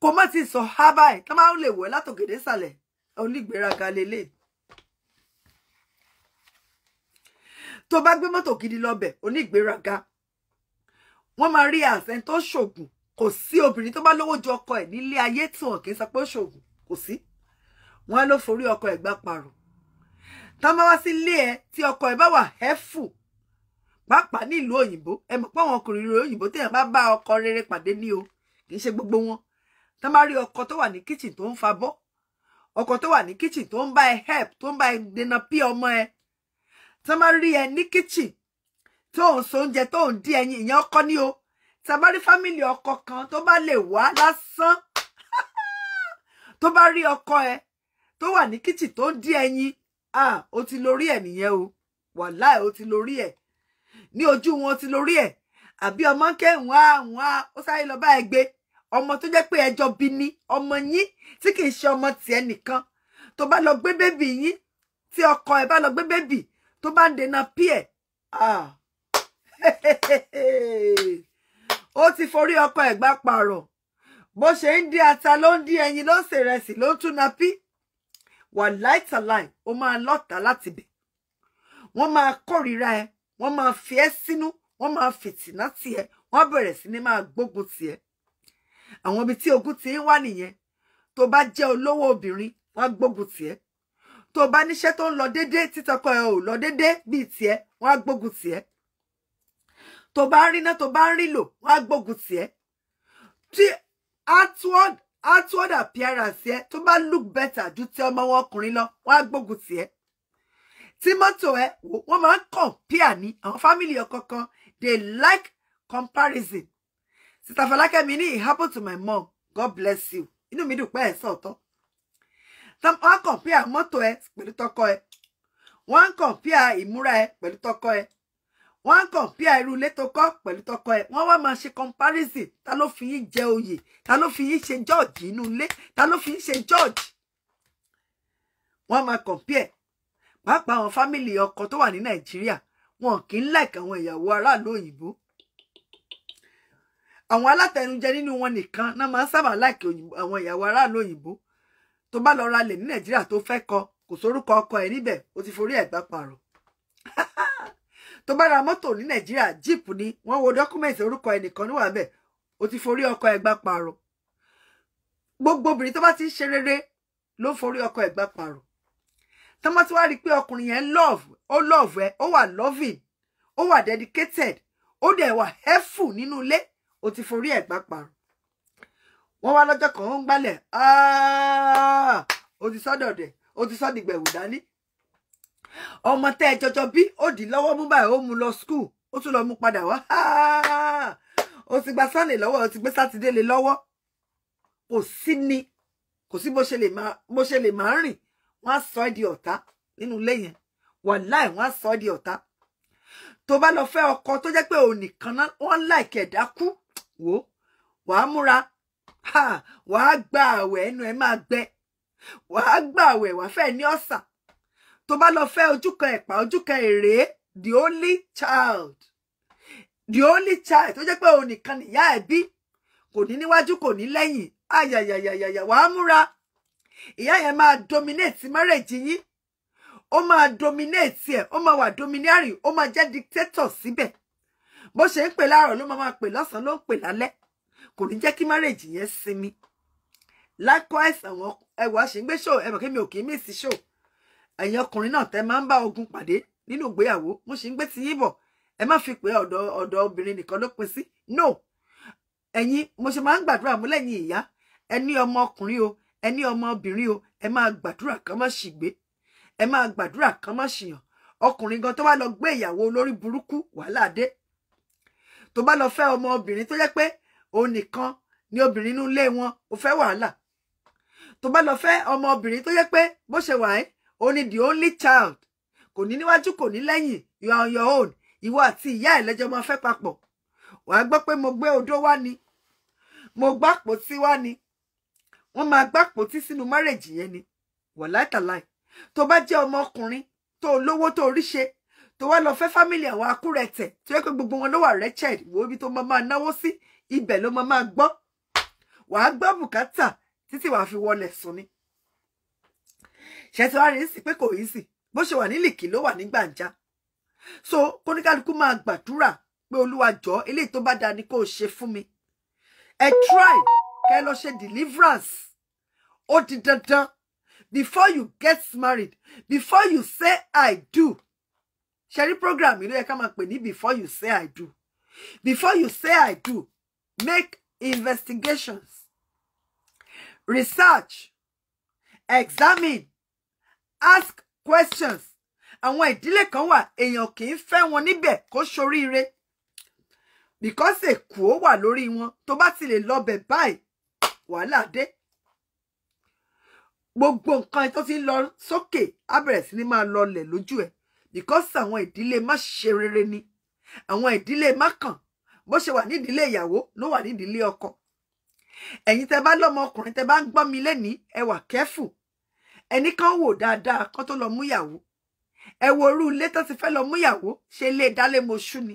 kò má ti sọ hábà ẹ̀ tó máa lè wọ̀ látòkèdè sàlẹ̀ onígbéraga lélẹ̀ tó bá gbé mọ́tò gidi lọ́bẹ̀ onígbéraga wọ́n máa rí àṣẹ tó ṣògùn kò sí obìnrin tó bá lówó ju ọkọ ẹ̀ nílé ayé tí wọn kì í sọ pé ó ṣògùn kò sí wọn ló forí ọkọ ẹ̀ gbá parọ́ tá a máa wá sí ilé ẹ tí ọkọ ẹ̀ bá wà hẹ́fù pàápàá nílùú òyìnbó ẹ mọ̀ pé àwọn ọkùnrin òyìnbó téèyàn bá bá ọkọ rere pàdé ní o kì í ṣe gbogbo wọn tán bá rí ọkọ tó wà ní kitchen tó ń fa bọ́ ọkọ tó wà kitchen tó ń help to ń dena pi omo e. ọmọ ẹ tán bá rí ẹ ní kitchen tó ń so oúnjẹ tó ń dín ẹyin ìyẹn ọkọ o tá bá rí fámìlì ọkọ kan tó bá lè wá lásán tó bá rí ọkọ ẹ tó wà ní kitchen tó ń dín ah o ti lórí ẹ nìyẹn o wàláì o ti lórí ẹ ní ojú wọn ti lórí ẹ̀ àbí ọmọ kẹwọn àwọn ó sáré lọ bá ẹ gbé ọmọ tó jẹ́ pé ẹjọ bí ni ọmọ yín tí kì í ṣe ọmọ tiẹ̀ nìkan tó bá lọ gbé bébì yín tí ọkọ ẹ bá lọ gbé bébì tó bá ń dènà pí o ó ti forí ọkọ ẹ gbá pààrọ̀ bó ṣe ń dín ata ló ń dín ẹyin ló ń ṣèrẹsì ló ń tún wa pí wà láìtàláì ó máa lọ́tà láti bẹ̀ wọ́n máa kórìíra ẹ wọ́n máa fi ẹ́ sínú wọ́n máa fìtìná tiẹ̀ wọ́n bẹ̀rẹ̀ sí ní máa gbógun tiẹ̀ àwọn ibi tí ogun ti ń wá nìyẹn tó bá jẹ́ olówó obìnrin wọ́n gbógun tiẹ̀ tó bá níṣẹ́ tó ń lọ dédé títọkọ ẹ ò lọ dédé bíi tiẹ̀ wọ́n gbógun tiẹ̀ tó bá ń ríná tó bá rí lò wọ́n gbógun tiẹ̀ tí outward outward appearance ẹ tó bá look better ju ti ọmọ wọn ọkùnrin lọ wọ́n gbógun tiẹ̀ tí mọ́tò ẹ wọ́n máa ń compare ní àwọn family ọkọ they like comparison sister Falakemi ní it happen to my mom god bless you inú mi dùn pé ẹ sọ̀tọ̀ wọ́n á compare mọ́tò ẹ pẹ̀lú tọkọ ẹ wọ́n á compare ìmúra ẹ pẹ̀lú tọkọ ẹ wọ́n á compare irú ilé tó kọ́ pẹ̀lú tọkọ ẹ wọ́n wá máa ṣe comparison ta ló fi yín jẹ oyè ta ló fi yín ṣe judge inú ilé ta ló fi yín ṣe judge wọ́n máa compare pàápàá àwọn fámìlì ọkọ tó wà ní nàìjíríà wọn kì í like àwọn ìyàwó aráàlú òyìnbó àwọn alátẹnujẹ nínú wọn nìkan náà máa ń sábà like àwọn ìyàwó aráàlú òyìnbó tó bá lọ ralẹ̀ ní nàìjíríà tó fẹ́ kọ kò sórúkọ ọkọ ẹ̀ níbẹ̀ ó ti forí ẹ̀ gbá tó bá ra mọ́tò ní nàìjíríà jíìpù ni wọ́n wo dọ́kúmẹ̀ntì orúkọ ẹnìkan níwà bẹ́ẹ̀ ó ti forí ọkọ ẹ̀ gbá pààrọ̀ gbogbo obìnrin tó bá ti ń ṣe rere ló forí ọkọ ẹ̀ gbá tọ́mọ́ tí wàá rí i pé ọkùnrin yẹn love o love ẹ ó wà loving ó wà dedicated ó dẹ̀ wà helpful nínú ilé ó ti forí ẹ̀ gbá parun wọ́n wá lọ́jọ́ kan ó ń gbálẹ̀ ah! ó ti sọ́dọ̀ dẹ̀ ó ti sọ́dọ̀ ìgbẹ̀wò dání ọmọ tẹ́ ẹ jọjọ bí ó dì lọ́wọ́ mú báyìí ó mú school ó tún lọ mú padà wá ah! ó ti gba sunday lọ́wọ́ ó ti gbé sátidé lé lọ́wọ́ kò sí ni kò sí bó ṣe lè máa rìn wọ́n á sọ ẹ́ di ọ̀tá nínú ilé yẹn wàláì wọ́n á sọ ẹ́ di ọ̀tá tó bá lọ fẹ́ ọkọ tó jẹ́ pé òun nìkan wọ́n láìkí ẹ̀dá kú wò wàá múra wàá gba àwẹ̀ ẹnu ẹ̀ máa gbẹ wàá gba àwẹ̀ wàá fẹ́ ní ọ̀sà tó bá lọ fẹ́ ojú kan ẹ̀pà èrè the only child the only child tó jẹ́ pé òun nìkan nìyá ẹ̀ bí kò ní níwájú kò ní lẹ́yìn àyàyàyàyà wàá múra ìyá yẹn máa dominate marriage yín O ma dominate ẹ̀ o ma wà dominiari o ma je dictator síbẹ̀ Bo se npe laro lo ma ma pe losan lo ló lale, ko lálẹ́ kò ní jẹ́ kí marriage yẹn sinmi likewise àwọn ẹwà ṣe ń gbé show ẹ̀mọ̀ kí mi ò kì miss show ẹ̀yin ọkùnrin náà tẹ́ máa ń ogun pade ninu ìgbéyàwó mo se ń ti yín bọ̀ ẹ má fi pe odo ọ̀dọ̀ obìnrin nìkan ló pin sí no ẹ̀yin mo ṣe ma ń gbàdúrà mú lẹ́yìn ìyá ẹ ní ọmọ ọkùnrin o ẹ ní ọmọbìnrin o ẹ máa gbàdúrà kan má ṣìgbé ẹ máa gbàdúrà kan má ṣìyàn ọkùnrin gan tó bá lọ gbé ìyàwó olórí burúkú wàhálà dé tó bá lọ fẹ́ ọmọbìnrin tó jẹ́ pé òun nìkan ni obìnrin inú ilé wọn ò fẹ́ wàhálà tó bá lọ fẹ́ ọmọbìnrin tó jẹ́ pé bó ṣe wà ẹ́ òun ni the only child kò ní níwájú kò ní lẹ́yìn you are on your own ìwọ àti ìyá ẹ̀ máa fẹ́ papọ̀ wàá gbọ́ pé mo gbé odó wá ni mo gbá àpótí wá ni wọ́n máa gbàpótí sínú márèjì yẹn ni wàláì tàláì tó bá jẹ́ ọmọkùnrin tó to tó to ṣe tó wa lọ fẹ́ fámìlì àwọn akúrẹ̀tẹ̀ tó yẹ pé gbogbo wọn ló wà rẹ́chẹ̀d wo ibi tó máa náwó sí ibẹ̀ ló máa gbọ́ wàá gbọ́ bùkátà títí wàá fi wọlé sùn ni ṣe ti wá rí sí pé kò yí sí bó ṣe wà ní lìkì ló wà ní so kóníkálukú máa gbàdúrà pé olúwa jọ eléyìí tó bá dáa ni kó o ṣe mi ẹ try kẹ́ lọ ṣe deliverance ó di dandan before you get married before you say i do ṣẹ́rí program yìí ló yẹ ká máa pè ní before you say i do before you say i do make investigations research examine ask questions àwọn ìdílé kan wà èèyàn kì í fẹ́ wọn níbẹ̀ kó ṣoríire because èkó wà lórí wọn tó bá ti lè lọ bẹ̀ báyìí wàhálà dé gbogbo nǹkan ẹ tó ti ń lọ sókè á bẹ̀rẹ̀ sí ní máa lọlẹ̀ lójú ẹ because àwọn ìdílé má ṣe rere ni àwọn ìdílé má kàn bó ṣe wà nídìílé ìyàwó ló wà nídìílé ọkọ ẹ̀yin tẹ́ bá lọ́mọ ọkùnrin tẹ́ bá ń gbọ́ mi lẹ́nìí ẹ wà kẹ́fù ẹnì kan wò dáadáa kó tó lọ mú ìyàwó ẹ wo orú ilé tó ti fẹ́ lọ mú ìyàwó ṣe lé dálé moṣú ni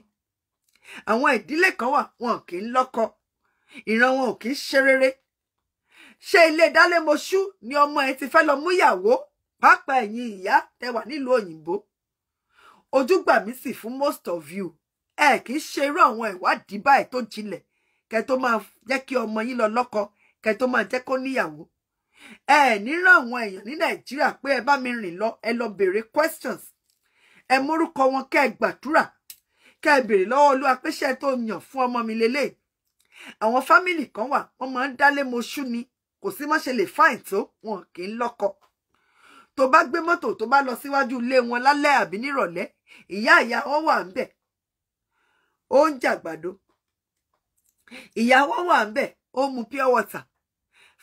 àwọn ìdílé kan wà wọn kì í lọ́kọ ìran wọn ò kì í ṣe rere ṣé ilé dálémoṣú ni ọmọ ẹ ti fẹ́ lọ mú ìyàwó pápá ẹ̀yin ìyá tẹwà nílùú òyìnbó ojú gbà mí sì fún most of you ẹ kì í ṣe irú àwọn ìwádìí báyìí tó jinlẹ̀ kẹ́ tó máa jẹ́ kí ọmọ yín lọ lọ́kọ kẹ́ tó máa jẹ́ kó níyàwó ẹ ní rán àwọn èèyàn ní nàìjíríà pé ẹ bá mi rìn lọ ẹ lọ béèrè questions ẹ mórúkọ wọn kẹ́ ẹ gbàdúrà kẹ́ ẹ béèrè lọ́wọ́ olúwa pé ṣé tó yàn fún ọmọ mi lélẹ̀ àwọn fámìlì kan wà wọ́n máa ń dálé moṣú ni kò sí má ṣe lè fáìn tó wọn kì í lọ́kọ tó bá gbé mọ́tò tó bá lọ síwájú ilé wọn lálẹ́ àbí nírọ̀lẹ́ ìyá ìyá wọn wà ń bẹ̀ ó ń jàgbàdo ìyá wọn wà ń bẹ̀ ó mu pure water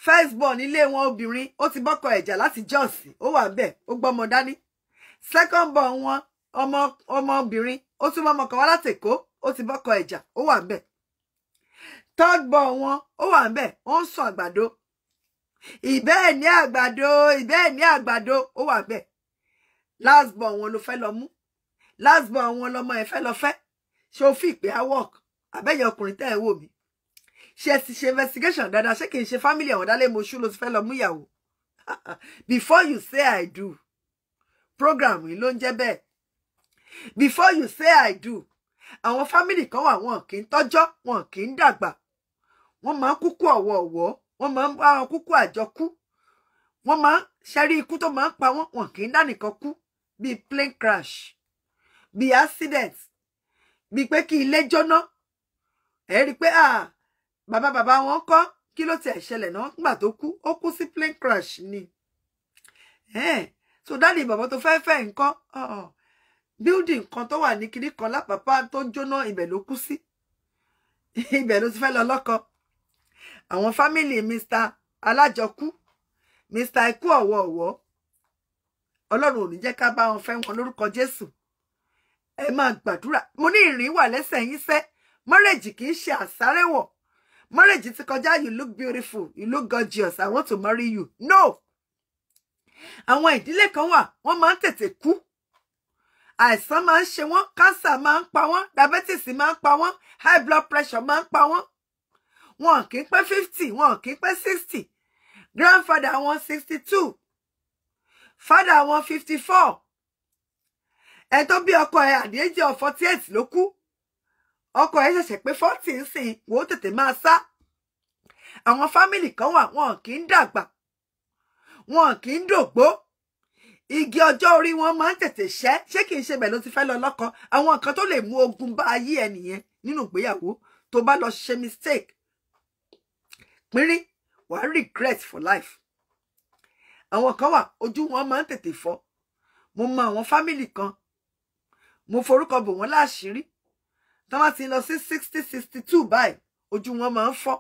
first born ilé wọn obìnrin ó ti bọ́kọ ẹ̀jà láti jọ́ọ̀sì ó wà ń bẹ̀ ó gbọ́mọ dání second born wọn ọmọ ọmọbìnrin ó tún mọ́mọ kan wá láti èkó ó ti bọ́kọ ẹ̀jà ó wà ń bẹ̀ third born wọn ó wà ń bẹ̀ ó ń sọ àgbàdo ìbẹ́ẹ̀ ní àgbàdo ìbẹ́ẹ̀ ní àgbàdo ó wà bẹ́ẹ̀ last born wọn ló fẹ́ lọ mú last born wọn lọmọ ẹ̀ fẹ́ lọ fẹ́ ṣé o fi ìpè awọ́k àbẹ́yẹ ọkùnrin tẹ́ ẹ̀ wò mí ṣe ti ṣe investigation dáadáa ṣé kì í family àwọn dálé mo ṣú ló ti fẹ́ lọ mú before you say i do program yìí ló ń jẹ́ before you say i do àwọn family kan wa wọn kin í tọ́jọ́ kin dagba. í dàgbà wọ́n máa ń wọ́n máa ń bá wọn kúkú àjọkú wọ́n máa ń ṣẹ́rí ikú tó máa ń pa wọ́n wọn kì í dánìkan kú bíi plane crash bíi accident bíi pé kí ilé jóná ẹ rí i pé bàbá bàbá wọn kọ́ kí ló tiẹ̀ ṣẹlẹ̀ náà nígbà tó kú ó kú sí plane crash ni so dáàdi bàbá tó fẹ́ fẹ́ nǹkan building kan tó wà ní kiri kan lápapá tó jóná ibẹ̀ ló kú sí ibẹ̀ ló ti fẹ́ lọ lọ́kọ̀ọ́ àwọn fámìlì mr alájọkú mr ikú ọ̀wọ̀ ọ̀wọ̀ ọlọ́run ò ní jẹ́ ká bá wọn fẹ́ wọn lórúkọ jésù ẹ máa gbàdúrà mo ní ìrìn wà lẹ́sẹ̀ yín sẹ́ mọ́rẹ́jì kì í ṣe àsárẹ́wọ̀ mọ́rẹ́jì ti kọjá you look beautiful you look gorgeous i want to marry you no àwọn ìdílé kan wà wọ́n máa ń tètè kú àìsàn máa ń ṣe wọ́n cancer máa ń pa wọ́n diabetes máa ń pa wọ́n high blood pressure máa ń pa wọ́n wọn kì í pé fifty wọn kì í pé sixty grandfather wọn sixty two father wọn fifty four ẹ tó bí ọkọ ẹ àdéjẹ ọ forty eight ló kú ọkọ ẹ ṣẹ̀ṣẹ̀ pé forty ń sìn wò ó tètè máa sá àwọn fámìlì kan wà wọn kì í dàgbà wọn kì í dògbó igi ọjọ́ orí wọn máa ń tètè ṣẹ́ ṣé kì í ṣe bẹ́ẹ̀ ló ti fẹ́ lọ lọ́kọ àwọn nǹkan tó lè mú ogun bá ayé ẹ nìyẹn nínú ìgbéyàwó tó bá lọ ṣe mistake pínrín wàá regret for life àwọn kan wà ojú wọn máa ń tètè fọ́ mo mọ àwọn fámìlì kan mo forúkọ bò wọ́n láṣìírí tó bá ti lọ sí sixty sixty two báyìí ojú wọn máa ń fọ́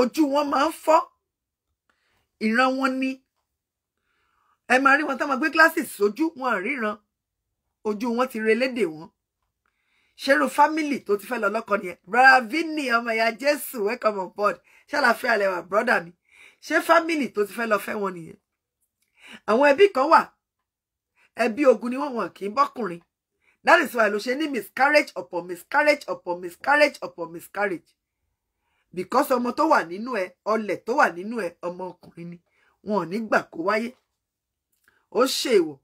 ojú wọn máa ń fọ́ ìran wọn ni ẹ máa rí wọn tó máa gbé glasses sójú wọn àríran ojú wọn ti relédè wọn ṣerú fámìlì tó ti fẹ́ lọ lọ́kọ nìyẹn brother Vinny ọmọ ìyá Jésù welcome on board ṣàlàfẹ́ alẹ́ wa brọ́dà mi ṣé fámìlì tó ti fẹ́ lọ fẹ́ wọn nìyẹn àwọn ẹbí kan wà ẹbí ogun ni wọ́n wọ̀n kì í bọ́kùnrin that is why ló ṣe ní miscarriage upon miscarriage upon miscarriage upon miscarriage because ọmọ tó wà nínú ẹ ọlẹ̀ tó wà nínú ẹ ọmọ ọkùnrin ni wọn ò ní gbà kó wáyé ó ṣèwọ̀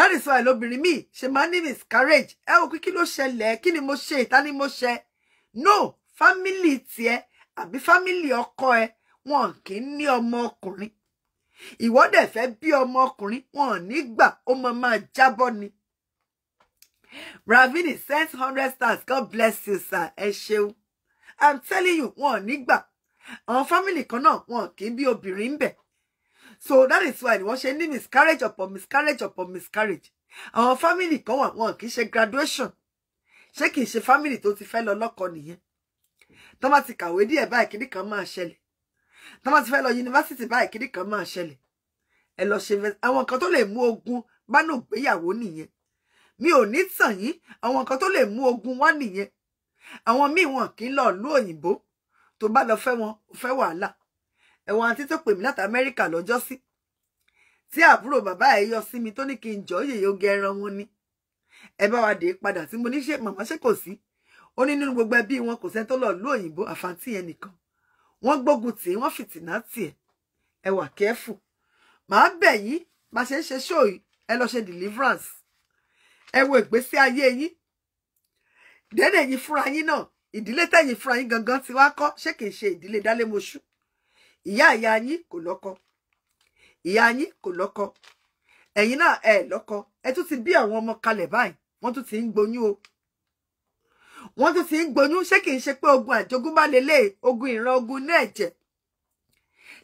that is why lóbìnrin mi ṣe máa ní miscarriage ẹ wò pé kí ló ṣẹlẹ̀ kí ni mo ṣe ìta ni mo ṣe no family tiẹ̀ àbí family ọkọ ẹ wọn kì í ní ọmọ ọkùnrin ìwọ dẹ̀ fẹ́ bí ọmọ ọkùnrin wọn nígbà ó mọ máa ni. Ravini sent hundred stars God bless you sir ẹ ṣeun I'm telling you wọn nígbà Our family kan náà wọn kì í bí obìnrin so that is why wọ́n ṣe ní miscarriage upon miscarriage upon miscarriage àwọn family kan wà wọn kì í ṣe graduation ṣé kì í ṣe family tó ti fẹ́ lọ lọ́kọ nìyẹn tó bá ti kàwé díẹ̀ báyìí kíní kan máa ṣẹlẹ̀ tó bá ti fẹ́ lọ yunifásitì báyìí kíní kan máa ṣẹlẹ̀ ẹ lọ ṣe àwọn kan tó lè mú ogun bánú ìgbéyàwó nìyẹn mi ò ní tàn yín àwọn kan tó lè mú ogun wá nìyẹn àwọn míì wọn kì í lọ ìlú òyìnbó tó bá lọ fẹ́ wọn fẹ́ wàhálà ẹ̀wọ̀n àǹtí tó pè mí láti amẹ́ríkà lọ́jọ́ sí tí àbúrò bàbá ẹ̀ yọ sí mi tó ní kí n jọ yèyé oge ẹran wọn ni ẹ bá wa dé padà tí mo ní ṣe màmá ṣe kò sí ó ní nínú gbogbo ẹbí wọn kò sẹ́ni tó lọ lú òyìnbó àfàǹtí yẹn nìkan wọ́n gbógun tì wọ́n fìtìnà tì ẹ̀ ẹ wà kẹ́fù màá bẹ̀ yí bá ṣe ń ṣe ṣóò yìí ẹ lọ ṣe deliverance ẹ wo ìgbésí ayé yín dẹ́nà ẹ̀yin fúnra yín náà ìdílé tẹ̀yin fúnra yín gangan ti wá kọ́ ṣé kìí ṣe ìdílé dálémoṣú ìyá ìyá yín kò lọ́kọ ìyá yín kò lọ́kọ ẹ̀yin náà ẹ lọ́kọ ẹ tún ti bí àwọn ọmọ kalẹ̀ báyìí wọ́n tún ti ń gbóyún o wọ́n tún ti ń gbóyún ṣé kìí ṣe pé ogun àjogúnbá lélẹ̀ ogun ìran ogun ní ẹ̀jẹ̀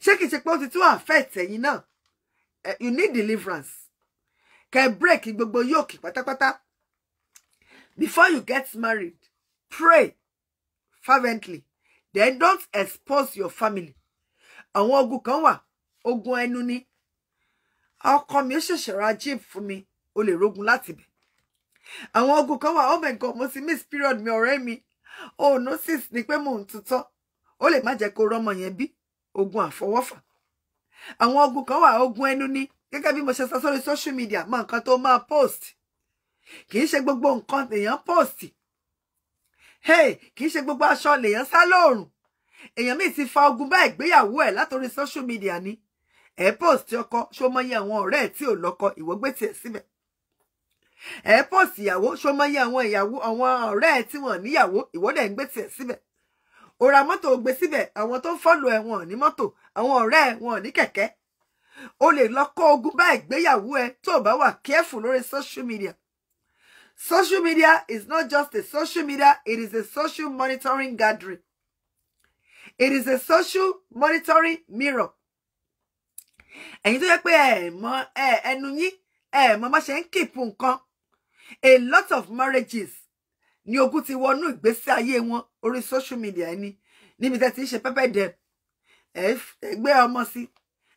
ṣé kìí ṣe pé ó ti tún affect ẹ̀yin náà you need deliverance kẹ́ break gbogbo yóòkì pátápátá before you get married pray fervently then don't expose your family àwọn ogun kan wà ogun ẹnu ni ọkọ mi ó ṣẹ̀ṣẹ̀ ra jeep fún mi o lè rogun láti bẹ̀ àwọn ogun kan wà oh my god mo ti miss period mi ọ̀rẹ́ mi o oh, notice ni pé mò ń tutọ́ ó lè má jẹ́ kó rọ́mọ yẹn bí ogun àfọwọ́fà àwọn ogun kan wà ogun ẹnu ni gẹ́gẹ́ bí mo ṣe sọ sórí social media mọ nǹkan tó máa post kì í ṣe gbogbo nǹkan lèèyàn post hey kì í ṣe gbogbo aṣọ lèèyàn sá lóòrùn èèyàn míì ti fa ogun bá ìgbéyàwó ẹ̀ látòrí social media ni ẹ̀ post ọkọ ṣó mọ iye àwọn ọ̀rẹ́ ẹ̀ tí ò lọ́kọ ìwọ gbé tiẹ̀ síbẹ̀ ẹ̀ post ìyàwó ṣó mọ iye àwọn ìyàwó àwọn ọ̀rẹ́ ẹ̀ tí wọ́n níyàwó ìwọ dẹ̀ ń gbé tiẹ̀ síbẹ̀ ó ra mọ́tò gbé síbẹ̀ àwọn tó ń fọ́lù ẹ̀ wọn ní mọ́tò àwọn ọ̀rẹ́ ẹ̀ wọn ní kẹ̀kẹ́ o lè lọ kó ogun bá ìgbéyàwó ẹ tó o bá wà careful lórí social media social media is not just a social media it is a social monitoring gathering It is a social monitoring mirror. and you know pé ẹ mọ ẹ ẹnu yín ẹ mọ má ṣe ń A lot of marriages ni ogun ti wọnú ìgbésí ayé wọn social media ni níbi tẹ́ ti ń ṣe pẹ́pẹ́ dẹ. Ẹ gbé ọmọ sí,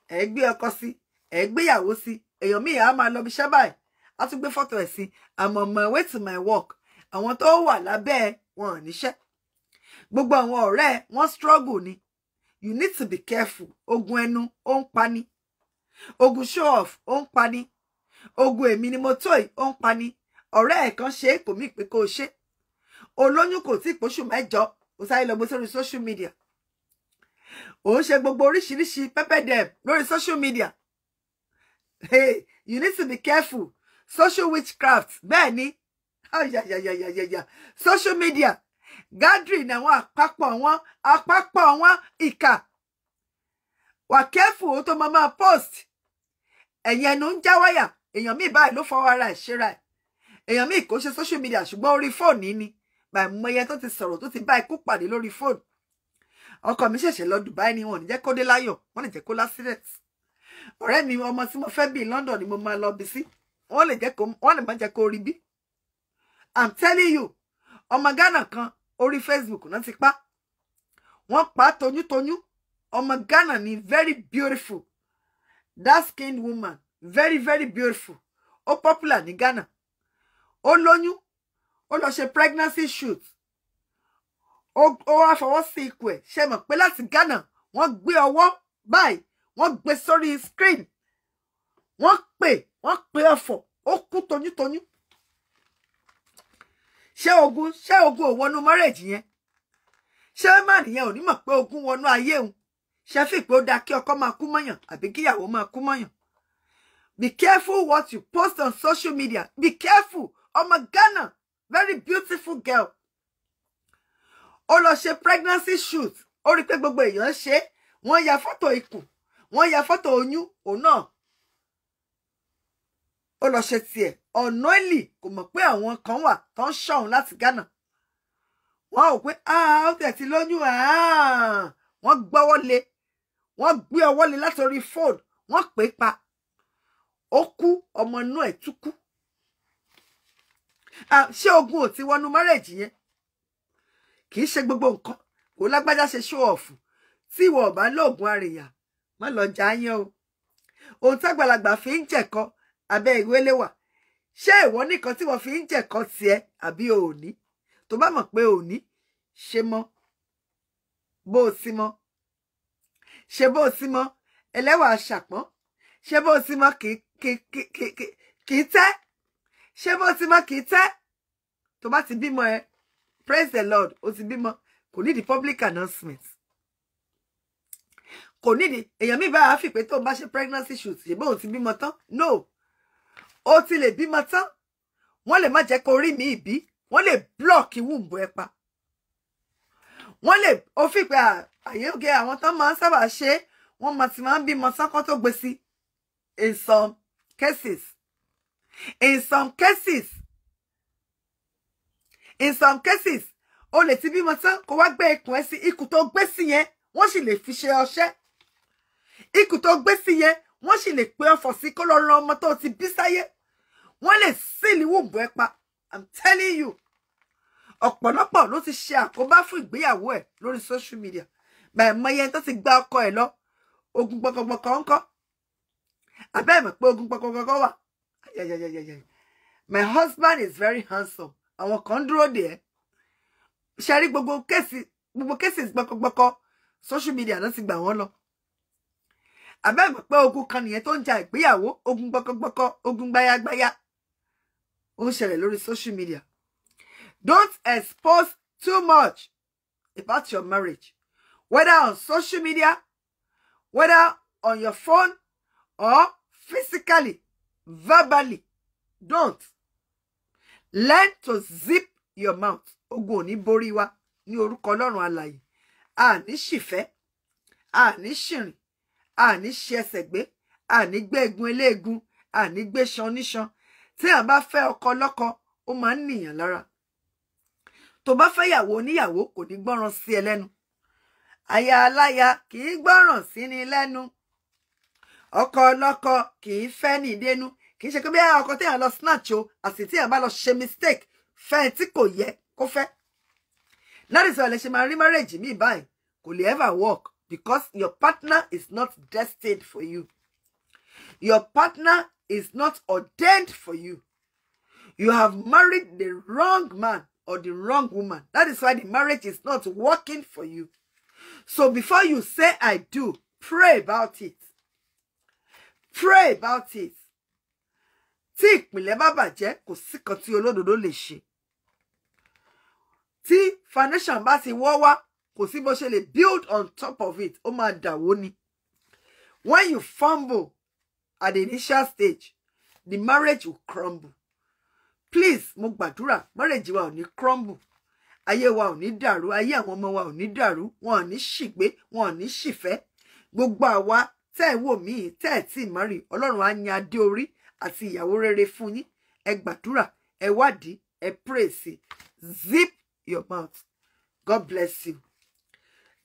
ẹ gbé ọkọ sí, ẹ gbéyàwó sí, èèyàn míì á máa lọ bí iṣẹ́ báyìí, á I'm on my way to my work. I Àwọn tó wà be wọn ni níṣẹ́ gbogbo àwọn ọ̀rẹ́ wọn struggle ni you need to be careful ogun ẹnu ó ń pani ogun show off ó ń pani ogun èmi ni mo tó yìí ó ń pani ọ̀rẹ́ ẹ̀ kan ṣe é kò mí pé kó o ṣe olóyún kò tí ì mẹ́jọ ó sáré lọ gbé sórí social media ó ń ṣe gbogbo oríṣiríṣi pẹ́pẹ́ dẹ̀ lórí social media hey you need to be careful social witchcraft bẹ́ẹ̀ ni oh, yeah, yeah, yeah, yeah, yeah. social media gathering àwọn àpapọ̀ wọn àpapọ̀ wọn ìkà wà kẹ́fù ó tó máa máa post ẹ̀yìn ẹnu ń já wáyà èèyàn míì báyìí ló fọwọ́ ara ẹ̀ ṣera ẹ̀ èèyàn míì kò ṣe social media ṣùgbọ́n orí fóònù ni bàmọ́yẹ tó ti sọ̀rọ̀ tó ti bá ikú pàdé lórí fóònù ọkọ mi ṣẹ̀ṣẹ̀ lọ Dubai ni wọn ò ní jẹ́ kó dé láyọ̀ wọ́n lè jẹ́ kó lásìrẹ̀t ọ̀rẹ́ mi ọmọ tí mo fẹ́ bí London ni mo máa lọ bí sí wọ́n lè má jẹ́ kó rí bí I'm telling you ọmọ Ghana kan orí Facebook náà ti pa wọ́n pa toyúntoyún ọmọ Ghana ni very beautiful dark skinned woman very very beautiful ó popular ní Ghana ó lóyún ó lọ ṣe pregnancy shoot ó wá fọwọ́ sí ikú ẹ̀ ṣe mọ̀ pé láti Ghana wọ́n gbé ọwọ́ báyìí wọ́n gbé sórí screen wọ́n pè wọ́n pè ọ̀fọ̀ ó kú toyúntoyún ṣé ogun ṣé ogun ò wọnú mọ́rẹ́jì yẹn ṣé má nìyẹn ò ní mọ̀ pé ogun wọnú ayé òun ṣe fi pé ó dáa kí ọkọ máa kú mọ́yàn àbí kíyàwó máa kú mọ́yàn be careful what you post on social media be careful ọmọ Ghana very beautiful girl ó lọ ṣe pregnancy shoot ó rí i pé gbogbo èèyàn ṣe wọ́n ya fọ́tò ikùn wọ́n ya fọ́tò oyún òun náà ó lọ ṣe tiẹ̀ ọ̀nà ìlì kò mọ̀ pé àwọn kan wà tó ń ṣọ̀hún láti Ghana wọ́n ò pé ah, ó tẹ̀ ti lóyún ah. wọ́n gbọ́wọ́ lé wọ́n gbé ọwọ́ lé látòrí fóònù wọ́n pè é pa ó kú ọmọ inú ẹ̀ tún kú ṣé ogun ò ti wọnú márẹ́jì yẹn kì í ṣe gbogbo nǹkan kò lágbájá ṣe ṣó ọ̀fù tí ìwọ ọ̀bá lóògùn àrìyà má lọ jayán o ohun tágbàlagbà fi ń jẹ̀kọ́ abẹ́ ìwé léwà ṣé ìwọ nìkan tí wọ́n fi ń jẹ̀kọ́ tiẹ̀ àbí òní tó bá mọ̀ pé òní ṣe mọ́ bó o sí mọ́ ṣe bó o sí mọ́ ẹlẹ́wà aṣàpọ́n ṣe bó o sí mọ́ kì í tẹ́ ṣe bó o sí mọ́ kì í tẹ́ tó bá ti bímọ ẹ praise the lord o ti bímọ kò nídìí public announcement kò nídìí èèyàn mi bá a fi pé tó bá ṣe pregnancy shoot ṣe bóun ti bímọ tán no ó ti lè bímọ tán wọ́n lè má jẹ́ kó rí mi ìbí wọ́n lè blọ́ọ̀kì wùǹbù ẹ pa wọ́n lè ó fi pé àyè ah, oge àwọn tán máa ń sábà ṣe wọ́n máa ti máa ń bímọ sánkán tó gbé sí in some cases in some cases in some cases o lè ti bímọ tán kó wá gbé ikùn ẹ sí ikùn tó gbé sí yẹn wọ́n sì lè fi ṣe ọṣẹ ikùn tó gbé sí yẹn wọ́n sì lè pé ọfọ̀ sí kó lọ ran ọmọ tó ti bí sáyé wọ́n lè sílì wùbù ẹ pa i'm telling you ọ̀pọ̀lọpọ̀ ló ti ṣe àkóbá fún ìgbéyàwó ẹ̀ lórí social media màìmọye tó ti gba ọkọ ẹ̀ lọ ogun gbọkọgbọkọ ńkọ́ abẹ́ ẹ̀ mọ̀ pé ogun gbọkọgbọkọ wà my husband is very handsome àwọn kan dúró dè ẹ́ ṣe rí gbogbo kéèsì gbogbo kéèsì gbọkọgbọkọ social media ló ti gbà wọ́n lọ abẹ́ ẹ̀ mọ̀ pé ogun kan nìyẹn tó ń ja ìgbéyàwó ogun gbọkọgbọkọ ogun gbayagbayá ó ń ṣẹlẹ̀ lórí social media don't expose too much about your marriage whether on social media whether on your phone or physically verbally don't learn to zip your mouth ogun ò ní borí wa ní orúkọ ọlọ́run alààyè a ní ṣìfẹ́ a ní ṣìrìn a ní ṣe ẹsẹ̀ gbé a gbé egun eléegun a gbé ṣan níṣan tí à ń bá fẹ́ ọkọ lọ́kọ ó máa ń nìyàn lára tó bá fẹ́ yàwó oníyàwó kò ní gbọ́ràn sí ẹ lẹ́nu aya aláya kì í gbọ́ràn sí ni lẹ́nu ọkọ ọlọ́kọ kì í fẹ́ ní ìdénú kì í ṣe pé bí ọkọ tí lọ snatch o àti tí à bá lọ ṣe mistake fẹ́ tí kò yẹ kó fẹ́ láti sọ ẹ lè ṣe máa rí marriage mi báyìí kò lè ever work because your partner is not destined for you your partner is not ordained for you. You have married the wrong man or the wrong woman. That is why the marriage is not working for you. So before you say I do, pray about it. Pray about it. Tí ìpìlẹ̀ bá bàjẹ́, kò sí kan tí olódodo lè ṣe. Tí foundation bá ti wọ́ wá, kò sí bó ṣe build on top of it. Ó máa dàwó ni. When you fumble, at the initial stage the marriage will crumble please mo marriage wa ò crumble Aye wa ò ní dàrú ayé àwọn ọmọ wa ò ní dàrú wọn ò ní ṣìgbé wọn ò ní ṣìfẹ́ gbogbo àwa tẹ́ ẹ̀ wò míì mari ọlọ́run á yan adé orí àti ìyàwó rere fún yín ẹ gbàdúrà ẹ zip your mouth god bless you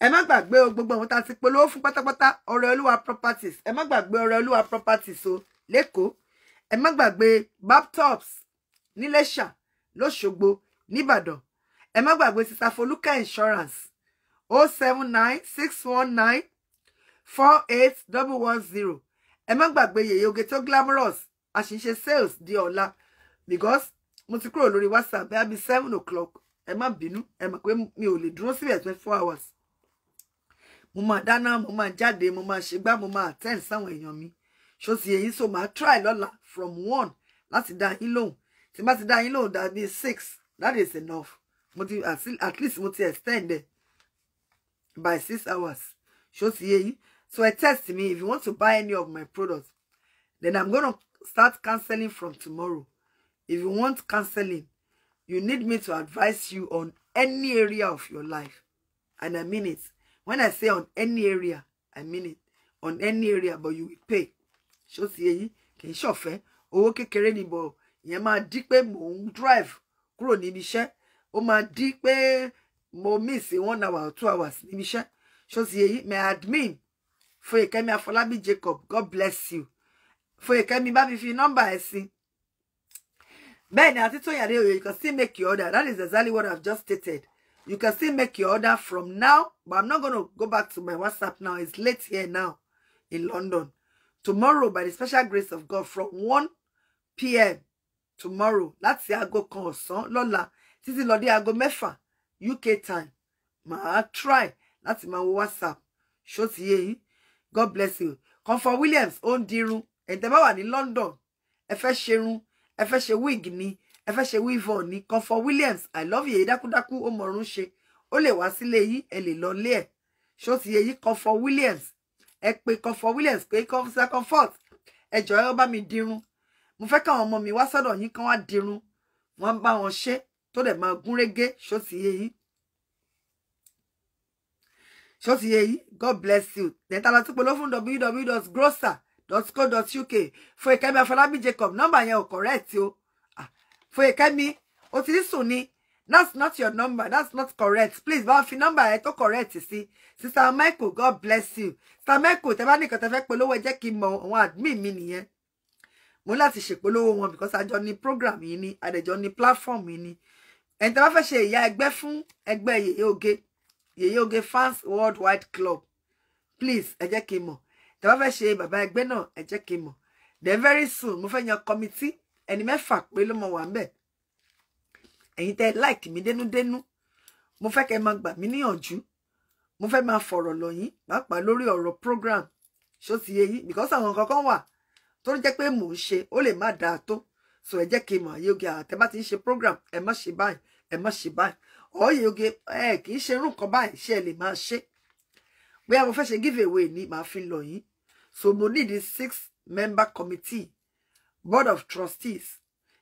ẹ má gbàgbé o gbogbo àwọn tá a ti polówó fún pátápátá ọrẹ olúwa properties ẹ má gbàgbé ọrẹ olúwa properties o lẹkọọ ẹ má gbàgbé baptops níléṣà lọṣogbo nìbàdàn ẹ má gbàgbé sista insurance o seven nine six one nine four eight double one zero ẹ má gbàgbé yèyé oge tó glamorous àṣìṣe sales di ọ̀la because mo ti kúrò lórí whatsapp bí i seven o'clock ẹ má bínú ẹ mọ̀ pé mi ò lè dúró síbẹ̀ twenty four hours mo máa dáná mo máa jáde mo máa ṣe gbá mo máa attend sáwọn èèyàn mi ṣó èyí so máa try lọ́la from one láti dá yín lóhùn tí n bá ti dá yín lóhùn dàbí six that is enough mo ti at least mo ti extend it by six hours ṣó sì èyí so ẹ text me if you want to buy any of my products then i'm gonna start cancelling from tomorrow if you want cancelling you need me to advise you on any area of your life and i mean it When I say on any area, I mean it. On any area, but you pay. Show see ye can kì í ṣọ̀fẹ́. Owó kékeré ni bọ̀. Ìyẹn máa di pé mò drive Kuro ni iṣẹ́. Ó máa di pé mo miss one hour or two hours Ni níbi iṣẹ́. Ṣó ti yé yín, my admin Foyekemi Afolabi Jacob, God bless you. Foyekemi bá mi fi nọ́mbà ẹ̀ sí. Bẹ́ẹ̀ni àti Tóyìn Adéoyè, you can still make your order. That is exactly what I've just stated. You can still make your order from now, but I'm not going to go back to my WhatsApp now. It's late here now in London. Tomorrow, by the special grace of God, from 1 p.m. tomorrow, That's the kan ọ̀sán lola. This is dé aago mẹ́fà UK time. Ma, try That's my WhatsApp. Ṣó to you. God bless you. Comfort Williams own ń dirun. Ẹ̀yin tẹ́ bá London. Ẹ fẹ́ ṣerun. wig ni ẹ fẹ́ ṣe wíìvọ̀ ní Comfort Williams I love you Daku daku o mọ̀ọ́rún ṣe ó lè wá sílé yìí ẹ lè lọ lé ẹ̀ ṣó ti yẹ Comfort Williams ẹ pé Comfort Williams pé comfort comfort ẹ jọ̀ọ́ ẹ bá mi dirun mo fẹ́ káwọn ọmọ mi wá sọ́dọ̀ yín kán wá dirun wọ́n bá wọn ṣe tó dẹ̀ máa gún régé ti yẹ yìí ti yẹ God bless you dẹ̀ta lọ tí polówó fún www.grocer.co.uk fún ìkẹ́mi afọlábí Jacob nọ́mbà yẹn ò correct o. For Foyekemi o ti sùn ni that's not your number that's not correct please bá fi number ẹ tó correct sí sister Michael God bless you sister Michael tẹ́ bá nìkan tẹ́ fẹ́ polówó ẹ jẹ́ kí n mọ àwọn admin mi nìyẹn mo láti ṣèpolówó wọn because àjọ ni program yìí ni àdẹjọ ni platform yìí ni ẹni tẹ́ bá fẹ́ ṣe ìyá ẹgbẹ́ fún ẹgbẹ́ yèyé oge fans worldwide club please ẹ jẹ́ kí n mọ̀ tẹ́ bá fẹ́ ṣe bàbá ẹgbẹ́ náà ẹ jẹ́ kí then very soon mo fẹ́ yan committee ẹni mẹ́fà pé ló mọ wà ń bẹ̀ ẹ̀yin tẹ́ like mi dénúdénú mo fẹ́ kẹ́ máa gbà mí níyànjú mo fẹ́ máa fọ̀rọ̀ lọ̀ yín pàápàá lórí ọ̀rọ̀ program ṣó ti yé yín because àwọn kankan wà tó jẹ́ pé mò ń ṣe ó lè má dáa tó so ẹ jẹ́ kí n mọ̀ yóge àtẹ bá ti ń ṣe program ẹ má ṣe báyìí ẹ má ṣe báyìí ọ̀ yóge ẹ kì í ṣe irú nǹkan báyìí ṣe ẹ lè máa ṣe bóyá mo fẹ́ ṣe give away ni màá fi lọ̀ yín so mo need six member committee board of trustees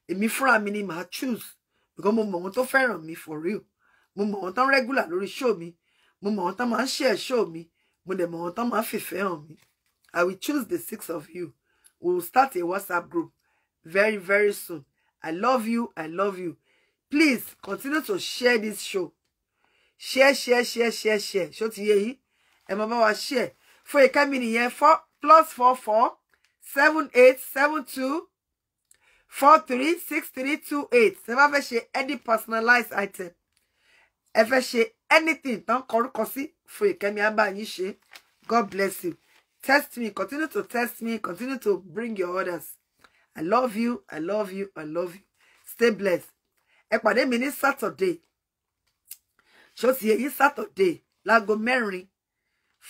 èmi fúnra mi ni màá choose because mo mọ̀ wọn tó fẹ́ràn mi for real mo mọ̀ wọn tán regular lórí show mi mo mọ̀ wọn tán máa share show mi mo dẹ̀ mọ̀ wọn tán máa ń fìfẹ́ mi i will choose the six of you we will start a whatsapp group very very soon i love you i love you please continue to share this show share share share share share Show ti ye yín ẹ máa bá wa share Foyekemi nìyẹn four plus four four seven eight seven two four three six three two eight ṣe bá fẹ́ any personalized item ẹ fẹ́ ṣe anything tán kọrúkọ sí fún ìkẹ́mi àbá yín ṣe god bless you test me continue to test me continue to bring your orders i love you i love you i love you stay blessed ẹ pàdé mi ní saturday ṣó si yẹ yín saturday láago mẹ́rin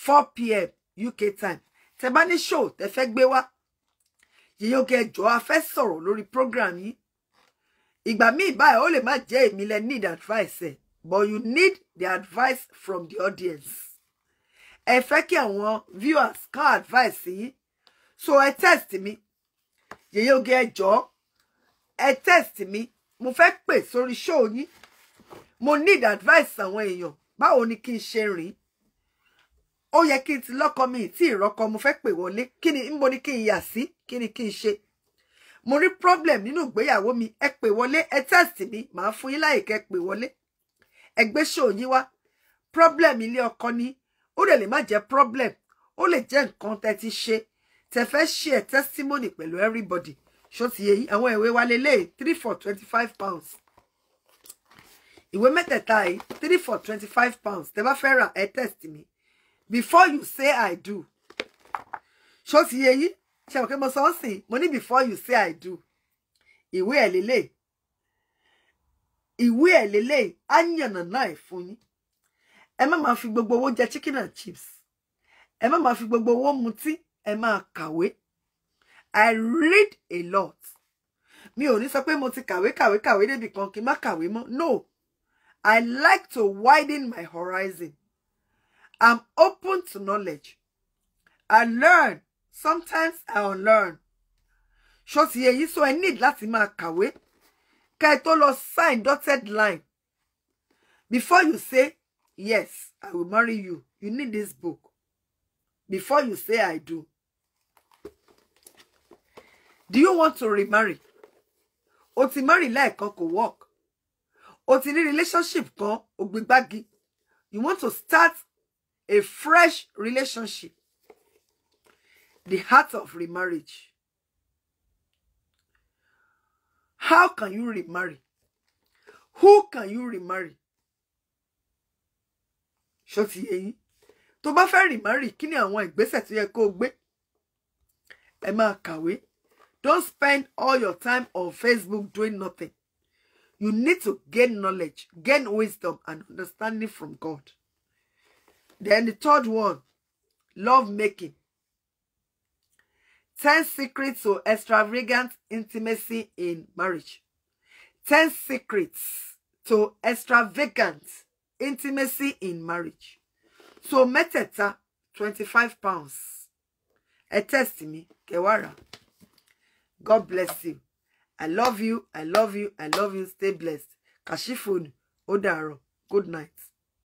four pm uk time tẹ bá ní show tẹ fẹ́ gbé wa. Yèyé Oge ẹ jọ̀ọ́ a fẹ́ sọ̀rọ̀ lórí program yìí ìgbà míì báyìí ó lè má jẹ́ èmi lẹ need advice ẹ but you need the advice from the audience ẹ fẹ́ kí àwọn viewers kan advice yìí so ẹ test mi Yèyé Oge ẹ jọ̀ọ́ ẹ test mi mo fẹ́ pè sórí show yín mo need advice àwọn èèyàn báwo ni kí n ṣe rìn ó yẹ kí n ti lọ́kọ mi tí ìrọ́kọ mo fẹ́ pè wọlé kí ni ń bo ni kí n yà sí kí ni mo rí problem nínú ìgbéyàwó mi ẹ pè wọlé ẹ test mi màá fún yín láì kẹ pè wole. ẹ gbé ṣòó yín wá problem ilé ọkọ ni ó dẹ̀ lè má jẹ́ problem O le jẹ́ nǹkan tẹ́ ti ṣe tẹ́ fẹ́ share testimony pẹ̀lú everybody ṣó ti yẹ yín àwọn wa lélẹ̀ three for twenty five pounds Iwe mẹ́tẹ̀ẹ̀ta yìí three for twenty five pounds tẹ́ bá fẹ́ rà ẹ test mi before you say I do ṣó ti yé yín ṣe àwọn kẹ́mọ́ sọ́ọ̀sìn mo ní before you say I do ìwé ẹ̀ lele. ìwé ẹ̀ lele. á yànnà náà ẹ̀ fún yín ẹ má fi gbogbo owó jẹ chicken and chips ẹ má máa fi gbogbo owó mutí ẹ máa kàwé I read a lot mi ò ní sọ pé mo ti kawe. kàwé kàwé débi kan kí n má kàwé no I like to widen my horizon I'm open to knowledge. I learn. Sometimes I unlearn. Ṣó ti yé so I need láti kawe. kàwé. Kẹ́ ẹ tó sign dotted line. Before you say, yes, I will marry you, you need this book. Before you say, I do. Do you want to remarry? O ti marry lẹ́ẹ̀kan kò work. O ti ní relationship kan, o You want to start a fresh relationship, the heart of remarriage. How can you remarry? Who can you remarry? Ṣó ti to yín? Tó remarry, kí ni àwọn ìgbésẹ̀ tó yẹ kó o gbé? Don't spend all your time on Facebook doing nothing. You need to gain knowledge, gain wisdom and understanding from God. Then the third one, love making. 10 secrets to extravagant intimacy in marriage. 10 secrets to extravagant intimacy in marriage. So mẹ́tẹ̀ẹ̀ta 25 pounds. A test mi kẹwàrà. God bless you. I love you. I love you. I love you. Stay blessed. Kashifun. Ó Good night.